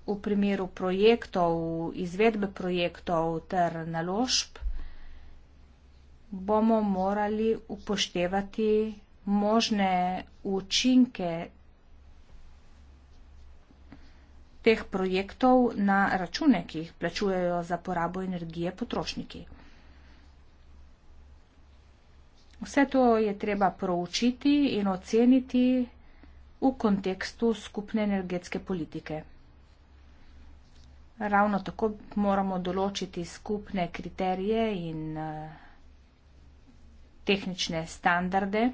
v primeru projektov, izvedbe projektov ter naložb bomo morali upoštevati možne učinke teh projektov na račune, ki jih plačujejo za porabo energije potrošniki. Vse to je treba proučiti in oceniti v kontekstu skupne energetske politike. Ravno tako moramo določiti skupne kriterije in eh, tehnične standarde.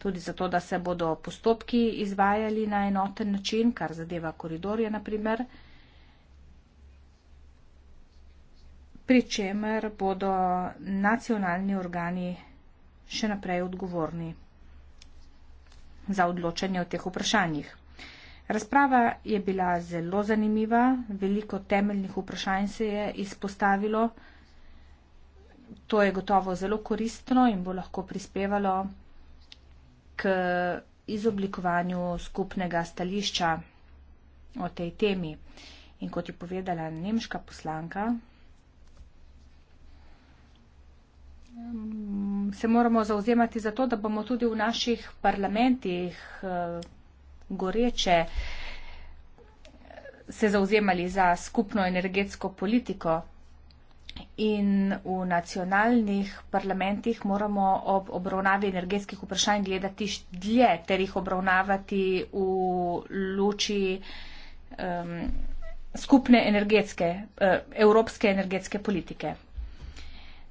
Tudi zato, da se bodo postopki izvajali na enoten način, kar zadeva koridorje naprimer, pri čemer bodo nacionalni organi še naprej odgovorni za odločanje o teh vprašanjih. Razprava je bila zelo zanimiva, veliko temeljnih vprašanj se je izpostavilo. To je gotovo zelo koristno in bo lahko prispevalo k eh, izoblikovanju skupnega stališča o tej temi. In kot je povedala nemška poslanka, mm, se moramo zauzemati za to, da bomo tudi v naših parlamentih eh, goreče eh, se zauzemali za skupno energetsko politiko in v nacionalnih parlamentih moramo ob obravnavi energetskih vprašanj gledati dlje ter jih obravnavati v luči um, skupne energetske, uh, evropske energetske politike.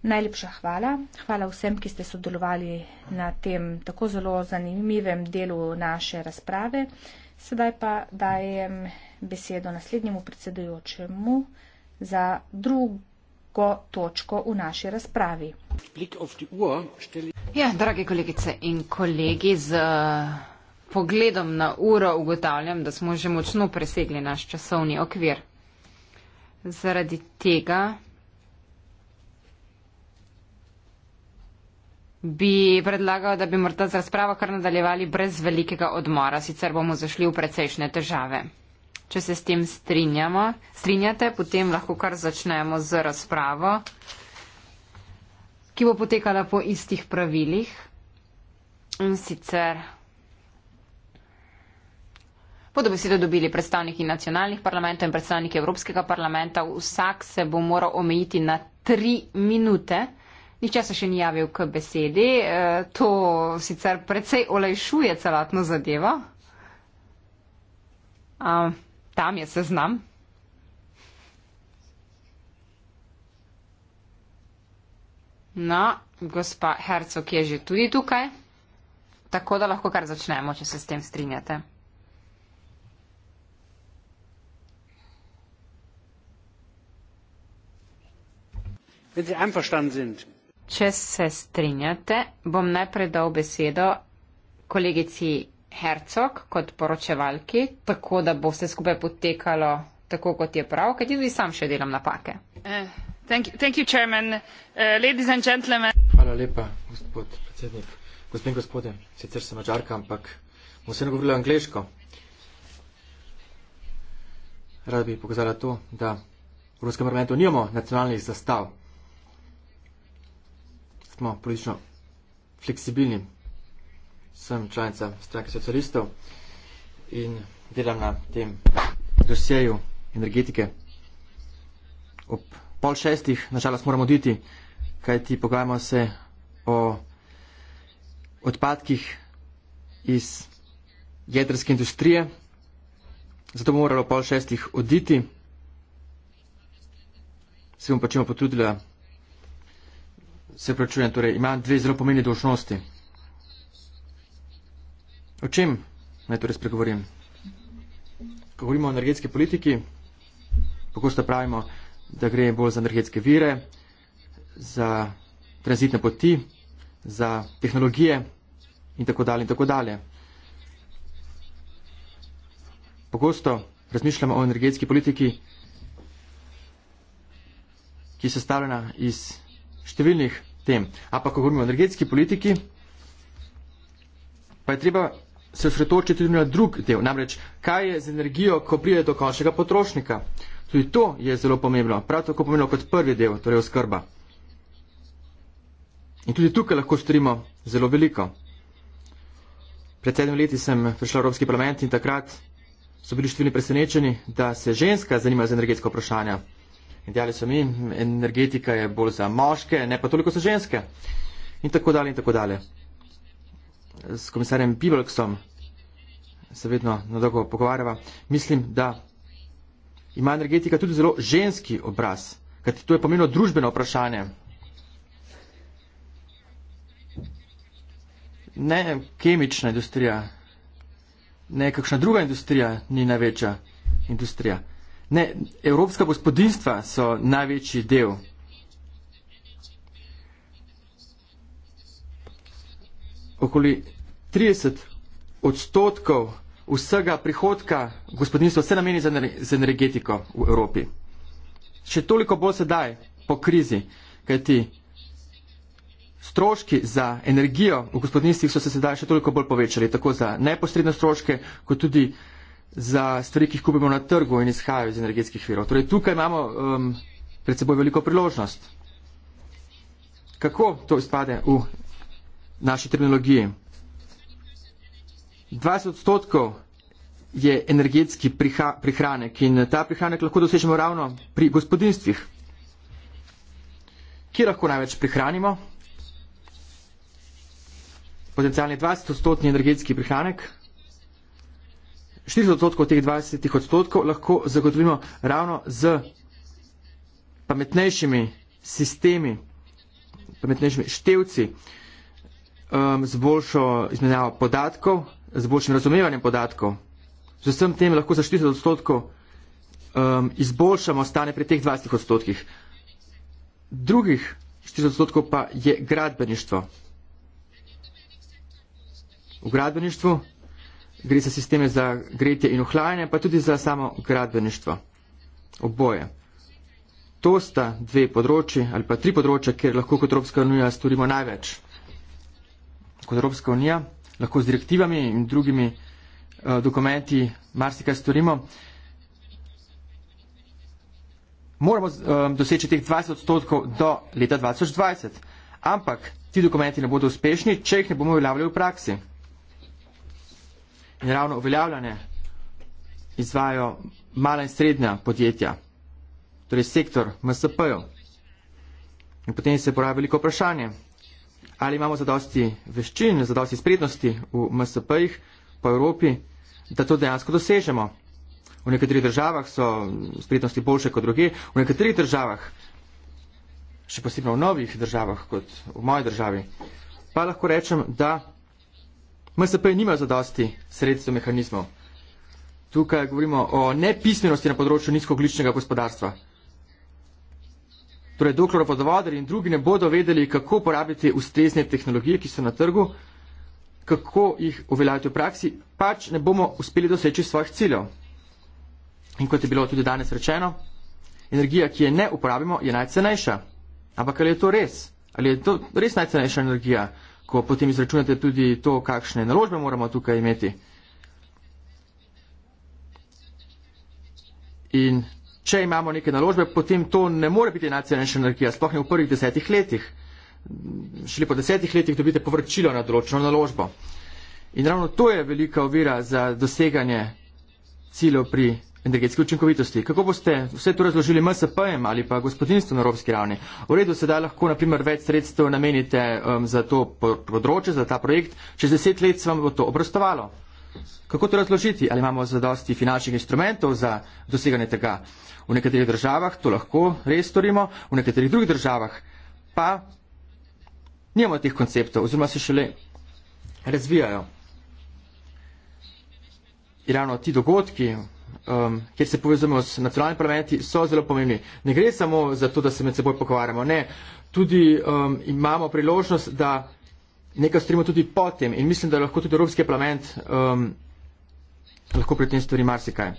Najlepša hvala. Hvala vsem, ki ste sodelovali na tem tako zelo zanimivem delu naše razprave. Sedaj pa dajem besedo naslednjemu predsedujočemu za drugo lahko točko v naši razpravi. Ja, dragi kolegice in kolegi, z eh, pogledom na uro ugotavljam, da smo že močno presegli naš časovni okvir. Zaradi tega bi predlagal, da bi morda z razpravo kar nadaljevali brez velikega odmora, sicer bomo zašli v precejšnje težave. Če se s tem strinjamo, strinjate, potem lahko kar začnemo z razpravo, ki bo potekala po istih pravilih. In sicer bodo besedo dobili predstavniki nacionalnih parlamentov in predstavniki Evropskega parlamenta. Vsak se bo moral omejiti na tri minute. Nihče se še ni javil k besedi. E, to sicer precej olajšuje celotno zadevo. Um, Tam je seznam. No, gospa Hercog je že tudi tukaj, tako da lahko kar začnemo, če se s tem strinjate. Če se strinjate, bom najprej dal besedo kolegici Herzog kot poročevalki, tako da bo vse skupaj potekalo tako, kot je prav, kajti tudi sam še delam napake. Eh, eh, Hvala lepa, gospod predsednik. Gospod in gospode, sicer sem mačarka, ampak bom vseeno govorila angliško. Rad bi pokazala to, da v Ruskem parlamentu nimamo nacionalnih zastav. Smo politično fleksibilni, sem članica stranke socialistov in delam na tem dosjeju energetike. Ob pol šestih, nažalost, moramo oditi, kajti pogajamo se o odpadkih iz jedrske industrije. Zato bomo morali pol šestih oditi. Se bom pač imel potrudila, se pravčujem, torej imam dve zelo pomembne dolžnosti. O čem naj torej spregovorim? Ko govorimo o energetski politiki, pogosto pravimo, da gre bolj za energetske vire, za tranzitne poti, za tehnologije in tako dalje in tako dalje. Pogosto razmišljamo o energetski politiki, ki je sestavljena iz številnih tem. Ampak, ko govorimo o energetski politiki, pa je treba se osredotoči tudi na drug del, namreč kaj je z energijo, ko pride do končnega potrošnika. Tudi to je zelo pomembno, prav tako pomembno kot prvi del, torej oskrba. In tudi tukaj lahko storimo zelo veliko. Pred sedem leti sem prišla v Evropski parlament in takrat so bili številni presenečeni, da se ženska zanima za energetsko vprašanje. In dejali so mi, energetika je bolj za moške, ne pa toliko za ženske. In tako dalje, in tako dalje s komisarjem Bibelksom se vedno na dolgo pogovarjava. Mislim, da ima energetika tudi zelo ženski obraz, kajti to je pomembno družbeno vprašanje. Ne kemična industrija, ne kakšna druga industrija ni največja industrija. Ne, evropska gospodinstva so največji del okoli 30 odstotkov vsega prihodka gospodinstva se nameni za energetiko v Evropi. Še toliko bolj sedaj po krizi, kajti stroški za energijo v gospodinstvih so se sedaj še toliko bolj povečali, tako za neposredne stroške, kot tudi za stvari, ki jih kupimo na trgu in izhajajo iz energetskih virov. Torej tukaj imamo um, pred seboj veliko priložnost. Kako to izpade v naši terminologiji. 20 odstotkov je energetski priha, prihranek in ta prihranek lahko dosežemo ravno pri gospodinstvih. Kje lahko največ prihranimo? Potencialni 20 odstotni energetski prihranek. 40 odstotkov teh 20 odstotkov lahko zagotovimo ravno z pametnejšimi sistemi, pametnejšimi števci um, z boljšo izmenjavo podatkov, z boljšim razumevanjem podatkov. Z vsem tem lahko za 40 odstotkov um, izboljšamo stane pri teh 20 odstotkih. Drugih 40 odstotkov pa je gradbeništvo. V gradbeništvu gre za sisteme za gretje in ohlajanje, pa tudi za samo gradbeništvo. Oboje. To sta dve področji ali pa tri področja, kjer lahko kot Evropska unija storimo največ kot Evropska unija, lahko z direktivami in drugimi uh, dokumenti marsikaj storimo. Moramo um, doseči teh 20 odstotkov do leta 2020, ampak ti dokumenti ne bodo uspešni, če jih ne bomo uveljavljali v praksi. In ravno uveljavljanje izvajo mala in srednja podjetja, torej sektor MSP-jo. In potem se pojavlja veliko vprašanje ali imamo zadosti veščin, zadosti sprednosti v MSP-jih po Evropi, da to dejansko dosežemo. V nekaterih državah so sprednosti boljše kot druge, v nekaterih državah, še posebno v novih državah kot v moji državi, pa lahko rečem, da MSP nima zadosti sredstev mehanizmov. Tukaj govorimo o nepismenosti na področju nizkogličnega gospodarstva. Torej, dokler vodovodari in drugi ne bodo vedeli, kako uporabiti ustrezne tehnologije, ki so na trgu, kako jih uveljaviti v praksi, pač ne bomo uspeli doseči svojih ciljev. In kot je bilo tudi danes rečeno, energija, ki je ne uporabimo, je najcenejša. Ampak ali je to res? Ali je to res najcenejša energija, ko potem izračunate tudi to, kakšne naložbe moramo tukaj imeti? In če imamo neke naložbe, potem to ne more biti nacionalna energija, sploh ne v prvih desetih letih. Šele po desetih letih dobite povrčilo na določeno naložbo. In ravno to je velika ovira za doseganje ciljev pri energetski učinkovitosti. Kako boste vse to razložili MSP-jem ali pa gospodinstvu na evropski ravni? V redu se da lahko, naprimer, več sredstev namenite um, za to področje, za ta projekt. Čez deset let se vam bo to obrastovalo. Kako to razložiti? Ali imamo zadosti finančnih instrumentov za doseganje tega? V nekaterih državah to lahko res storimo, v nekaterih drugih državah pa nimamo teh konceptov oziroma se šele razvijajo. In ravno ti dogodki, um, kjer se povezujemo s nacionalnimi parlamenti, so zelo pomembni. Ne gre samo za to, da se med seboj pogovarjamo, ne, tudi um, imamo priložnost, da nekaj strimo tudi potem in mislim, da lahko tudi Evropski parlament um, lahko pri tem stvari marsikaj.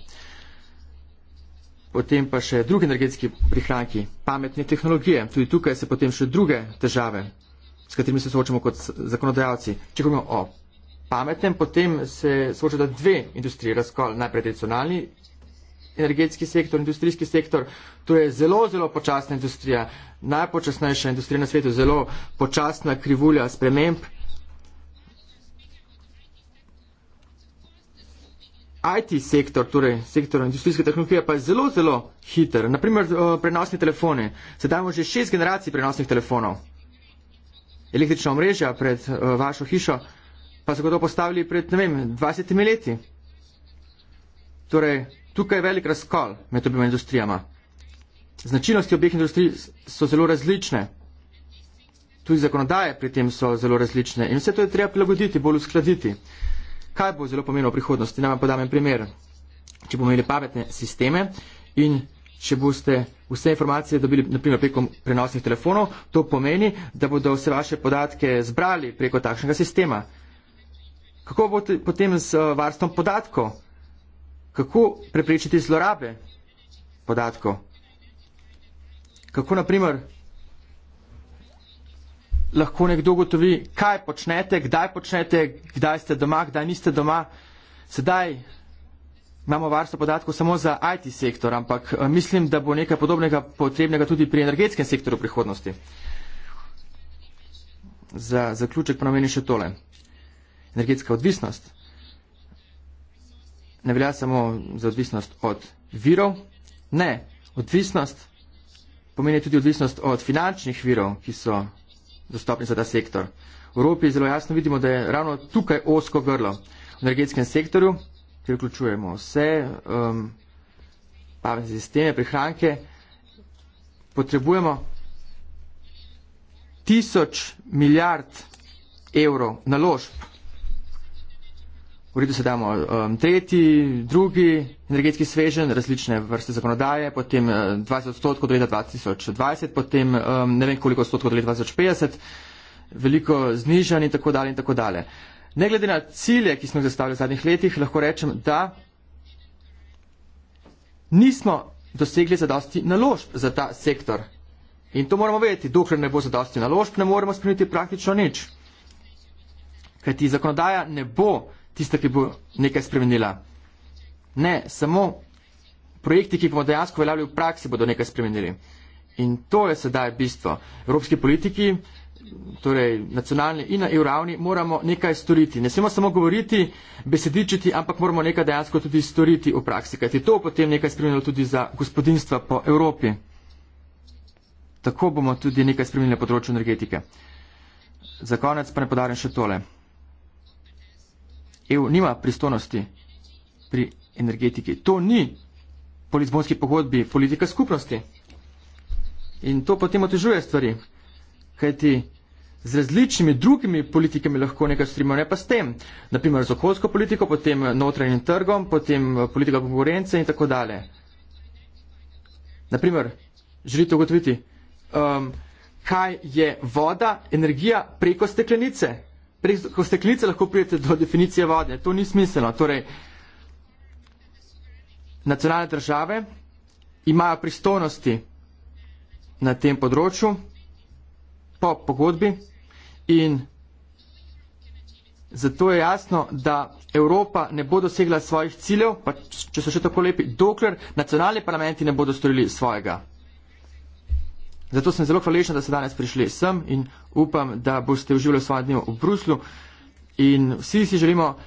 Potem pa še drugi energetski prihranki, pametne tehnologije. Tudi tukaj se potem še druge težave, s katerimi se soočamo kot zakonodajalci. Če govorimo o pametnem, potem se soočajo dve industrije razkol, najprej tradicionalni energetski sektor, industrijski sektor, to je zelo, zelo počasna industrija, najpočasnejša industrija na svetu, zelo počasna krivulja sprememb. IT sektor, torej sektor industrijske tehnologije, pa je zelo, zelo hiter. Naprimer, prenosni telefoni. Sedaj imamo že šest generacij prenosnih telefonov. Električna omrežja pred vašo hišo pa so ga to postavili pred, ne vem, 20 leti. Torej, Tukaj je velik razkol med obima industrijama. Značilnosti obeh industrij so zelo različne. Tudi zakonodaje pri tem so zelo različne in vse to je treba prilagoditi, bolj uskladiti. Kaj bo zelo pomenilo v prihodnosti? Nama podam en primer. Če bomo imeli pametne sisteme in če boste vse informacije dobili naprimer preko prenosnih telefonov, to pomeni, da bodo vse vaše podatke zbrali preko takšnega sistema. Kako bo potem z varstvom podatkov? kako preprečiti zlorabe podatkov. Kako, na primer, lahko nekdo gotovi, kaj počnete, kdaj počnete, kdaj ste doma, kdaj niste doma. Sedaj imamo varstvo podatkov samo za IT sektor, ampak eh, mislim, da bo nekaj podobnega potrebnega tudi pri energetskem sektorju v prihodnosti. Za zaključek pa namenim še tole. Energetska odvisnost ne velja samo za odvisnost od virov, ne, odvisnost pomeni tudi odvisnost od finančnih virov, ki so dostopni za ta sektor. V Evropi zelo jasno vidimo, da je ravno tukaj osko grlo v energetskem sektorju, kjer vključujemo vse um, pametne sisteme, prihranke, potrebujemo tisoč milijard evrov naložb V redu se damo um, tretji, drugi energetski svežen, različne vrste zakonodaje, potem 20 uh, odstotkov do leta 2020, potem um, ne vem koliko odstotkov do leta 2050, veliko znižanj in tako dalje in tako dalje. Ne glede na cilje, ki smo jih zastavili v zadnjih letih, lahko rečem, da nismo dosegli zadosti naložb za ta sektor. In to moramo vedeti, dokler ne bo zadosti naložb, ne moremo spremeniti praktično nič. Kajti zakonodaja ne bo tista, ki bo nekaj spremenila. Ne, samo projekti, ki bomo dejansko veljavili v praksi, bodo nekaj spremenili. In to je sedaj bistvo. Evropski politiki, torej nacionalni in na EU ravni, moramo nekaj storiti. Ne smemo samo govoriti, besedičiti, ampak moramo nekaj dejansko tudi storiti v praksi, kajti to potem nekaj spremenilo tudi za gospodinstva po Evropi. Tako bomo tudi nekaj spremenili na področju energetike. Za konec pa ne podarim še tole. EU nima pristojnosti pri energetiki. To ni po Lizbonski pogodbi politika skupnosti. In to potem otežuje stvari, kajti z različnimi drugimi politikami lahko nekaj strimo, ne pa s tem. Naprimer z okoljsko politiko, potem notranjim trgom, potem eh, politika konkurence in tako dalje. Naprimer, želite ugotoviti, um, kaj je voda, energija preko steklenice preko steklenice lahko pridete do definicije vode. To ni smiselno. Torej, nacionalne države imajo pristojnosti na tem področju po pogodbi in zato je jasno, da Evropa ne bo dosegla svojih ciljev, pa če so še tako lepi, dokler nacionalni parlamenti ne bodo storili svojega. Zato sem zelo hvaležen, da ste danes prišli sem in upam, da boste uživali svoje dneve v Bruslu. In vsi si želimo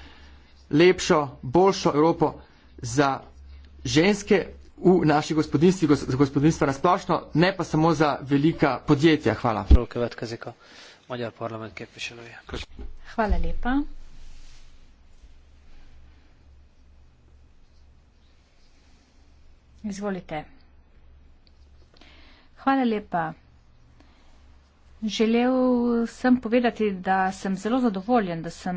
lepšo, boljšo Evropo za ženske v naših gospodinstvih, za gospodinstva na splošno, ne pa samo za velika podjetja. Hvala. Hvala lepa. Izvolite. Hvala lepa. Želel sem povedati, da sem zelo zadovoljen, da sem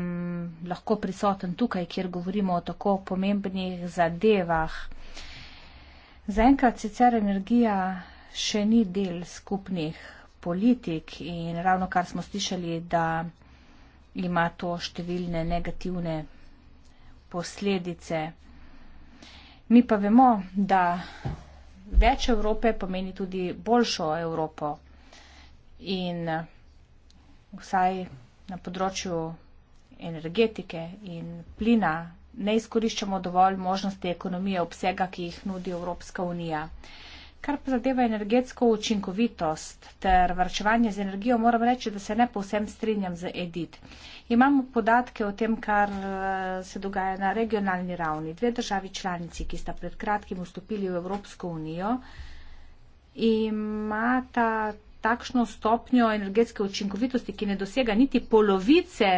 lahko prisoten tukaj, kjer govorimo o tako pomembnih zadevah. Zaenkrat sicer energija še ni del skupnih politik in ravno kar smo slišali, da ima to številne negativne posledice. Mi pa vemo, da več Evrope pomeni tudi boljšo Evropo. In eh, vsaj na področju energetike in plina ne izkoriščamo dovolj možnosti ekonomije obsega, ki jih nudi Evropska unija. Kar pa zadeva energetsko učinkovitost ter vrčevanje z energijo, moram reči, da se ne povsem strinjam z Edit. Imamo podatke o tem, kar eh, se dogaja na regionalni ravni. Dve državi članici, ki sta pred kratkim vstopili v Evropsko unijo, imata takšno stopnjo energetske učinkovitosti, ki ne dosega niti polovice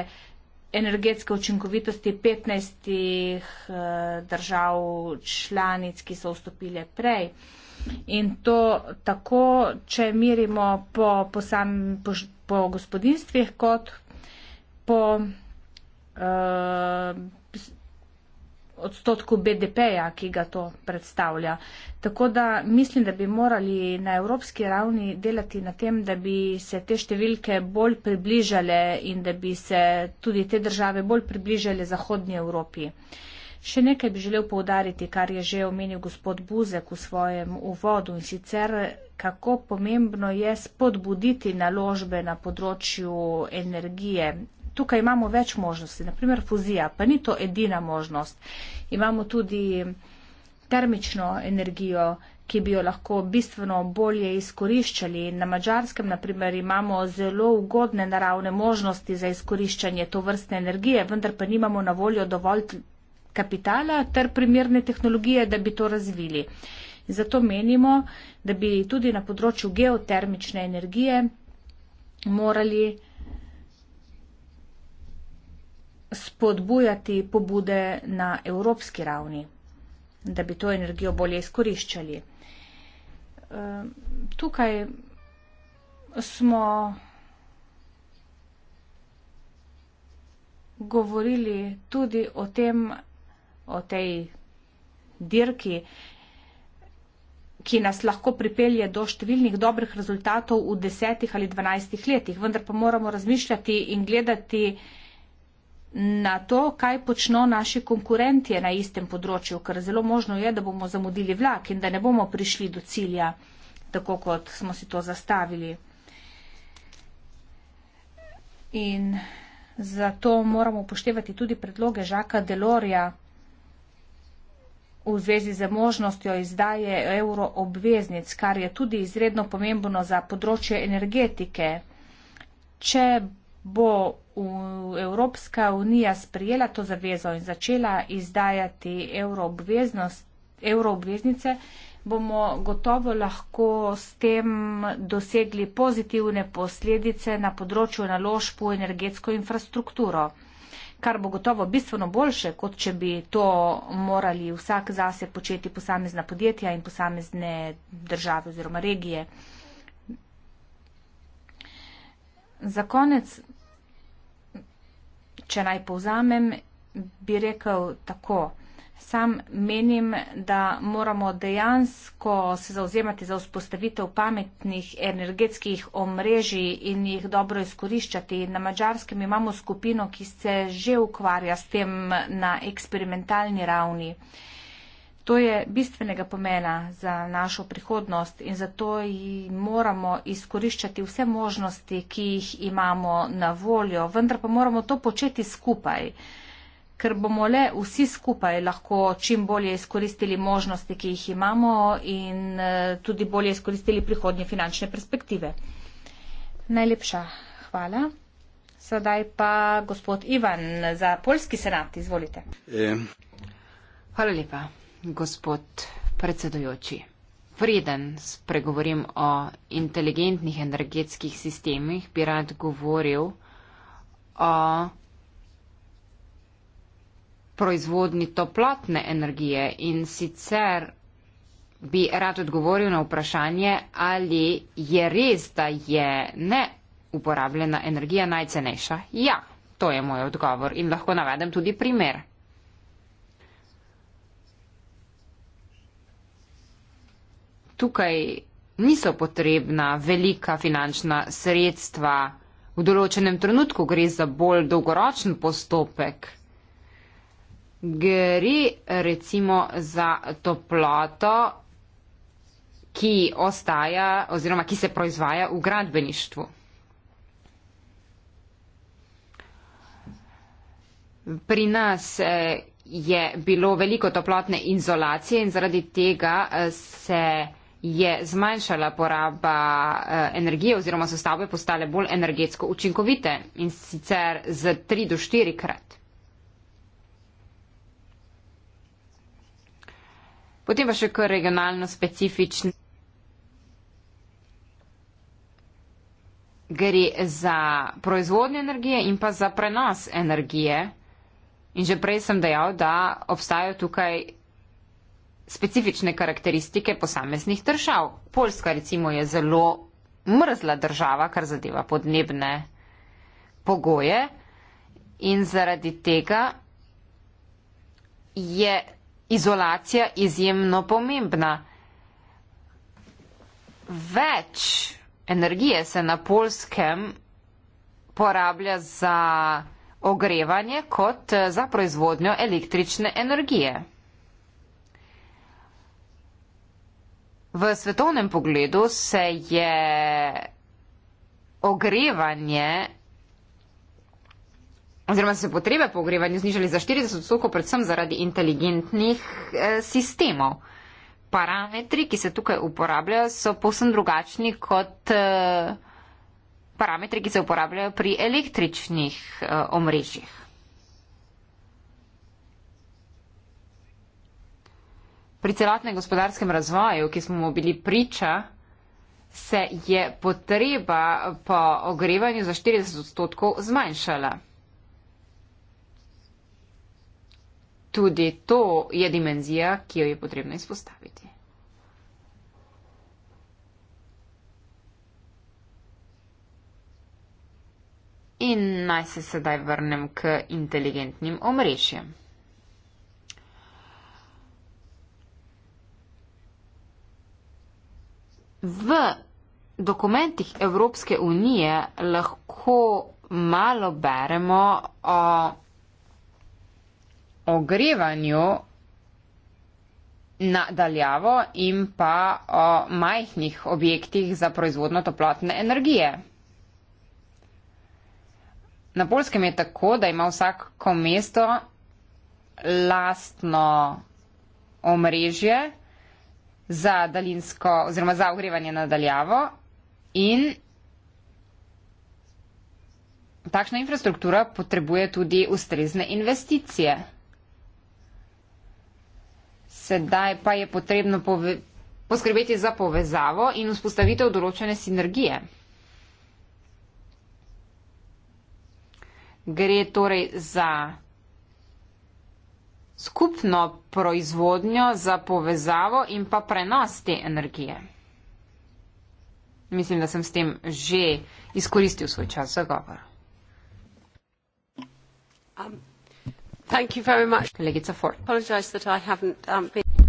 energetske učinkovitosti 15 eh, držav članic, ki so vstopile prej in to tako, če merimo po, po, sam, po, po gospodinstvih, kot po uh, odstotku BDP-ja, ki ga to predstavlja. Tako da mislim, da bi morali na evropski ravni delati na tem, da bi se te številke bolj približale in da bi se tudi te države bolj približale Zahodnji Evropi. Uh, Še nekaj bi želel povdariti, kar je že omenil gospod Buzek v svojem uvodu in sicer, kako pomembno je spodbuditi naložbe na področju energije. Tukaj imamo več možnosti, naprimer fuzija, pa ni to edina možnost. Imamo tudi termično energijo, ki bi jo lahko bistveno bolje izkoriščali. Na Mačarskem, naprimer, imamo zelo ugodne naravne možnosti za izkoriščanje to vrste energije, vendar pa nimamo na voljo dovolj kapitala ter primerne tehnologije, da bi to razvili. Zato menimo, da bi tudi na področju geotermične energije morali spodbujati pobude na evropski ravni, da bi to energijo bolje izkoriščali. Ehm, tukaj smo govorili tudi o tem, o tej dirki, ki nas lahko pripelje do številnih dobrih rezultatov v desetih ali dvanajstih letih. Vendar pa moramo razmišljati in gledati na to, kaj počno naši konkurentje na istem področju, ker zelo možno je, da bomo zamudili vlak in da ne bomo prišli do cilja, tako kot smo si to zastavili. In zato moramo upoštevati tudi predloge Žaka Delorja, v zvezi z možnostjo izdaje euroobveznic, kar je tudi izredno pomembno za področje energetike. Če bo Evropska unija sprijela to zavezo in začela izdajati euroobveznice, bomo gotovo lahko s tem dosegli pozitivne posledice na področju naložb v energetsko infrastrukturo kar bo gotovo bistveno boljše, kot če bi to morali vsak zase početi posamezna podjetja in posamezne države oziroma regije. Za konec, če naj povzamem, bi rekel tako. Sam menim, da moramo dejansko se zauzemati za vzpostavitev pametnih energetskih omrežij in jih dobro izkoriščati. Na mačarskem imamo skupino, ki se že ukvarja s tem na eksperimentalni ravni. To je bistvenega pomena za našo prihodnost in zato moramo izkoriščati vse možnosti, ki jih imamo na voljo, vendar pa moramo to početi skupaj ker bomo le vsi skupaj lahko čim bolje izkoristili možnosti, ki jih imamo in eh, tudi bolje izkoristili prihodnje finančne perspektive. Najlepša hvala. Sedaj pa gospod Ivan za Poljski senat, izvolite. E. Hvala lepa, gospod predsedojoči. Preden spregovorim o inteligentnih energetskih sistemih, bi rad govoril o proizvodni toplotne energije in sicer bi rad odgovoril na vprašanje, ali je res, da je neuporabljena energija najcenejša. Ja, to je moj odgovor in lahko navedem tudi primer. Tukaj niso potrebna velika finančna sredstva. V določenem trenutku gre za bolj dolgoročen postopek gre recimo za toploto, ki ostaja oziroma ki se proizvaja v gradbeništvu. Pri nas eh, je bilo veliko toplotne izolacije in zaradi tega eh, se je zmanjšala poraba eh, energije oziroma so stavbe postale bolj energetsko učinkovite in sicer z 3 do 4 krat. potem pa še kar regionalno specifični. Gre za proizvodnjo energije in pa za prenos energije. In že prej sem dejal, da obstajajo tukaj specifične karakteristike posameznih držav. Poljska recimo je zelo mrzla država, kar zadeva podnebne pogoje in zaradi tega je izolacija izjemno pomembna. Več energije se na polskem porablja za ogrevanje kot eh, za proizvodnjo električne energije. V svetovnem pogledu se je ogrevanje oziroma se potrebe po ogrevanju znižali za 40 odstotkov, predvsem zaradi inteligentnih eh, sistemov. Parametri, ki se tukaj uporabljajo, so povsem drugačni kot eh, parametri, ki se uporabljajo pri električnih eh, omrežjih. Pri celotnem gospodarskem razvoju, ki smo mu bili priča, se je potreba po ogrevanju za 40 odstotkov zmanjšala. Tudi to je dimenzija, ki jo je potrebno izpostaviti. In naj se sedaj vrnem k inteligentnim omrežjem. V dokumentih Evropske unije lahko malo beremo o ogrevanju nadaljavo in pa o majhnih objektih za proizvodno toplotne energije. Na polskem je tako, da ima vsako mesto lastno omrežje za daljinsko oziroma za ogrevanje nadaljavo in takšna infrastruktura potrebuje tudi ustrezne investicije sedaj pa je potrebno pove, poskrbeti za povezavo in vzpostavitev določene sinergije. Gre torej za skupno proizvodnjo, za povezavo in pa prenos te energije. Mislim, da sem s tem že izkoristil svoj čas za govor. Um. Um,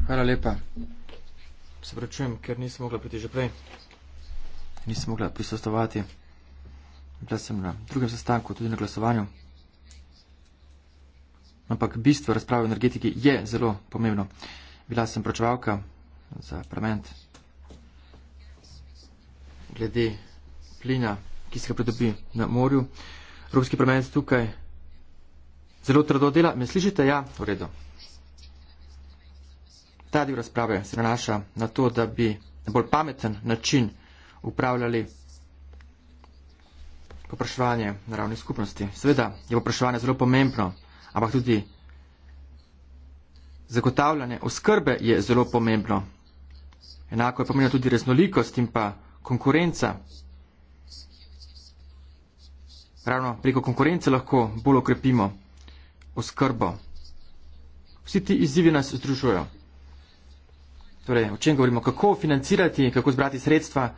Hvala lepa. Se pravičujem, ker nisem mogla priti že prej. Nisem mogla prisostovati. Bila sem na drugem sestanku, tudi na glasovanju. Ampak bistvo razprave o energetiki je zelo pomembno. Bila sem pročevalka za parlament glede plina, ki se ga pridobi na morju. Evropski parlament tukaj zelo trdo dela. Me slišite? Ja, v redu. Ta del razprave se nanaša na to, da bi na bolj pameten način upravljali poprašovanje na ravni skupnosti. Seveda je poprašovanje zelo pomembno, ampak tudi zagotavljanje oskrbe je zelo pomembno. Enako je pomembna tudi raznolikost in pa konkurenca. Ravno preko konkurence lahko bolj okrepimo oskrbo. Vsi ti izzivi nas združujejo. Torej, o čem govorimo? Kako financirati in kako zbrati sredstva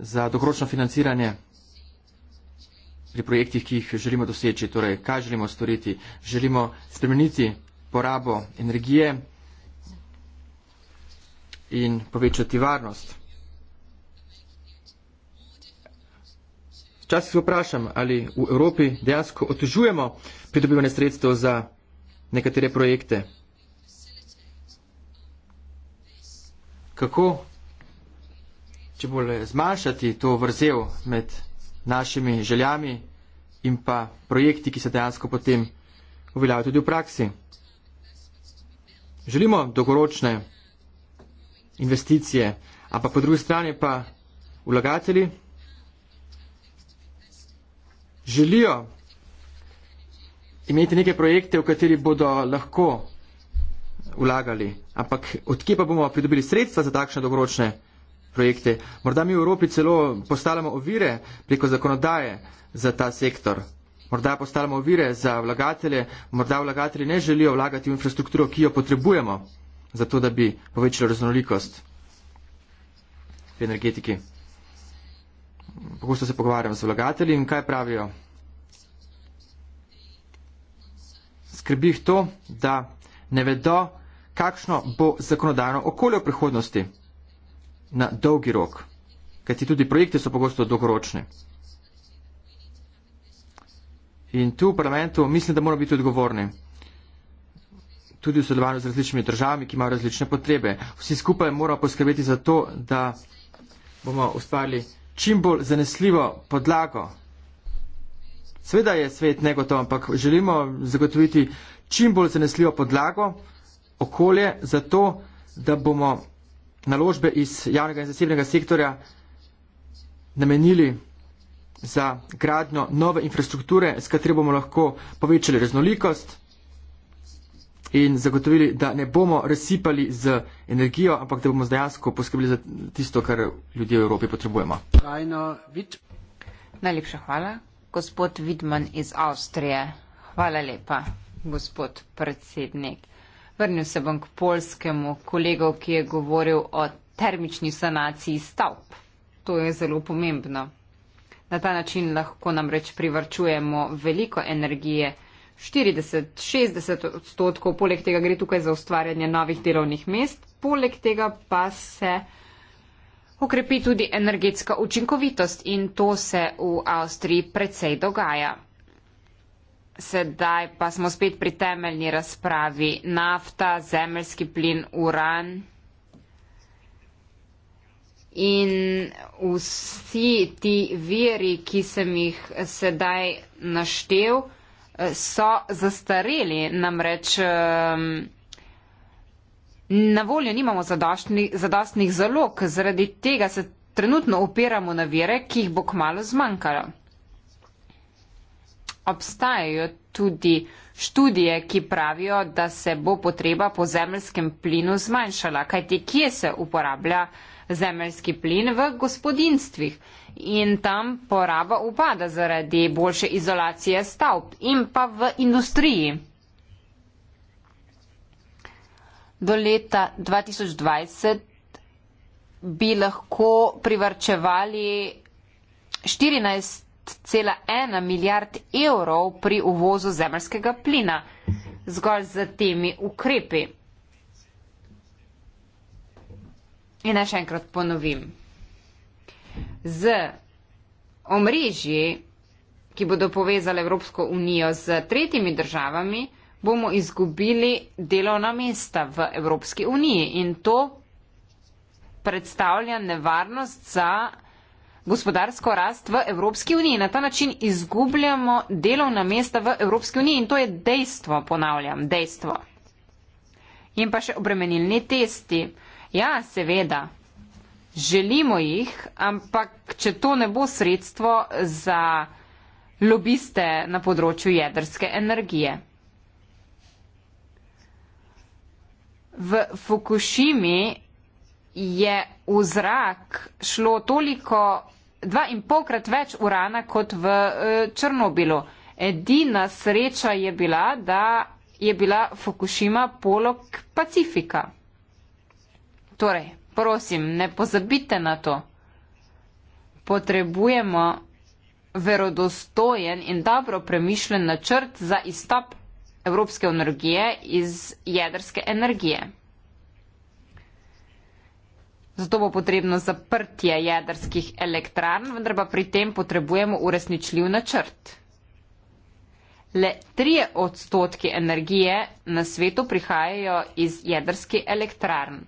za dolgoročno financiranje pri projektih, ki jih želimo doseči? Torej, kaj želimo storiti? Želimo spremeniti porabo energije in povečati varnost. Včasih se vprašam, ali v Evropi dejansko otežujemo pridobivanje sredstev za nekatere projekte. Kako, če bolje, zmanjšati to vrzel med našimi željami in pa projekti, ki se dejansko potem uveljavljajo tudi v praksi. Želimo dolgoročne investicije, ampak po drugi strani pa vlagatelji želijo imeti neke projekte, v kateri bodo lahko vlagali. Ampak odkje pa bomo pridobili sredstva za takšne dolgoročne projekte? Morda mi v Evropi celo postavljamo ovire preko zakonodaje za ta sektor. Morda postavljamo ovire za vlagatelje, morda vlagatelji ne želijo vlagati v infrastrukturo, ki jo potrebujemo, zato da bi povečali raznolikost v energetiki pogosto se pogovarjam z vlagatelji in kaj pravijo? Skrbi jih to, da ne vedo, kakšno bo zakonodajno okolje v prihodnosti na dolgi rok, kajti tudi projekte so pogosto dolgoročni. In tu v parlamentu mislim, da moramo biti odgovorni. Tudi v sodelovanju z različnimi državami, ki imajo različne potrebe. Vsi skupaj moramo poskrbeti za to, da bomo ustvarili čim bolj zanesljivo podlago. Sveda je svet negotov, ampak želimo zagotoviti čim bolj zanesljivo podlago, okolje, zato da bomo naložbe iz javnega in zasebnega sektorja namenili za gradnjo nove infrastrukture, s katero bomo lahko povečali raznolikost in zagotovili, da ne bomo razsipali z energijo, ampak da bomo dejansko poskrbeli za tisto, kar ljudje v Evropi potrebujemo. Najlepša hvala. Gospod Vidman iz Avstrije. Hvala lepa, gospod predsednik. Vrnil se bom k polskemu kolegu, ki je govoril o termični sanaciji stavb. To je zelo pomembno. Na ta način lahko namreč privrčujemo veliko energije. 40, 60 odstotkov, poleg tega gre tukaj za ustvarjanje novih delovnih mest, poleg tega pa se okrepi tudi energetska učinkovitost in to se v Avstriji precej dogaja. Sedaj pa smo spet pri temeljni razpravi. Nafta, zemljski plin, uran. In vsi ti viri, ki sem jih sedaj naštel, so zastareli, namreč um, na voljo nimamo zadostni, zadostnih zalog, zaradi tega se trenutno upiramo na vire, ki jih bo kmalo zmanjkalo. Obstajajo tudi študije, ki pravijo, da se bo potreba po zemljskem plinu zmanjšala, kajti kje se uporablja uh, zemljski plin v gospodinstvih in tam poraba upada zaradi boljše izolacije stavb in pa v industriji. Do leta 2020 bi lahko privrčevali 14,1 milijard evrov pri uvozu zemljskega plina zgolj z temi ukrepi. In naj še enkrat ponovim. Z omrežji, ki bodo povezali Evropsko unijo z tretjimi državami, bomo izgubili delovna mesta v Evropski uniji in to predstavlja nevarnost za gospodarsko rast v Evropski uniji. Na ta način izgubljamo delovna mesta v Evropski uniji in to je dejstvo, ponavljam, dejstvo. In pa še obremenilni testi. Ja, seveda. Želimo jih, ampak če to ne bo sredstvo za lobiste na področju jedrske energije. V Fukushimi je v zrak šlo toliko, dva in polkrat več urana kot v e, Črnobilu. Edina sreča je bila, da je bila Fukushima polok Pacifika. Torej, prosim, ne pozabite na to. Potrebujemo verodostojen in dobro premišljen načrt za izstop evropske energije iz jedrske energije. Zato bo potrebno zaprtje jedrskih elektrarn, vendar pa pri tem potrebujemo uresničljiv načrt. Le tri odstotki energije na svetu prihajajo iz jedrskih elektrarn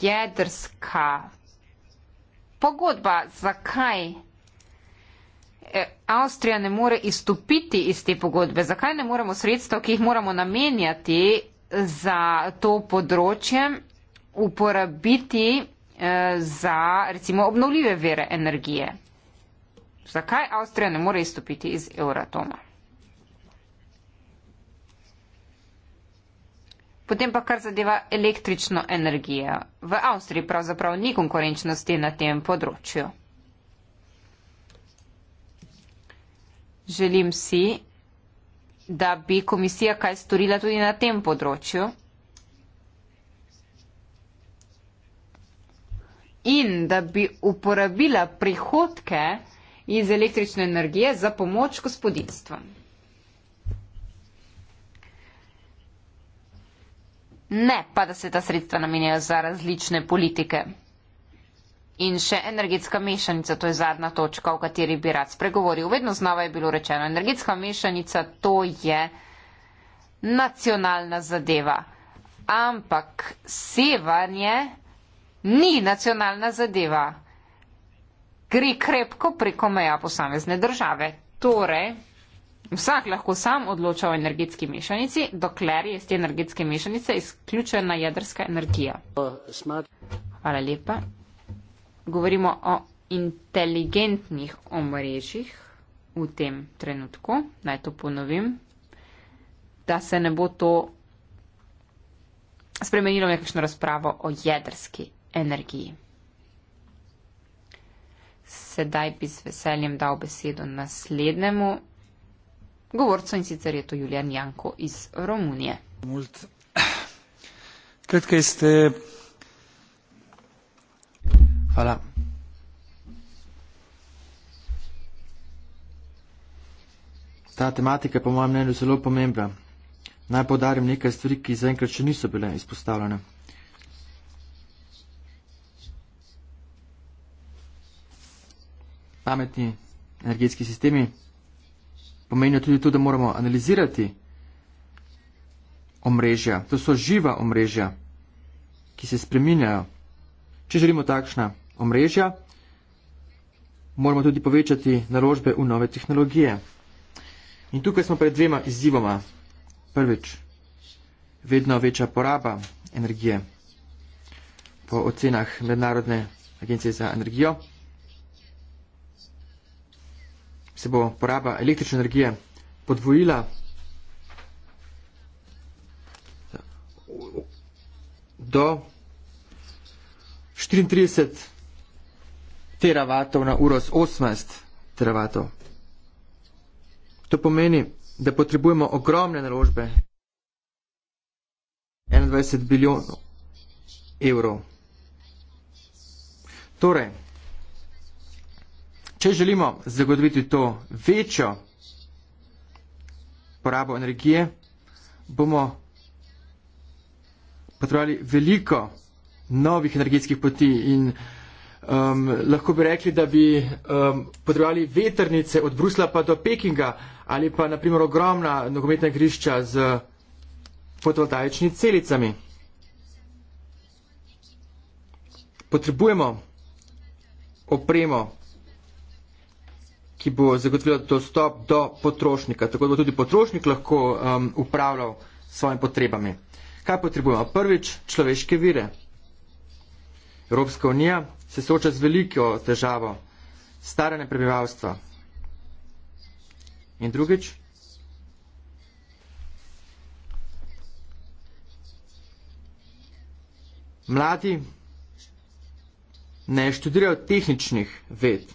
jedrska pogodba. Zakaj eh, Avstrija ne more izstopiti iz te pogodbe? Zakaj ne moremo sredstva, ki jih moramo namenjati za to področje, uporabiti eh, za recimo obnovljive vere energije? Zakaj Avstrija ne more izstopiti iz Euratoma? Potem pa kar zadeva električno energijo. V Avstriji pravzaprav ni konkurenčnosti na tem področju. Želim si, da bi komisija kaj storila tudi na tem področju. In da bi uporabila prihodke iz električne energije za pomoč gospodinstvom. ne pa da se ta sredstva namenjajo za različne politike. In še energetska mešanica, to je zadnja točka, o kateri bi rad spregovoril. Vedno znova je bilo rečeno, energetska mešanica to je nacionalna zadeva. Ampak sevanje ni nacionalna zadeva. Gre krepko preko meja posamezne države. Torej, Vsak lahko sam odloča o energetski mešanici, dokler je iz te energetske mešanice izključena jedrska energija. Hvala lepa. Govorimo o inteligentnih omrežjih v tem trenutku. Naj to ponovim, da se ne bo to spremenilo v nekakšno razpravo o jedrski energiji. Sedaj bi z veseljem dal besedo naslednjemu govorcu in sicer je to Julian Janko iz Romunije. Mult. Kratkaj ste. Hvala. Ta tematika je po mojem mnenju zelo pomembna. Naj podarim nekaj stvari, ki zaenkrat še niso bile izpostavljene. Pametni energetski sistemi pomenijo tudi to, da moramo analizirati omrežja. To so živa omrežja, ki se spreminjajo. Če želimo takšna omrežja, moramo tudi povečati naložbe v nove tehnologije. In tukaj smo pred dvema izzivoma. Prvič, vedno večja poraba energije po ocenah Mednarodne agencije za energijo. se bo poraba električne energije podvojila. Do 34 teravatov na uro z 18 teravatov. To pomeni, da potrebujemo ogromne naložbe, 21 bilijonov evrov. Torej, Če želimo zagotoviti to večjo porabo energije, bomo potrebovali veliko novih energetskih poti in um, lahko bi rekli, da bi um, potrebovali veternice od Brusla pa do Pekinga ali pa naprimer ogromna nogometna grišča z fotovoltaičnimi celicami. Potrebujemo opremo, ki bo zagotovila dostop do potrošnika, tako da bo tudi potrošnik lahko um, upravljal svoje potrebami. Kaj potrebujemo? Prvič, človeške vire. Evropska unija se sooča z veliko težavo staranja prebivalstva. In drugič, mladi ne študirajo tehničnih ved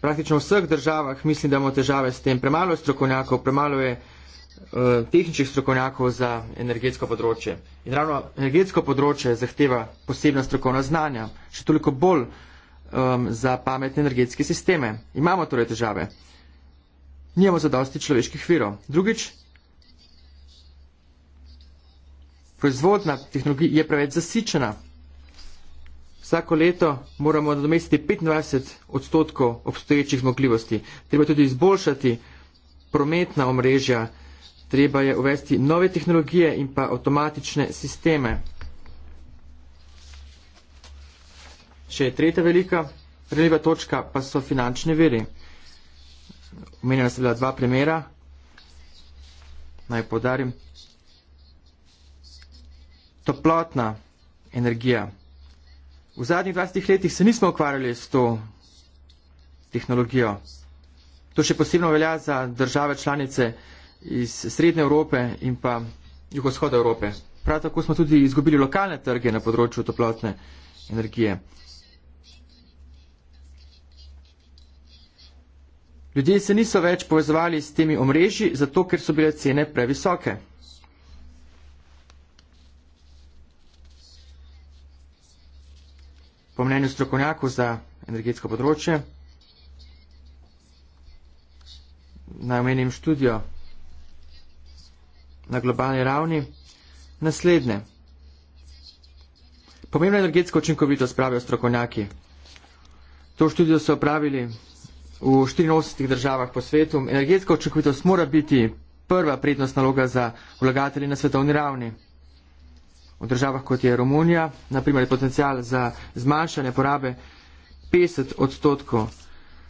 praktično v vseh državah mislim, da imamo težave s tem. Premalo je strokovnjakov, premalo je uh, tehničnih strokovnjakov za energetsko področje. In ravno energetsko področje zahteva posebna strokovna znanja, še toliko bolj um, za pametne energetske sisteme. Imamo torej težave. Nijemo zadosti človeških virov. Drugič, proizvodna tehnologija je preveč zasičena. Vsako leto moramo nadomestiti 25 odstotkov obstoječih zmogljivosti. Treba tudi izboljšati prometna omrežja, treba je uvesti nove tehnologije in pa avtomatične sisteme. Še tretja velika preljiva točka pa so finančne veri. Omenjena so bila dva primera. Naj podarim. Toplotna energija. V zadnjih 20 letih se nismo ukvarjali s to tehnologijo. To še posebno velja za države članice iz Srednje Evrope in pa Jugoshoda Evrope. Prav tako smo tudi izgubili lokalne trge na področju toplotne energije. Ljudje se niso več povezovali s temi omrežji, zato ker so bile cene previsoke. po mnenju strokovnjakov za energetsko področje. Naj omenim študijo na globalni ravni. Naslednje. Pomembna energetska učinkovitost pravijo strokovnjaki. To študijo so opravili v 84 državah po svetu. Energetska učinkovitost mora biti prva prednost naloga za vlagatelje na svetovni ravni. V državah kot je Romunija, naprimer, je potencial za zmanjšanje porabe 50 odstotkov.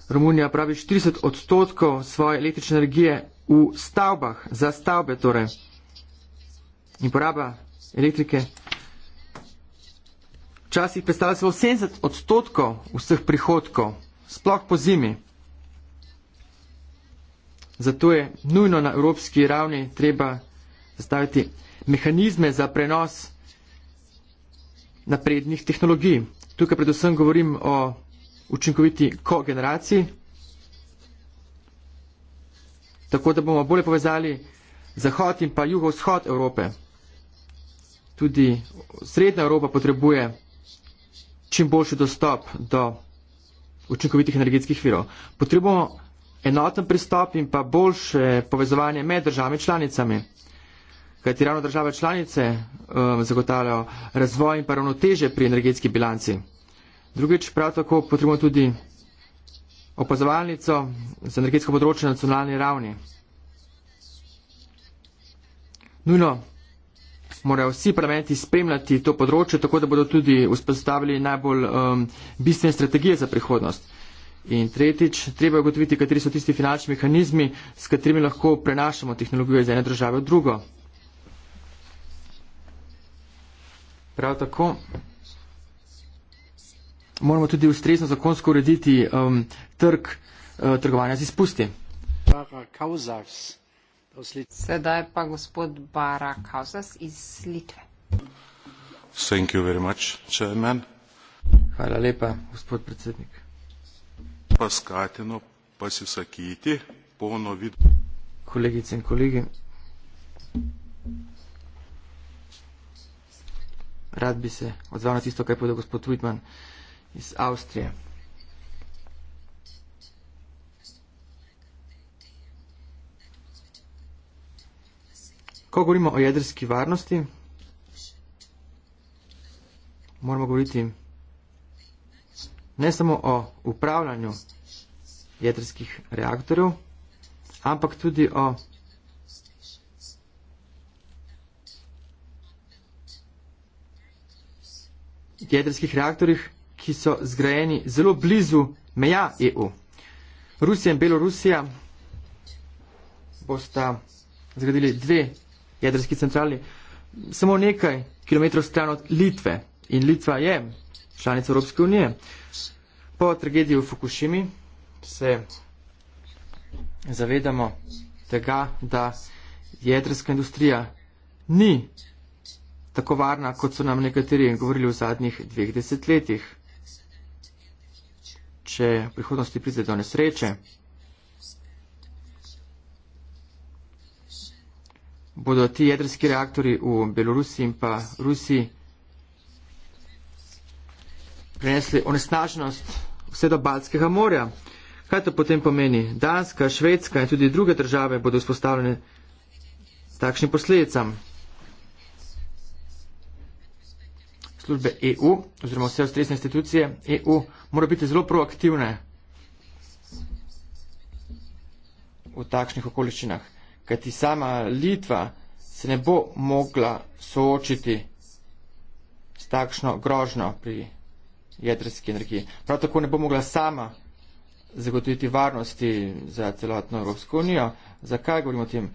Romunija pravi 40 odstotkov svoje električne energije v stavbah, za stavbe torej. In poraba elektrike včasih predstavlja samo 70 odstotkov vseh prihodkov, sploh po zimi. Zato je nujno na evropski ravni treba zastaviti mehanizme za prenos naprednih tehnologij. Tukaj predvsem govorim o učinkoviti kogeneraciji, tako da bomo bolje povezali Zahod in pa jugovzhod Evrope. Tudi srednja Evropa potrebuje čim boljši dostop do učinkovitih energetskih virov. Potrebujemo enoten pristop in pa boljše povezovanje med državami članicami kajti ravno države članice um, zagotavljajo razvoj in pa ravnoteže pri energetski bilanci. Drugič, prav tako potrebujemo tudi opazovalnico za energetsko področje na nacionalni ravni. Nujno morajo vsi parlamenti spremljati to področje, tako da bodo tudi vzpostavili najbolj um, bistvene strategije za prihodnost. In tretjič, treba je ugotoviti, kateri so tisti finančni mehanizmi, s katerimi lahko prenašamo tehnologijo iz ene države v drugo. Prav tako moramo tudi ustrezno zakonsko urediti um, trg uh, trgovanja z izpusti. Sedaj pa gospod Bara Kausas iz Litve. Thank you very much, chairman. Hvala lepa, gospod predsednik. Paskatino pasisakiti, ponovit. Kolegice in kolegi. rad bi se odzval na tisto, kaj je povedal gospod Whitman iz Avstrije. Ko govorimo o jedrski varnosti, moramo govoriti ne samo o upravljanju jedrskih reaktorjev, ampak tudi o jedrskih reaktorjih, ki so zgrajeni zelo blizu meja EU. Rusija in Belorusija bosta zgradili dve jedrski centrali samo nekaj kilometrov stran od Litve. In Litva je članica Evropske unije. Po tragediji v Fukushimi se zavedamo tega, da jedrska industrija ni tako varna, kot so nam nekateri govorili v zadnjih dveh desetletjih. Če v prihodnosti pride do nesreče, bodo ti jedrski reaktori v Belorusiji in pa Rusiji prenesli onesnaženost vse do Balskega morja. Kaj to potem pomeni? Danska, Švedska in tudi druge države bodo izpostavljene takšnim posledicam. službe EU oziroma vse ustresne institucije EU morajo biti zelo proaktivne v takšnih okoliščinah, kajti sama Litva se ne bo mogla soočiti s takšno grožno pri jedrski energiji. Prav tako ne bo mogla sama zagotoviti varnosti za celotno Evropsko unijo. Zakaj govorimo o tem?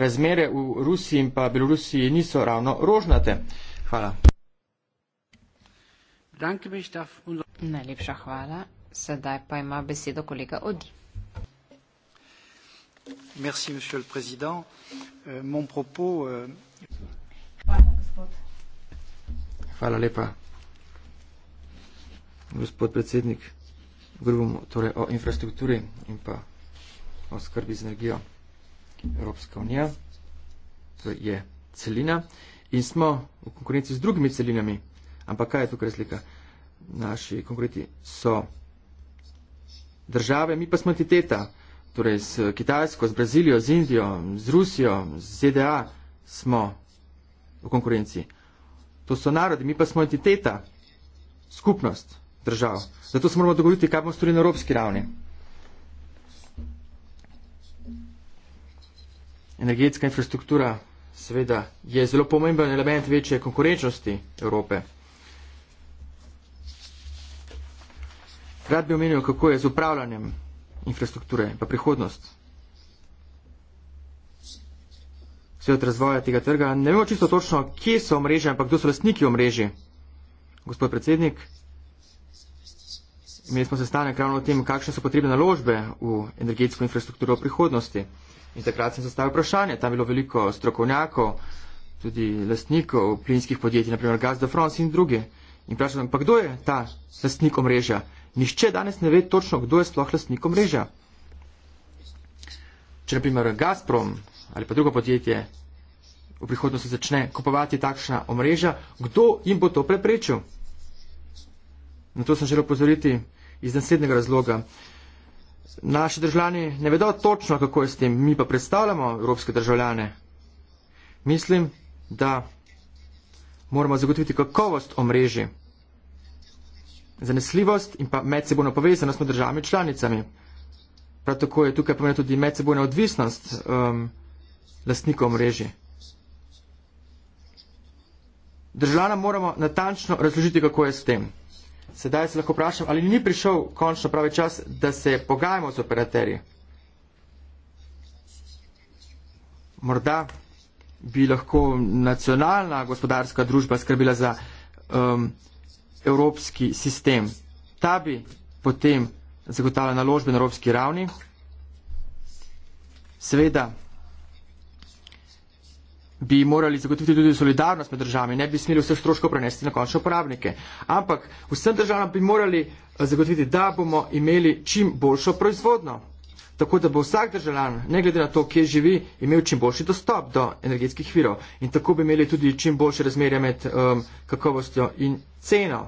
razmere v Rusiji in pa Belorusiji niso ravno rožnate. Hvala. Najlepša hvala. Sedaj pa ima besedo kolega Odi. Merci, monsieur le président. Euh, mon propos. Euh, hvala lepa, gospod predsednik. Govorimo torej o infrastrukturi in pa o skrbi z energijo. Evropska unija, to je celina in smo v konkurenci z drugimi celinami. Ampak kaj je tukaj razlika? Naši konkurenti so države, mi pa smo entiteta, torej s Kitajsko, z Brazilijo, z Indijo, z Rusijo, z ZDA smo v konkurenci. To so narodi, mi pa smo entiteta, skupnost držav. Zato se moramo dogovoriti, kaj bomo storili na evropski ravni. energetska infrastruktura seveda je zelo pomemben element večje konkurenčnosti Evrope. Rad bi omenil, kako je z upravljanjem infrastrukture in pa prihodnost. Vse od razvoja tega trga. Ne vemo čisto točno, kje so omrežje, ampak kdo so lastniki omrežje. Gospod predsednik, imeli smo sestanek ravno o tem, kakšne so potrebne naložbe v energetsko infrastrukturo v prihodnosti. In takrat sem zastavil vprašanje. Tam je bilo veliko strokovnjakov, tudi lastnikov plinskih podjetij, naprimer Gazdafrons in druge. In vprašal sem, pa kdo je ta lastnik omrežja? Nihče danes ne ve točno, kdo je sploh lastnik omrežja. Če naprimer Gazprom ali pa drugo podjetje v prihodnosti začne kupovati takšna omrežja, kdo jim bo to preprečil? Na to sem želel pozoriti iz naslednjega razloga. Naši državljani ne vedo točno, kako je s tem, mi pa predstavljamo evropske državljane. Mislim, da moramo zagotoviti kakovost omrežji, zanesljivost in pa medsebojno povezanost med državami članicami. Prav tako je tukaj pomena tudi medsebojna odvisnost um, lastnikov omrežji. Državljana moramo natančno razložiti, kako je s tem sedaj se lahko vprašam, ali ni prišel končno pravi čas, da se pogajamo z operaterji. Morda bi lahko nacionalna gospodarska družba skrbila za um, evropski sistem. Ta bi potem zagotavljala naložbe na evropski ravni. Seveda, bi morali zagotoviti tudi solidarnost med državami, ne bi smeli vse stroško prenesti na končne uporabnike. Ampak vsem državam bi morali eh, zagotoviti, da bomo imeli čim boljšo proizvodno. Tako da bo vsak državljan, ne glede na to, kje živi, imel čim boljši dostop do energetskih virov in tako bi imeli tudi čim boljše razmerje med um, kakovostjo in ceno,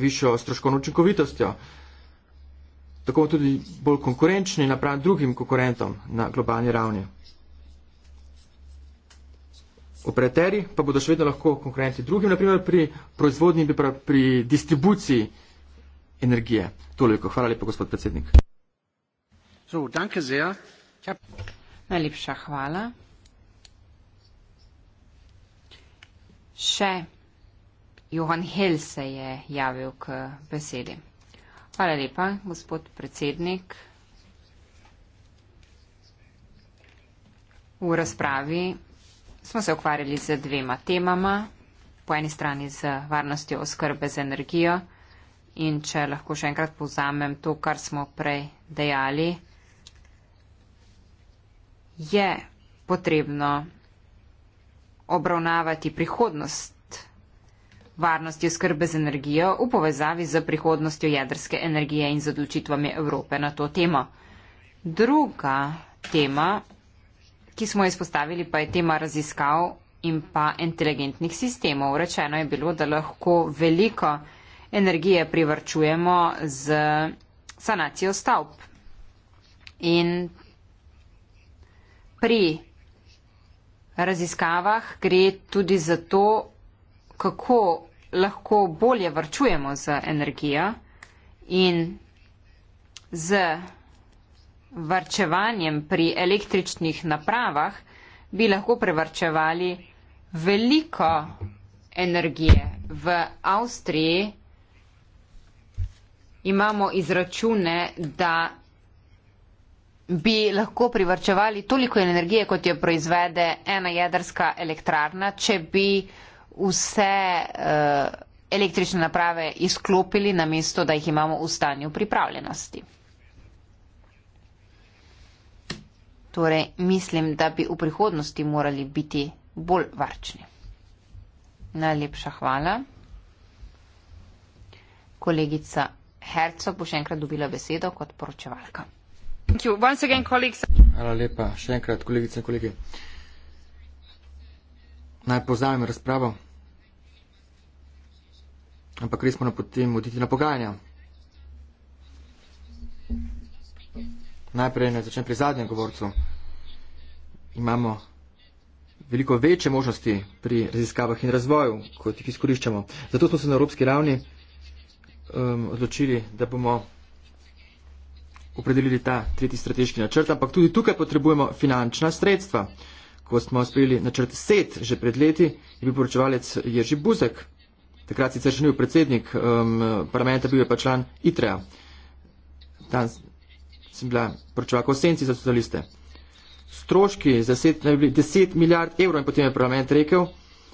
višjo stroškovno učinkovitostjo. Tako bomo tudi bolj konkurenčni napram drugim konkurentom na globalni ravni operateri, pa bodo še vedno lahko konkurenti drugim, naprimer pri proizvodnji, pa pri distribuciji energije. Toliko. Hvala lepa, gospod predsednik. So, danke sehr. Hab... Najlepša hvala. Še Johan Hel se je javil k besedi. Hvala lepa, gospod predsednik. V razpravi smo se ukvarjali z dvema temama. Po eni strani z varnostjo oskrbe z energijo in če lahko še enkrat povzamem to, kar smo prej dejali, je potrebno obravnavati prihodnost varnosti oskrbe z energijo v povezavi z prihodnostjo jedrske energije in z odločitvami Evrope na to temo. Druga tema ki smo izpostavili, pa je tema raziskav in pa inteligentnih sistemov. Rečeno je bilo, da lahko veliko energije privrčujemo z sanacijo stavb. In pri raziskavah gre tudi za to, kako lahko bolje vrčujemo z energijo in z varčevanjem pri električnih napravah bi lahko prevarčevali veliko energije. V Avstriji imamo izračune, da bi lahko privrčevali toliko energije, kot jo proizvede ena jedrska elektrarna, če bi vse uh, električne naprave izklopili na mesto, da jih imamo v stanju pripravljenosti. Torej, mislim, da bi v prihodnosti morali biti bolj varčni. Najlepša hvala. Kolegica Herco bo še enkrat dobila besedo kot poročevalka. Hvala lepa, še enkrat, kolegice in kolege. Naj pozdravim razpravo, ampak res moramo potem oditi na pogajanja. Najprej naj začnem pri zadnjem govorcu. Imamo veliko večje možnosti pri raziskavah in razvoju, kot jih izkoriščamo. Zato smo se na evropski ravni um, odločili, da bomo opredelili ta tretji strateški načrt, ampak tudi tukaj potrebujemo finančna sredstva. Ko smo sprejeli načrt SET že pred leti, je bil poročevalec Ježi Buzek. Takrat sicer še ni bil predsednik um, parlamenta, bil je pa član ITREA. Tam sem bila pročevalka v senci za socialiste. Stroški za 10 milijard evrov in potem je parlament rekel,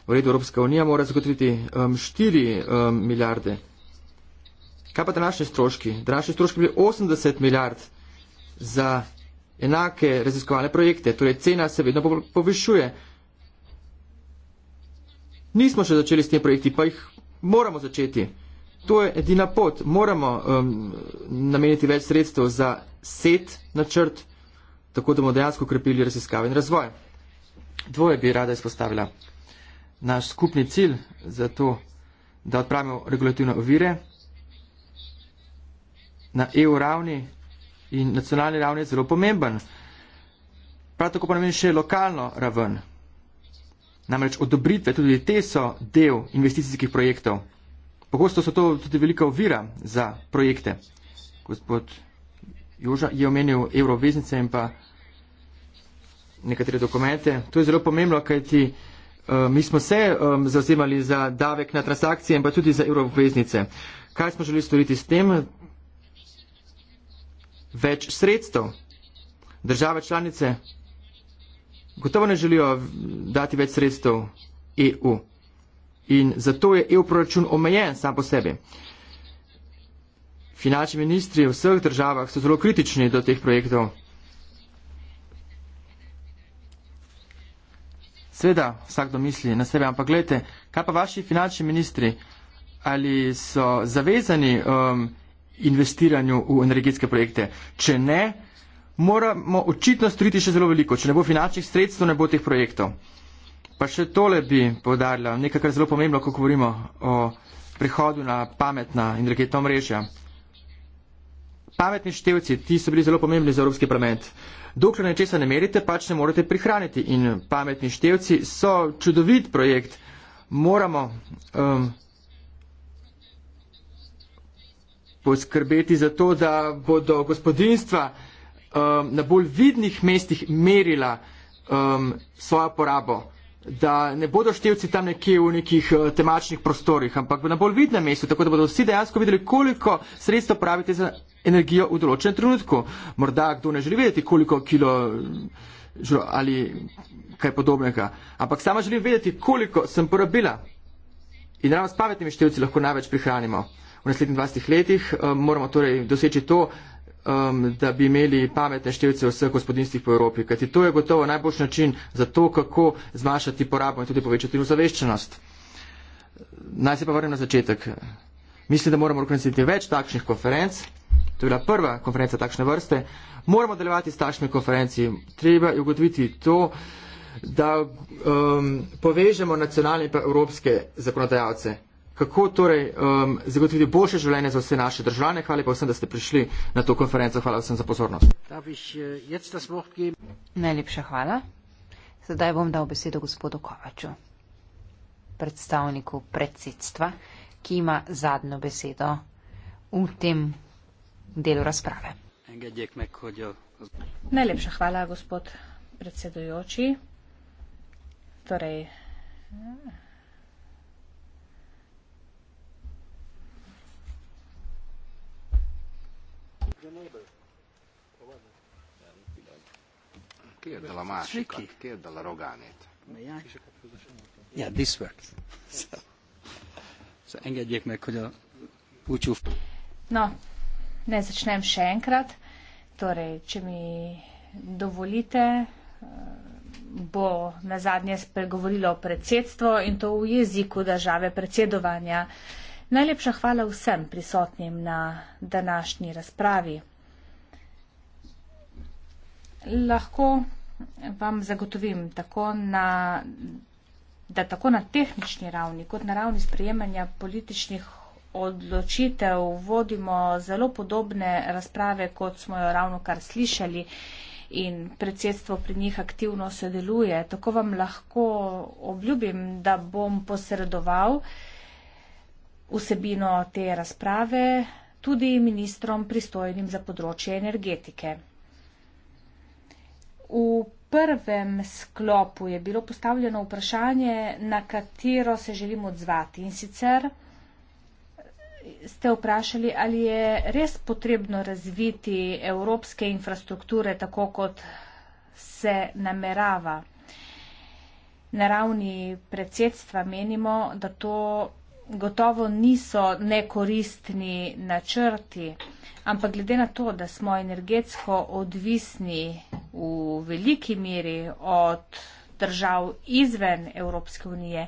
v redu Evropska unija mora zagotoviti um, 4 um, milijarde. Kaj pa današnji stroški? Današnji stroški bili 80 milijard za enake raziskovalne projekte, torej cena se vedno povišuje. Nismo še začeli s temi projekti, pa jih moramo začeti. To je edina pot. Moramo um, nameniti več sredstev za set načrt, tako da bomo dejansko ukrepili raziskave in razvoj. Dvoje bi rada izpostavila. Naš skupni cilj za to, da odpravimo regulativne ovire na EU ravni in nacionalni ravni je zelo pomemben. Prav tako pa namen še lokalno raven. Namreč odobritve, tudi te so del investicijskih projektov. Pogosto so to tudi velika ovira za projekte. Gospod Joža je omenil evroveznice in pa nekatere dokumente. To je zelo pomembno, kajti uh, mi smo se um, zazemali za davek na transakcije in pa tudi za evroveznice. Kaj smo želeli storiti s tem? Več sredstev. Države članice gotovo ne želijo dati več sredstev EU. In zato je EU proračun omejen sam po sebi. Uh, Finančni ministri v vseh državah so zelo kritični do teh projektov. Sveda, vsakdo misli na sebe, ampak gledajte, kaj pa vaši finančni ministri, ali so zavezani um, investiranju v energetske projekte? Če ne, moramo očitno storiti še zelo veliko. Če ne bo finančnih sredstev, ne bo teh projektov. Pa še tole bi podarila, nekaj, kar je zelo pomembno, ko govorimo o prihodu na pametna energetna mreža pametni števci, ti so bili zelo pomembni za evropski parlament. Dokler nečesa ne merite, pač ne morete prihraniti. In pametni števci so čudovit projekt. Moramo um, poskrbeti za to, da bodo gospodinstva um, na bolj vidnih mestih merila um, svojo porabo da ne bodo števci tam nekje v nekih eh, temačnih prostorih, ampak na bolj vidnem mestu, tako da bodo vsi dejansko videli, koliko sredstva pravite za energijo v določenem trenutku. Morda kdo ne želi vedeti, koliko kilo ali kaj podobnega, ampak sama želim vedeti, koliko sem porabila. In ravno s pametnimi števci lahko največ prihranimo. V naslednjih 20 letih eh, moramo torej doseči to, um, da bi imeli pametne števce v vseh gospodinstvih po Evropi. Kajti to je gotovo najboljši način za to, kako zmanjšati porabo in tudi povečati ozaveščenost. Naj se pa vrnem na začetek. Mislim, da moramo organizirati več takšnih konferenc. To je bila prva konferenca takšne vrste. Moramo delovati s takšnimi konferenci. Treba je ugotoviti to, da um, povežemo nacionalne in evropske zakonodajalce kako torej um, zagotoviti boljše življenje za vse naše državljane. Hvala pa vsem, da ste prišli na to konferenco. Hvala vsem za pozornost. Äh, Najlepša hvala. Sedaj bom dal besedo gospodu Kovaču, predstavniku predsedstva, ki ima zadnjo besedo v tem delu razprave. Najlepša hvala, gospod predsedujoči. Torej, the neighbor. Térd el a másikat, térd el a rogánét. Yeah, this works. So, engedjék meg, hogy a púcsú... No, na, ne začnem še enkrat. Torej, če mi dovolite, bo na zadnje spregovorilo predsedstvo in to v jeziku države predsedovanja. Uh, Najlepša hvala vsem prisotnim na današnji razpravi. Lahko vam zagotovim, tako na, da tako na tehnični ravni kot na ravni sprejemanja političnih odločitev vodimo zelo podobne razprave, kot smo jo ravno kar slišali in predsedstvo pri njih aktivno sodeluje. Tako vam lahko obljubim, da bom posredoval uh, vsebino te razprave tudi ministrom pristojnim za področje energetike. V prvem sklopu je bilo postavljeno vprašanje, na katero se želim odzvati in sicer ste vprašali, ali je res potrebno razviti evropske infrastrukture tako, kot se namerava. Na ravni predsedstva menimo, da to gotovo niso nekoristni načrti, ampak glede na to, da smo energetsko odvisni v veliki meri od držav izven Evropske unije,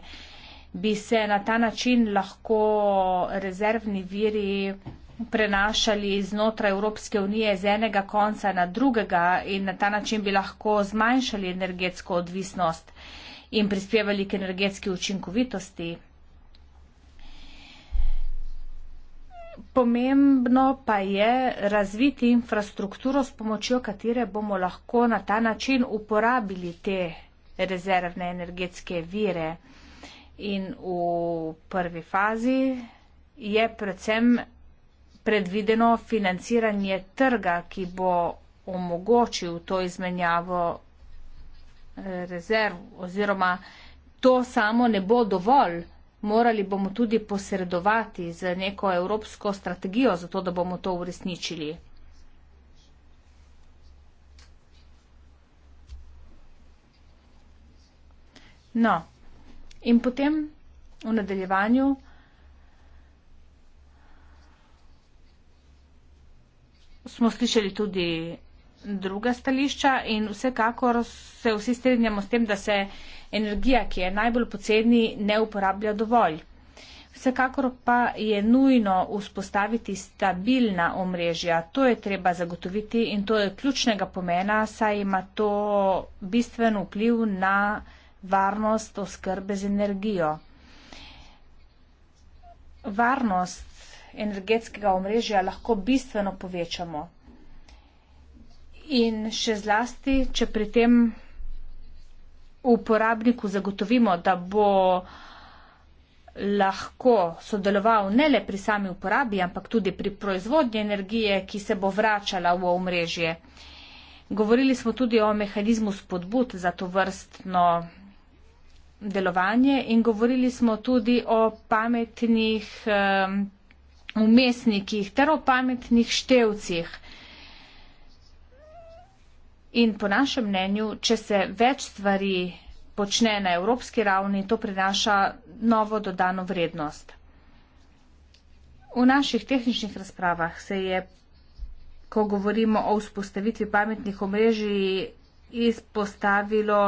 bi se na ta način lahko rezervni viri prenašali znotraj Evropske unije z enega konca na drugega in na ta način bi lahko zmanjšali energetsko odvisnost in prispevali k energetski učinkovitosti. pomembno pa je razviti infrastrukturo, s pomočjo katere bomo lahko na ta način uporabili te rezervne energetske vire. In v prvi fazi je predvsem predvideno financiranje trga, ki bo omogočil to izmenjavo eh, rezerv oziroma to samo ne bo dovolj morali bomo tudi posredovati z neko evropsko strategijo, zato da bomo to uresničili. No, in potem v nadaljevanju smo slišali tudi druga stališča in vsekakor se vsi strinjamo s tem, da se energija, ki je najbolj poceni, ne uporablja dovolj. Vsekakor pa je nujno vzpostaviti stabilna omrežja. To je treba zagotoviti in to je ključnega pomena, saj ima to bistven vpliv na varnost oskrbe z energijo. Varnost energetskega omrežja lahko bistveno povečamo. In še zlasti, če pri tem uporabniku zagotovimo, da bo lahko sodeloval ne le pri sami uporabi, ampak tudi pri proizvodnji energije, ki se bo vračala v omrežje. Govorili smo tudi o mehanizmu spodbud za to vrstno delovanje in govorili smo tudi o pametnih um, umestnikih ter o pametnih števcih. In po našem mnenju, če se več stvari počne na evropski ravni, to prinaša novo dodano vrednost. V naših tehničnih razpravah se je, ko govorimo o vzpostavitvi pametnih omrežij, izpostavilo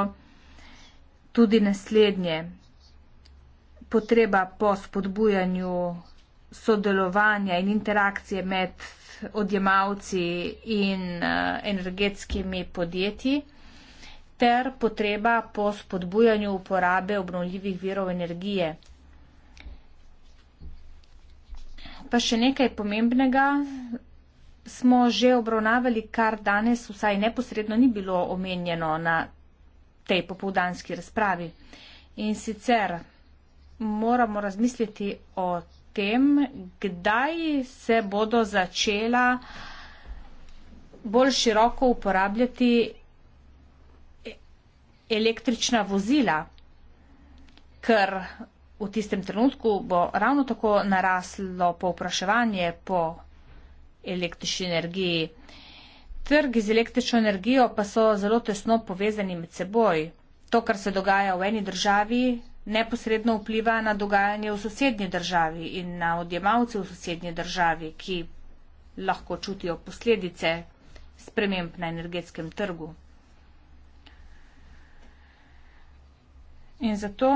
tudi naslednje. Potreba po spodbujanju sodelovanja in interakcije med odjemalci in eh, energetskimi podjetji ter potreba po spodbujanju uporabe obnovljivih virov energije. Pa še nekaj pomembnega smo že obravnavali, kar danes vsaj neposredno ni bilo omenjeno na tej popovdanski razpravi. In sicer moramo razmisliti o tem, kdaj se bodo začela bolj široko uporabljati električna vozila, ker v tistem trenutku bo ravno tako naraslo povpraševanje po električni energiji. Trgi z električno energijo pa so zelo tesno povezani med seboj. To, kar se dogaja v eni državi, neposredno vpliva na dogajanje v sosednji državi in na odjemalce v sosednji državi, ki lahko čutijo posledice sprememb na energetskem trgu. In zato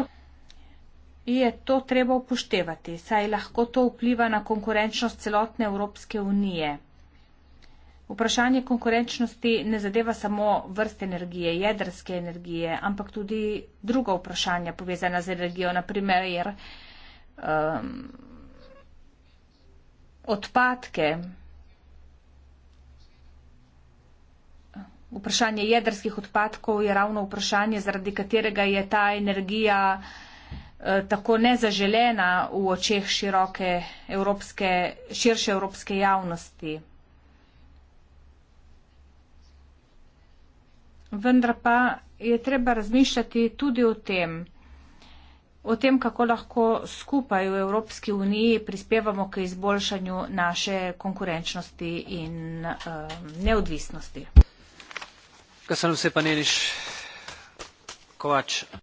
je to treba upoštevati, saj lahko to vpliva na konkurenčnost celotne Evropske unije. Vprašanje konkurenčnosti ne zadeva samo vrste energije, jedrske energije, ampak tudi druga vprašanja povezana z energijo, naprimer um, odpadke. Vprašanje jedrskih odpadkov je ravno vprašanje, zaradi katerega je ta energija eh, tako nezaželena v očeh široke evropske, širše evropske javnosti. Vendar pa je treba razmišljati tudi o tem, o tem, kako lahko skupaj v Evropski uniji prispevamo k izboljšanju naše konkurenčnosti in uh, neodvisnosti.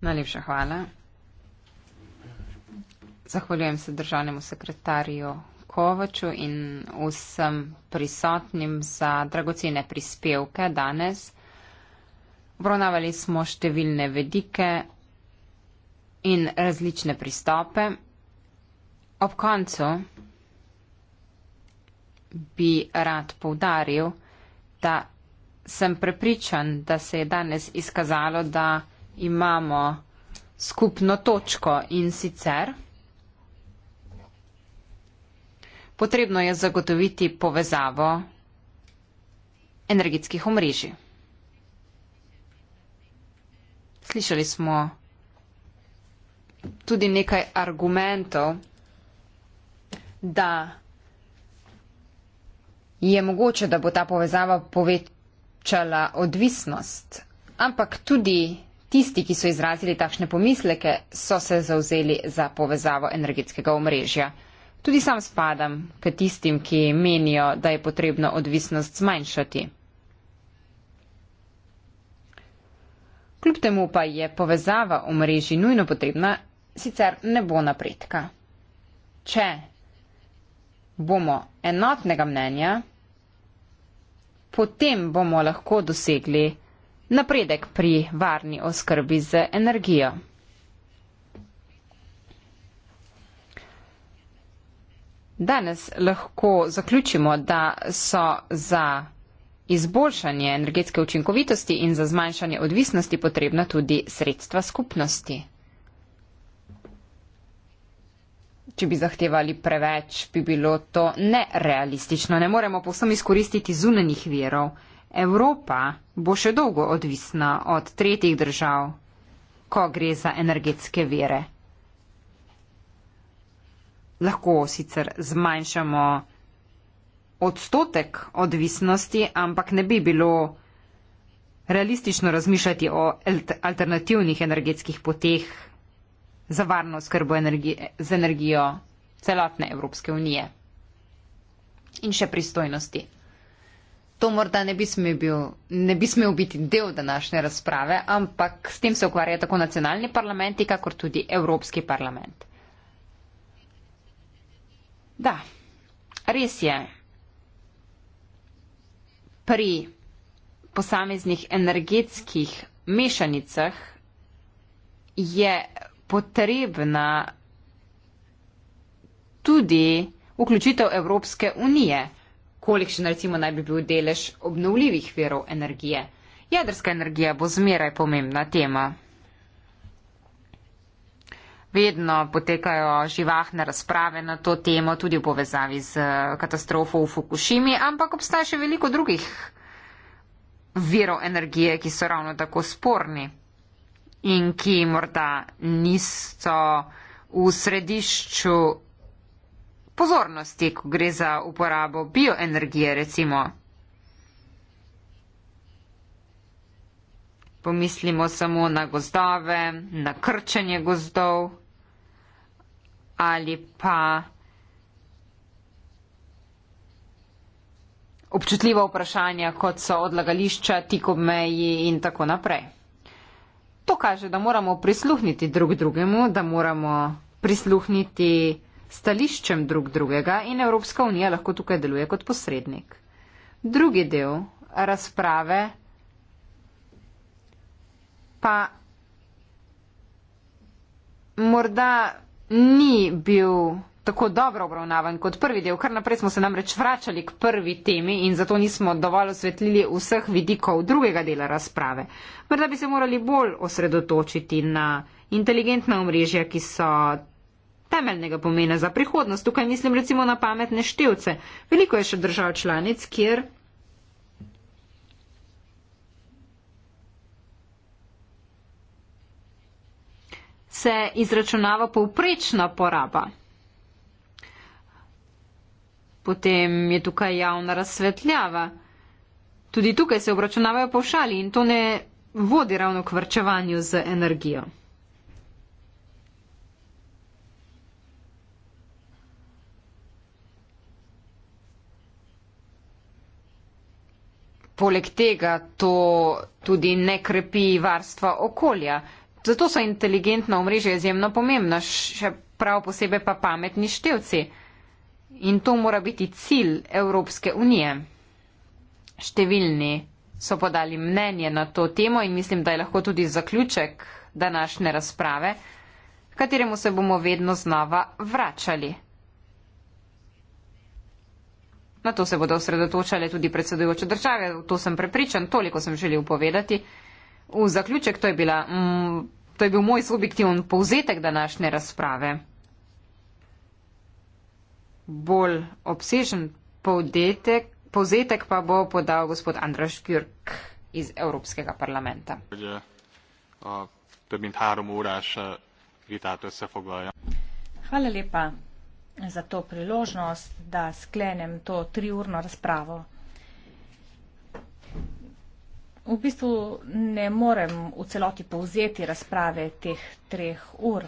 Najlepša hvala. Zahvaljujem se državnemu sekretarju Kovaču in vsem prisotnim za dragocene prispevke danes. Obravnavali smo številne vedike in različne pristope. Ob koncu bi rad povdaril, da sem prepričan, da se je danes izkazalo, da imamo skupno točko in sicer potrebno je zagotoviti povezavo energetskih omrežij. Slišali smo tudi nekaj argumentov, da je mogoče, da bo ta povezava povečala odvisnost. Ampak tudi tisti, ki so izrazili takšne pomisleke, so se zauzeli za povezavo energetskega omrežja. Tudi sam spadam k tistim, ki menijo, da je potrebno odvisnost zmanjšati. Kljub temu pa je povezava v mreži nujno potrebna, sicer ne bo napredka. Če bomo enotnega mnenja, potem bomo lahko dosegli napredek pri varni oskrbi z energijo. Danes lahko zaključimo, da so za izboljšanje energetske učinkovitosti in za zmanjšanje odvisnosti potrebna tudi sredstva skupnosti. Če bi zahtevali preveč, bi bilo to nerealistično. Ne moremo povsem izkoristiti zunanih virov. Evropa bo še dolgo odvisna od tretjih držav, ko gre za energetske vire. Lahko sicer zmanjšamo odstotek odvisnosti, ampak ne bi bilo realistično razmišljati o alternativnih energetskih poteh za varno skrbo energi z energijo celotne Evropske unije in še pristojnosti. To morda ne bi, bil, ne bi smel biti del današnje razprave, ampak s tem se ukvarjajo tako nacionalni parlamenti, kakor tudi Evropski parlament. Da, res je, pri posameznih energetskih mešanicah je potrebna tudi vključitev Evropske unije. Kolikšen recimo naj bi bil delež obnovljivih verov energije? Jedrska energija bo zmeraj pomembna tema. Vedno potekajo živahne razprave na to temo, tudi v povezavi z eh, katastrofo v Fukushimi, ampak obstaja še veliko drugih virov energije, ki so ravno tako sporni in ki morda niso v središču pozornosti, ko gre za uporabo bioenergije, recimo. Pomislimo samo na gozdove, na krčenje gozdov ali pa občutljiva vprašanja, kot so odlagališča, tik ob meji in tako naprej. To kaže, da moramo prisluhniti drug drugemu, da moramo prisluhniti stališčem drug drugega in Evropska unija lahko tukaj deluje kot posrednik. Drugi del razprave pa morda ni bil tako dobro obravnavan kot prvi del. Kar naprej smo se namreč vračali k prvi temi in zato nismo dovolj osvetlili vseh vidikov drugega dela razprave. Morda bi se morali bolj osredotočiti na inteligentna omrežja, ki so temeljnega pomena za prihodnost. Tukaj mislim recimo na pametne števce. Veliko je še držav članic, kjer se izračunava povprečna poraba. Potem je tukaj javna razsvetljava. Tudi tukaj se obračunavajo povšali in to ne vodi ravno k vrčevanju z energijo. Poleg tega to tudi ne krepi varstva okolja, Zato so inteligentna omrežja izjemno pomembna, še prav posebej pa pametni števci. In to mora biti cilj Evropske unije. Številni so podali mnenje na to temo in mislim, da je lahko tudi zaključek današnje razprave, kateremu se bomo vedno znova vračali. Na to se bodo osredotočale tudi predsedujoče države, to sem prepričan, toliko sem želel povedati. V zaključek to je, bila, mm, to je bil moj subjektivn povzetek današnje razprave. Bolj obsežen povdetek, povzetek pa bo podal gospod Andraš Kjurk iz Evropskega parlamenta. Eh, eh, Hvala lepa za to priložnost, da sklenem to triurno razpravo. V bistvu ne morem v celoti povzeti razprave teh treh ur.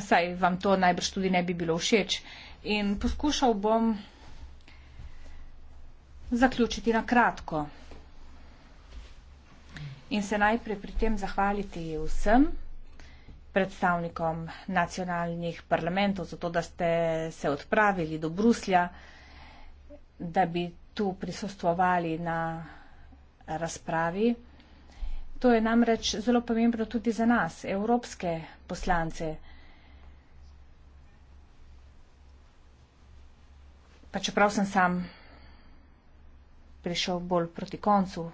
Saj vam to najbrž tudi ne bi bilo všeč. In poskušal bom zaključiti na kratko. In se najprej pri tem zahvaliti vsem predstavnikom nacionalnih parlamentov za to, da ste se odpravili do Bruslja da bi tu prisostovali na razpravi. To je namreč zelo pomembno tudi za nas, evropske poslance. Pa čeprav sem sam prišel bolj proti koncu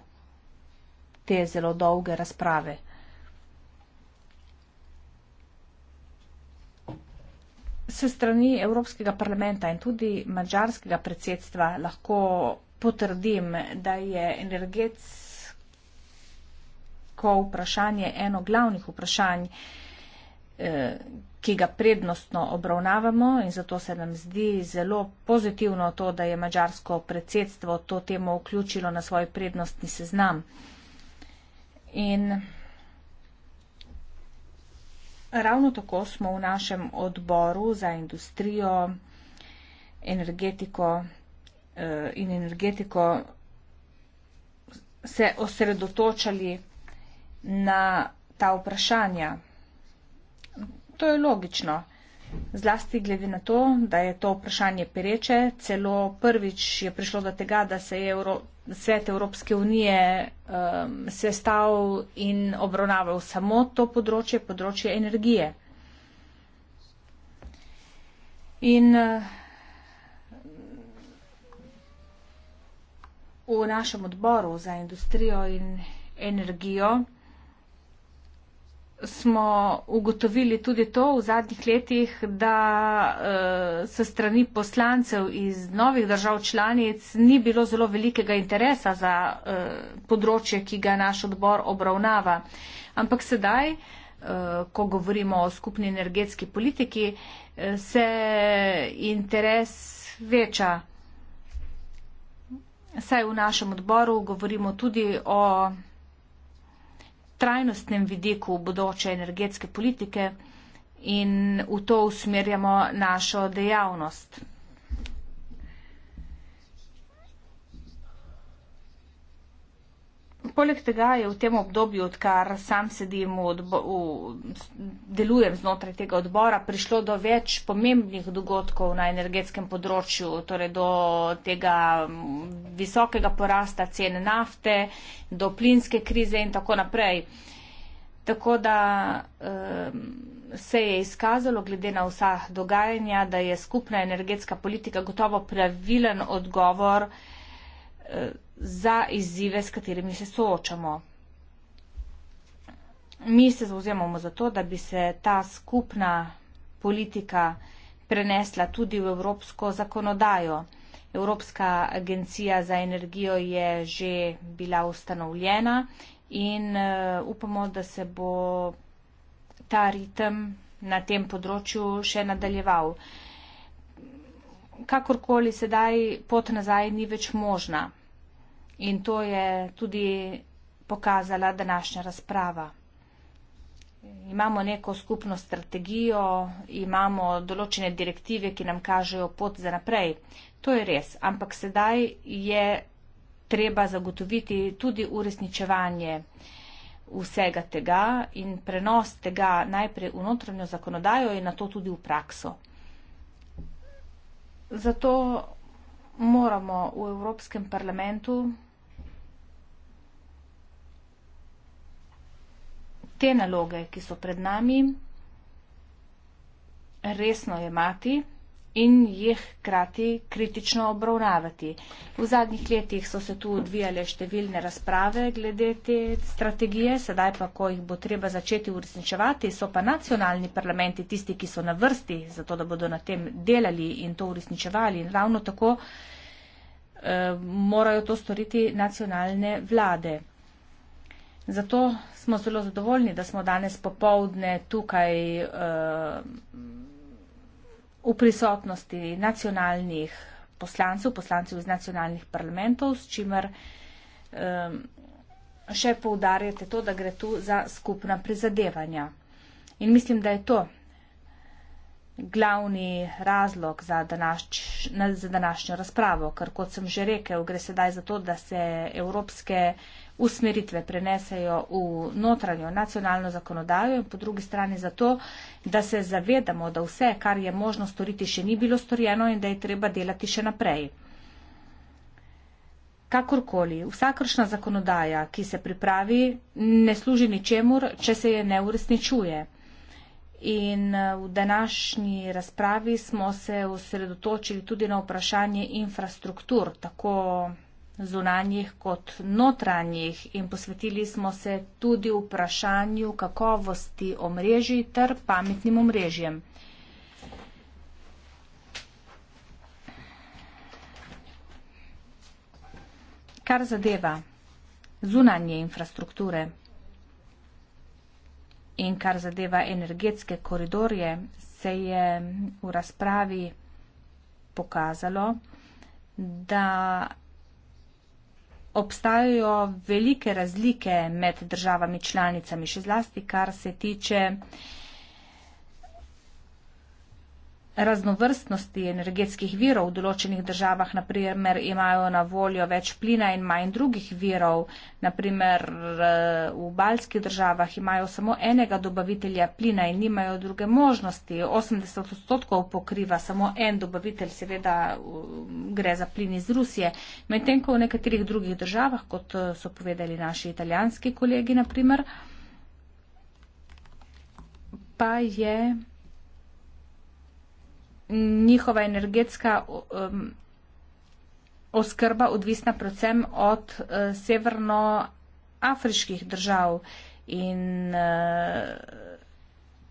te zelo dolge razprave. se strani Evropskega parlamenta in tudi mađarskega predsedstva lahko potrdim, da je energetsko vprašanje eno glavnih vprašanj, eh, ki ga prednostno obravnavamo in zato se nam zdi zelo pozitivno to, da je mađarsko predsedstvo to temo vključilo na svoj prednostni seznam. In Ravno tako smo v našem odboru za industrijo, energetiko eh, in energetiko se osredotočali na ta vprašanja. To je logično. Zlasti glede na to, da je to vprašanje pereče, celo prvič je prišlo do tega, da se je Evropa svet Evropske unije um, sestavil in obravnaval samo to področje, področje energije. In uh, v našem odboru za industrijo in energijo smo ugotovili tudi to v zadnjih letih, da eh, se strani poslancev iz novih držav članic ni bilo zelo velikega interesa za eh, področje, ki ga naš odbor obravnava. Ampak sedaj, eh, ko govorimo o skupni energetski politiki, se interes veča. Saj v našem odboru govorimo tudi o trajnostnem vidiku bodoče energetske politike in v to usmerjamo našo dejavnost. poleg tega je v tem obdobju, odkar sam sedim v odbo, v, delujem znotraj tega odbora, prišlo do več pomembnih dogodkov na energetskem področju, torej do tega visokega porasta cen nafte, do plinske krize in tako naprej. Tako da um, se je izkazalo, glede na vsa dogajanja, da je skupna energetska politika gotovo pravilen odgovor. Uh, za izzive, s katerimi se soočamo. Mi se zauzemamo za to, da bi se ta skupna politika prenesla tudi v evropsko zakonodajo. Evropska agencija za energijo je že bila ustanovljena in eh, upamo, da se bo ta ritem na tem področju še nadaljeval. Kakorkoli sedaj pot nazaj ni več možna. In to je tudi pokazala današnja razprava. Imamo neko skupno strategijo, imamo določene direktive, ki nam kažejo pot za naprej. To je res, ampak sedaj je treba zagotoviti tudi uresničevanje vsega tega in prenos tega najprej v notranjo zakonodajo in na to tudi v prakso. Zato moramo v Evropskem parlamentu te naloge, ki so pred nami, resno jemati in jih krati kritično obravnavati. V zadnjih letih so se tu odvijale številne razprave glede te strategije, sedaj pa, ko jih bo treba začeti uresničevati, so pa nacionalni parlamenti tisti, ki so na vrsti, zato da bodo na tem delali in to uresničevali. In ravno tako eh, morajo to storiti nacionalne vlade. Zato smo zelo zadovoljni, da smo danes popovdne tukaj uh, v prisotnosti nacionalnih poslancev, poslancev iz nacionalnih parlamentov, s čimer um, še poudarjate to, da gre tu za skupna prizadevanja. In mislim, da je to glavni razlog za, današnj, na, za današnjo razpravo, ker kot sem že rekel, gre sedaj za to, da se evropske usmeritve prenesejo v notranjo nacionalno zakonodajo in po drugi strani zato, da se zavedamo, da vse, kar je možno storiti, še ni bilo storjeno in da je treba delati še naprej. Kakorkoli, vsakršna zakonodaja, ki se pripravi, ne služi ničemur, če se je ne uresničuje. In eh, v današnji razpravi smo se osredotočili tudi na vprašanje infrastruktur, tako zunanjih kot notranjih in posvetili smo se tudi vprašanju kakovosti omrežij ter pametnim omrežjem. Kar zadeva zunanje infrastrukture in kar zadeva energetske koridorje, se je v razpravi pokazalo, da obstajajo velike razlike med državami članicami, še zlasti kar se tiče eh, raznovrstnosti energetskih virov v določenih državah, naprimer imajo na voljo več plina in manj drugih virov, naprimer eh, v balskih državah imajo samo enega dobavitelja plina in nimajo druge možnosti. 80 odstotkov pokriva samo en dobavitelj, seveda gre za plin iz Rusije, medtem ko v nekaterih drugih državah, kot eh, so povedali naši italijanski kolegi, naprimer, pa je njihova energetska um, oskrba odvisna predvsem od uh, severnoafriških držav in uh,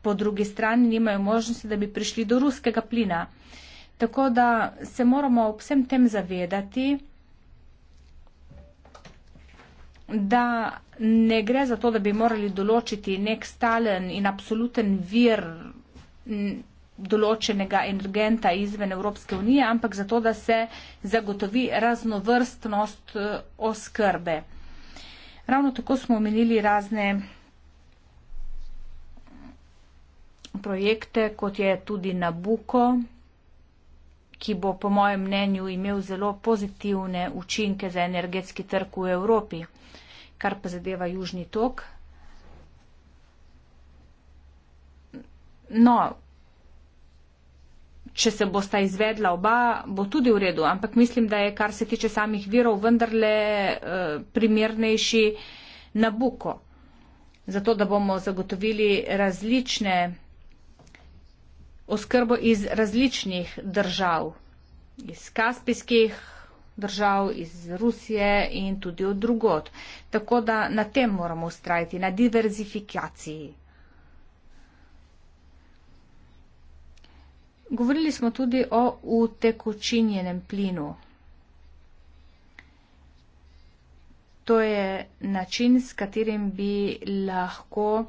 po drugi strani nimajo možnosti, da bi prišli do ruskega plina. Tako da se moramo vsem tem zavedati, da ne gre za to, da bi morali določiti nek stalen in absoluten vir določenega energenta izven Evropske unije, ampak zato, da se zagotovi raznovrstnost eh, oskrbe. Ravno tako smo omenili razne projekte, kot je tudi Nabuko, ki bo po mojem mnenju imel zelo pozitivne učinke za energetski trg v Evropi, kar pa zadeva Južni tok. No, če se bosta izvedla oba, bo tudi v redu, ampak mislim, da je, kar se tiče samih virov, vendarle eh, primernejši na buko. Zato, da bomo zagotovili različne oskrbo iz različnih držav, iz kaspijskih držav, iz Rusije in tudi od drugot. Tako da na tem moramo ustrajati, na diverzifikaciji. Govorili smo tudi o utekočinjenem plinu. To je način, s katerim bi lahko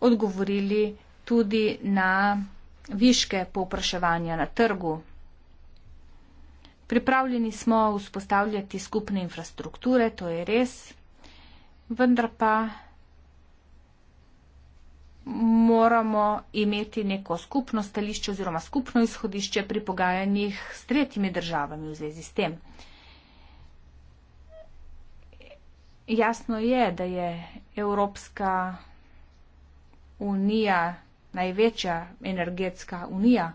odgovorili tudi na viške povpraševanja na trgu. Pripravljeni smo vzpostavljati skupne infrastrukture, to je res, vendar pa moramo imeti neko skupno stališče oziroma skupno izhodišče pri pogajanjih s tretjimi državami v zvezi s tem. Jasno je, da je Evropska unija največja energetska unija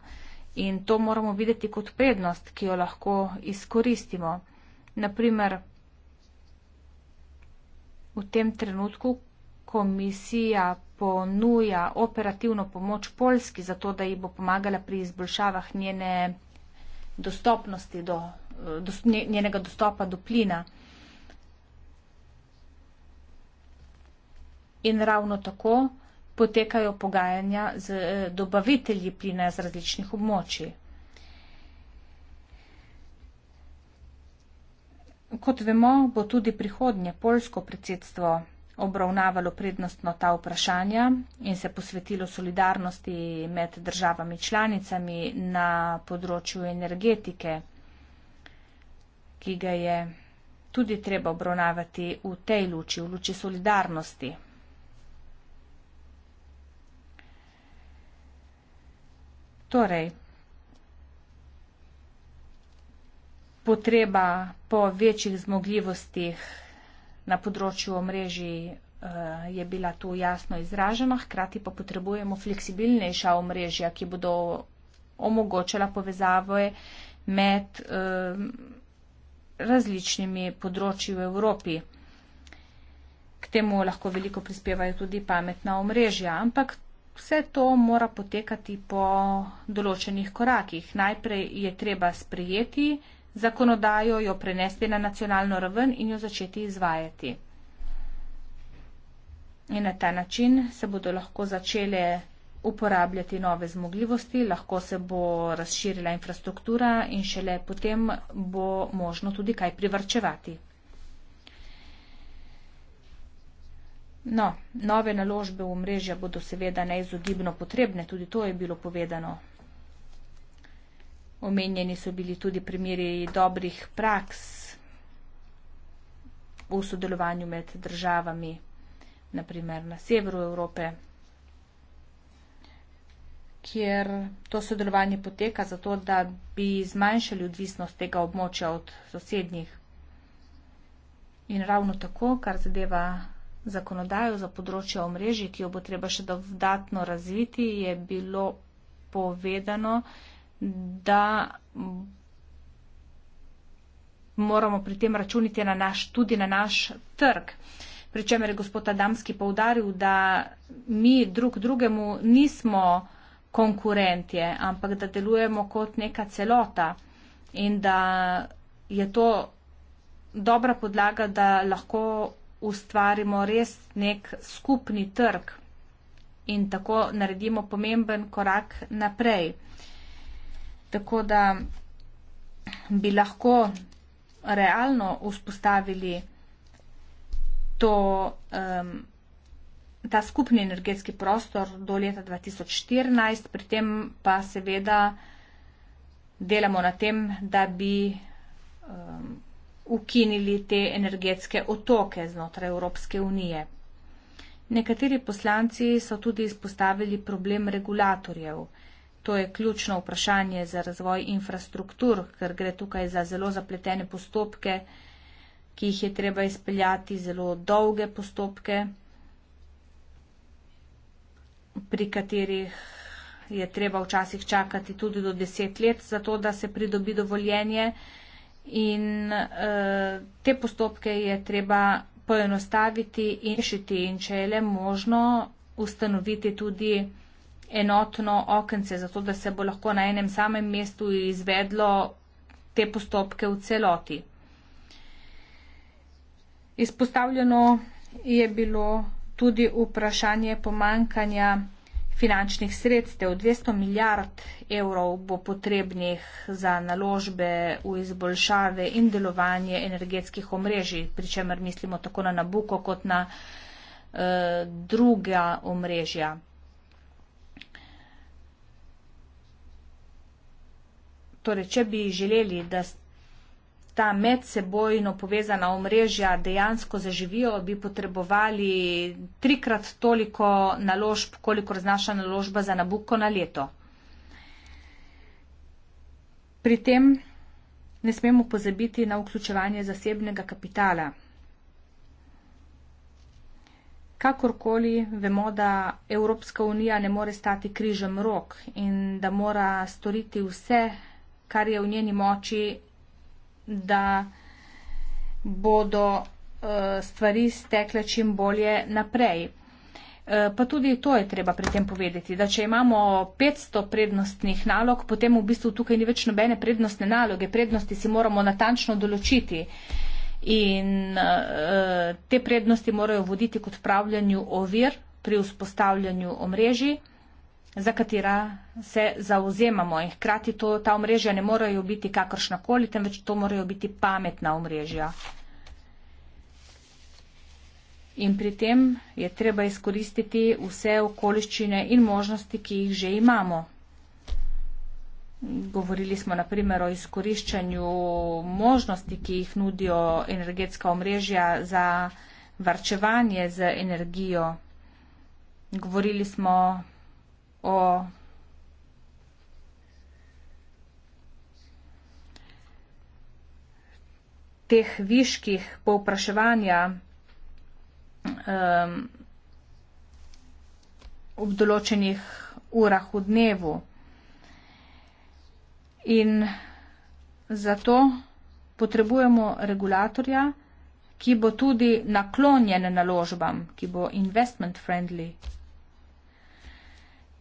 in to moramo videti kot prednost, ki jo lahko izkoristimo. Naprimer, v tem trenutku komisija ponuja operativno pomoč Polski, zato da ji bo pomagala pri izboljšavah njene dostopnosti do, eh, do, njenega dostopa do plina. In ravno tako potekajo pogajanja z eh, dobavitelji plina z različnih območij. Kot vemo, bo tudi prihodnje polsko predsedstvo obravnavalo prednostno ta vprašanja in se posvetilo solidarnosti med državami članicami na področju energetike, ki ga je tudi treba obravnavati v tej luči, v luči solidarnosti. Torej, potreba po večjih zmogljivostih na področju omrežij eh, je bila tu jasno izražena, hkrati pa potrebujemo fleksibilnejša omrežja, ki bodo omogočala povezave med eh, različnimi področji v Evropi. K temu lahko veliko prispevajo tudi pametna omrežja, ampak vse to mora potekati po določenih korakih. Najprej je treba sprejeti zakonodajo jo prenesti na nacionalno raven in jo začeti izvajati. In na ta način se bodo lahko začele uporabljati nove zmogljivosti, lahko se bo razširila infrastruktura in šele potem bo možno tudi kaj privrčevati. No, nove naložbe v mreže bodo seveda neizogibno potrebne, tudi to je bilo povedano. Omenjeni so bili tudi primeri dobrih praks v sodelovanju med državami, naprimer na severu Evrope, kjer to sodelovanje poteka zato, da bi zmanjšali odvisnost tega območja od sosednjih. In ravno tako, kar zadeva zakonodajo za področje omrežij, ki jo bo treba še dodatno razviti, je bilo povedano, da da moramo pri tem računiti na naš, tudi na naš trg. Pričemer je gospod Adamski povdaril, da mi drug drugemu nismo konkurentje, ampak da delujemo kot neka celota in da je to dobra podlaga, da lahko ustvarimo res nek skupni trg in tako naredimo pomemben korak naprej. Uh, Tako da bi lahko realno vzpostavili to, um, ta skupni energetski prostor do leta 2014, pri tem pa seveda delamo na tem, da bi um, ukinili te energetske otoke znotraj Evropske unije. Nekateri poslanci so tudi izpostavili problem regulatorjev. To je ključno vprašanje za razvoj infrastruktur, ker gre tukaj za zelo zapletene postopke, ki jih je treba izpeljati, zelo dolge postopke, pri katerih je treba včasih čakati tudi do deset let za to, da se pridobi dovoljenje. In e, te postopke je treba poenostaviti in rešiti in če je le možno ustanoviti tudi enotno okence, zato da se bo lahko na enem samem mestu izvedlo te postopke v celoti. Izpostavljeno je bilo tudi vprašanje pomankanja finančnih sredstev. 200 milijard evrov bo potrebnih za naložbe v izboljšave in delovanje energetskih omrežij, pri čemer mislimo tako na Nabuko kot na e, druga omrežja. torej, če bi želeli, da ta medsebojno povezana omrežja dejansko zaživijo, bi potrebovali trikrat toliko naložb, koliko raznaša naložba za nabuko na leto. Pri tem ne smemo pozabiti na vključevanje zasebnega kapitala. Kakorkoli vemo, da Evropska unija ne more stati križem rok in da mora storiti vse kar je v njeni moči, da bodo eh, stvari stekle čim bolje naprej. Eh, pa tudi to je treba pri tem povedati, da če imamo 500 prednostnih nalog, potem v bistvu tukaj ni več nobene prednostne naloge. Prednosti si moramo natančno določiti in eh, te prednosti morajo voditi k odpravljanju ovir pri vzpostavljanju omrežij za katera se zauzemamo. In hkrati to, ta omrežja ne morejo biti kakršnakoli, temveč to morajo biti pametna omrežja. In pri tem je treba izkoristiti vse okoliščine in možnosti, ki jih že imamo. Govorili smo naprimer o izkoriščanju možnosti, ki jih nudijo energetska omrežja za varčevanje z energijo. Govorili smo o teh viških povpraševanja um, ob določenih urah v dnevu. In zato potrebujemo regulatorja, ki bo tudi naklonjen naložbam, ki bo investment friendly.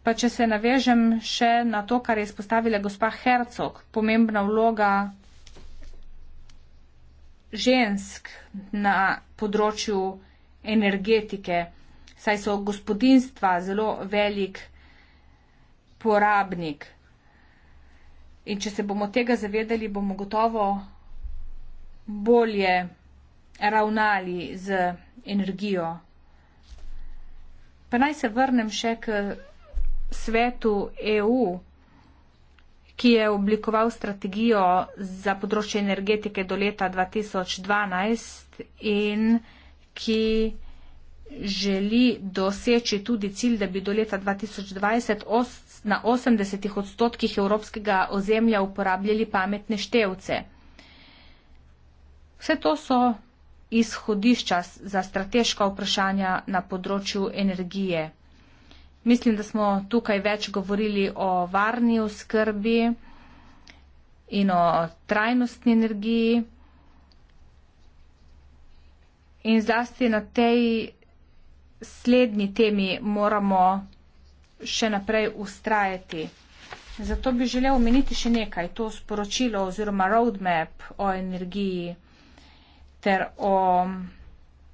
Pa če se navežem še na to, kar je izpostavila gospa Hercog, pomembna vloga žensk na področju energetike, saj so gospodinstva zelo velik porabnik. In če se bomo tega zavedali, bomo gotovo bolje ravnali z energijo. Pa naj se vrnem še k svetu EU, ki je oblikoval strategijo za področje energetike do leta 2012 in ki želi doseči tudi cilj, da bi do leta 2020 na 80 odstotkih evropskega ozemlja uporabljali pametne števce. Vse to so izhodišča za strateška vprašanja na področju energije. Mislim, da smo tukaj več govorili o varni oskrbi in o trajnostni energiji. In zlasti na tej slednji temi moramo še naprej ustrajati. Zato bi želel omeniti še nekaj, to sporočilo oziroma roadmap o energiji ter o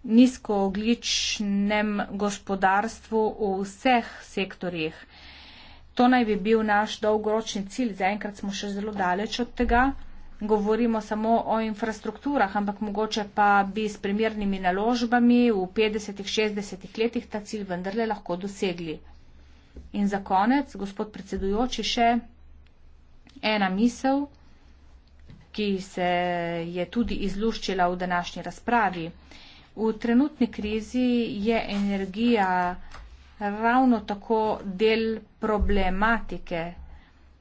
nizkoogličnem gospodarstvu v vseh sektorjih. To naj bi bil naš dolgoročni cilj, zaenkrat smo še zelo daleč od tega. Govorimo samo o infrastrukturah, ampak mogoče pa bi s primernimi naložbami v 50-60 letih ta cilj vendarle lahko dosegli. In za konec, gospod predsedujoči, še ena misel, ki se je tudi izluščila v današnji razpravi. V trenutni krizi je energija ravno tako del problematike,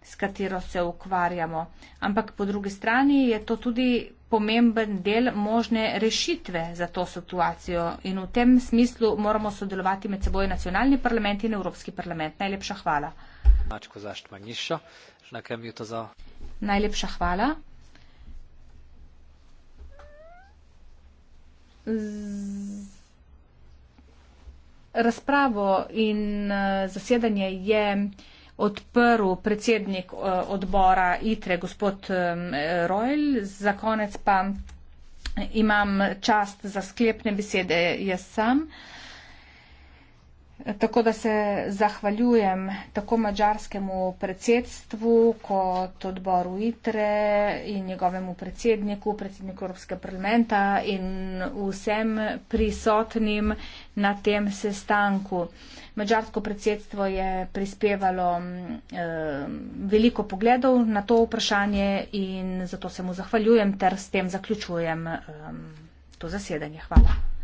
s katero se ukvarjamo. Ampak po drugi strani je to tudi pomemben del možne rešitve za to situacijo. In v tem smislu moramo sodelovati med seboj nacionalni parlament in Evropski parlament. Najlepša hvala. Najlepša hvala. Razpravo in eh, zasedanje je odprl predsednik eh, odbora ITRE, gospod Rojl. Za konec pa imam čast za sklepne besede jaz sam. Tako da se zahvaljujem tako mađarskemu predsedstvu kot odboru ITRE in njegovemu predsedniku, predsedniku Evropske parlamenta in vsem prisotnim na tem sestanku. Mađarsko predsedstvo je prispevalo eh, veliko pogledov na to vprašanje in zato se mu zahvaljujem ter s tem zaključujem eh, to zasedanje. Hvala.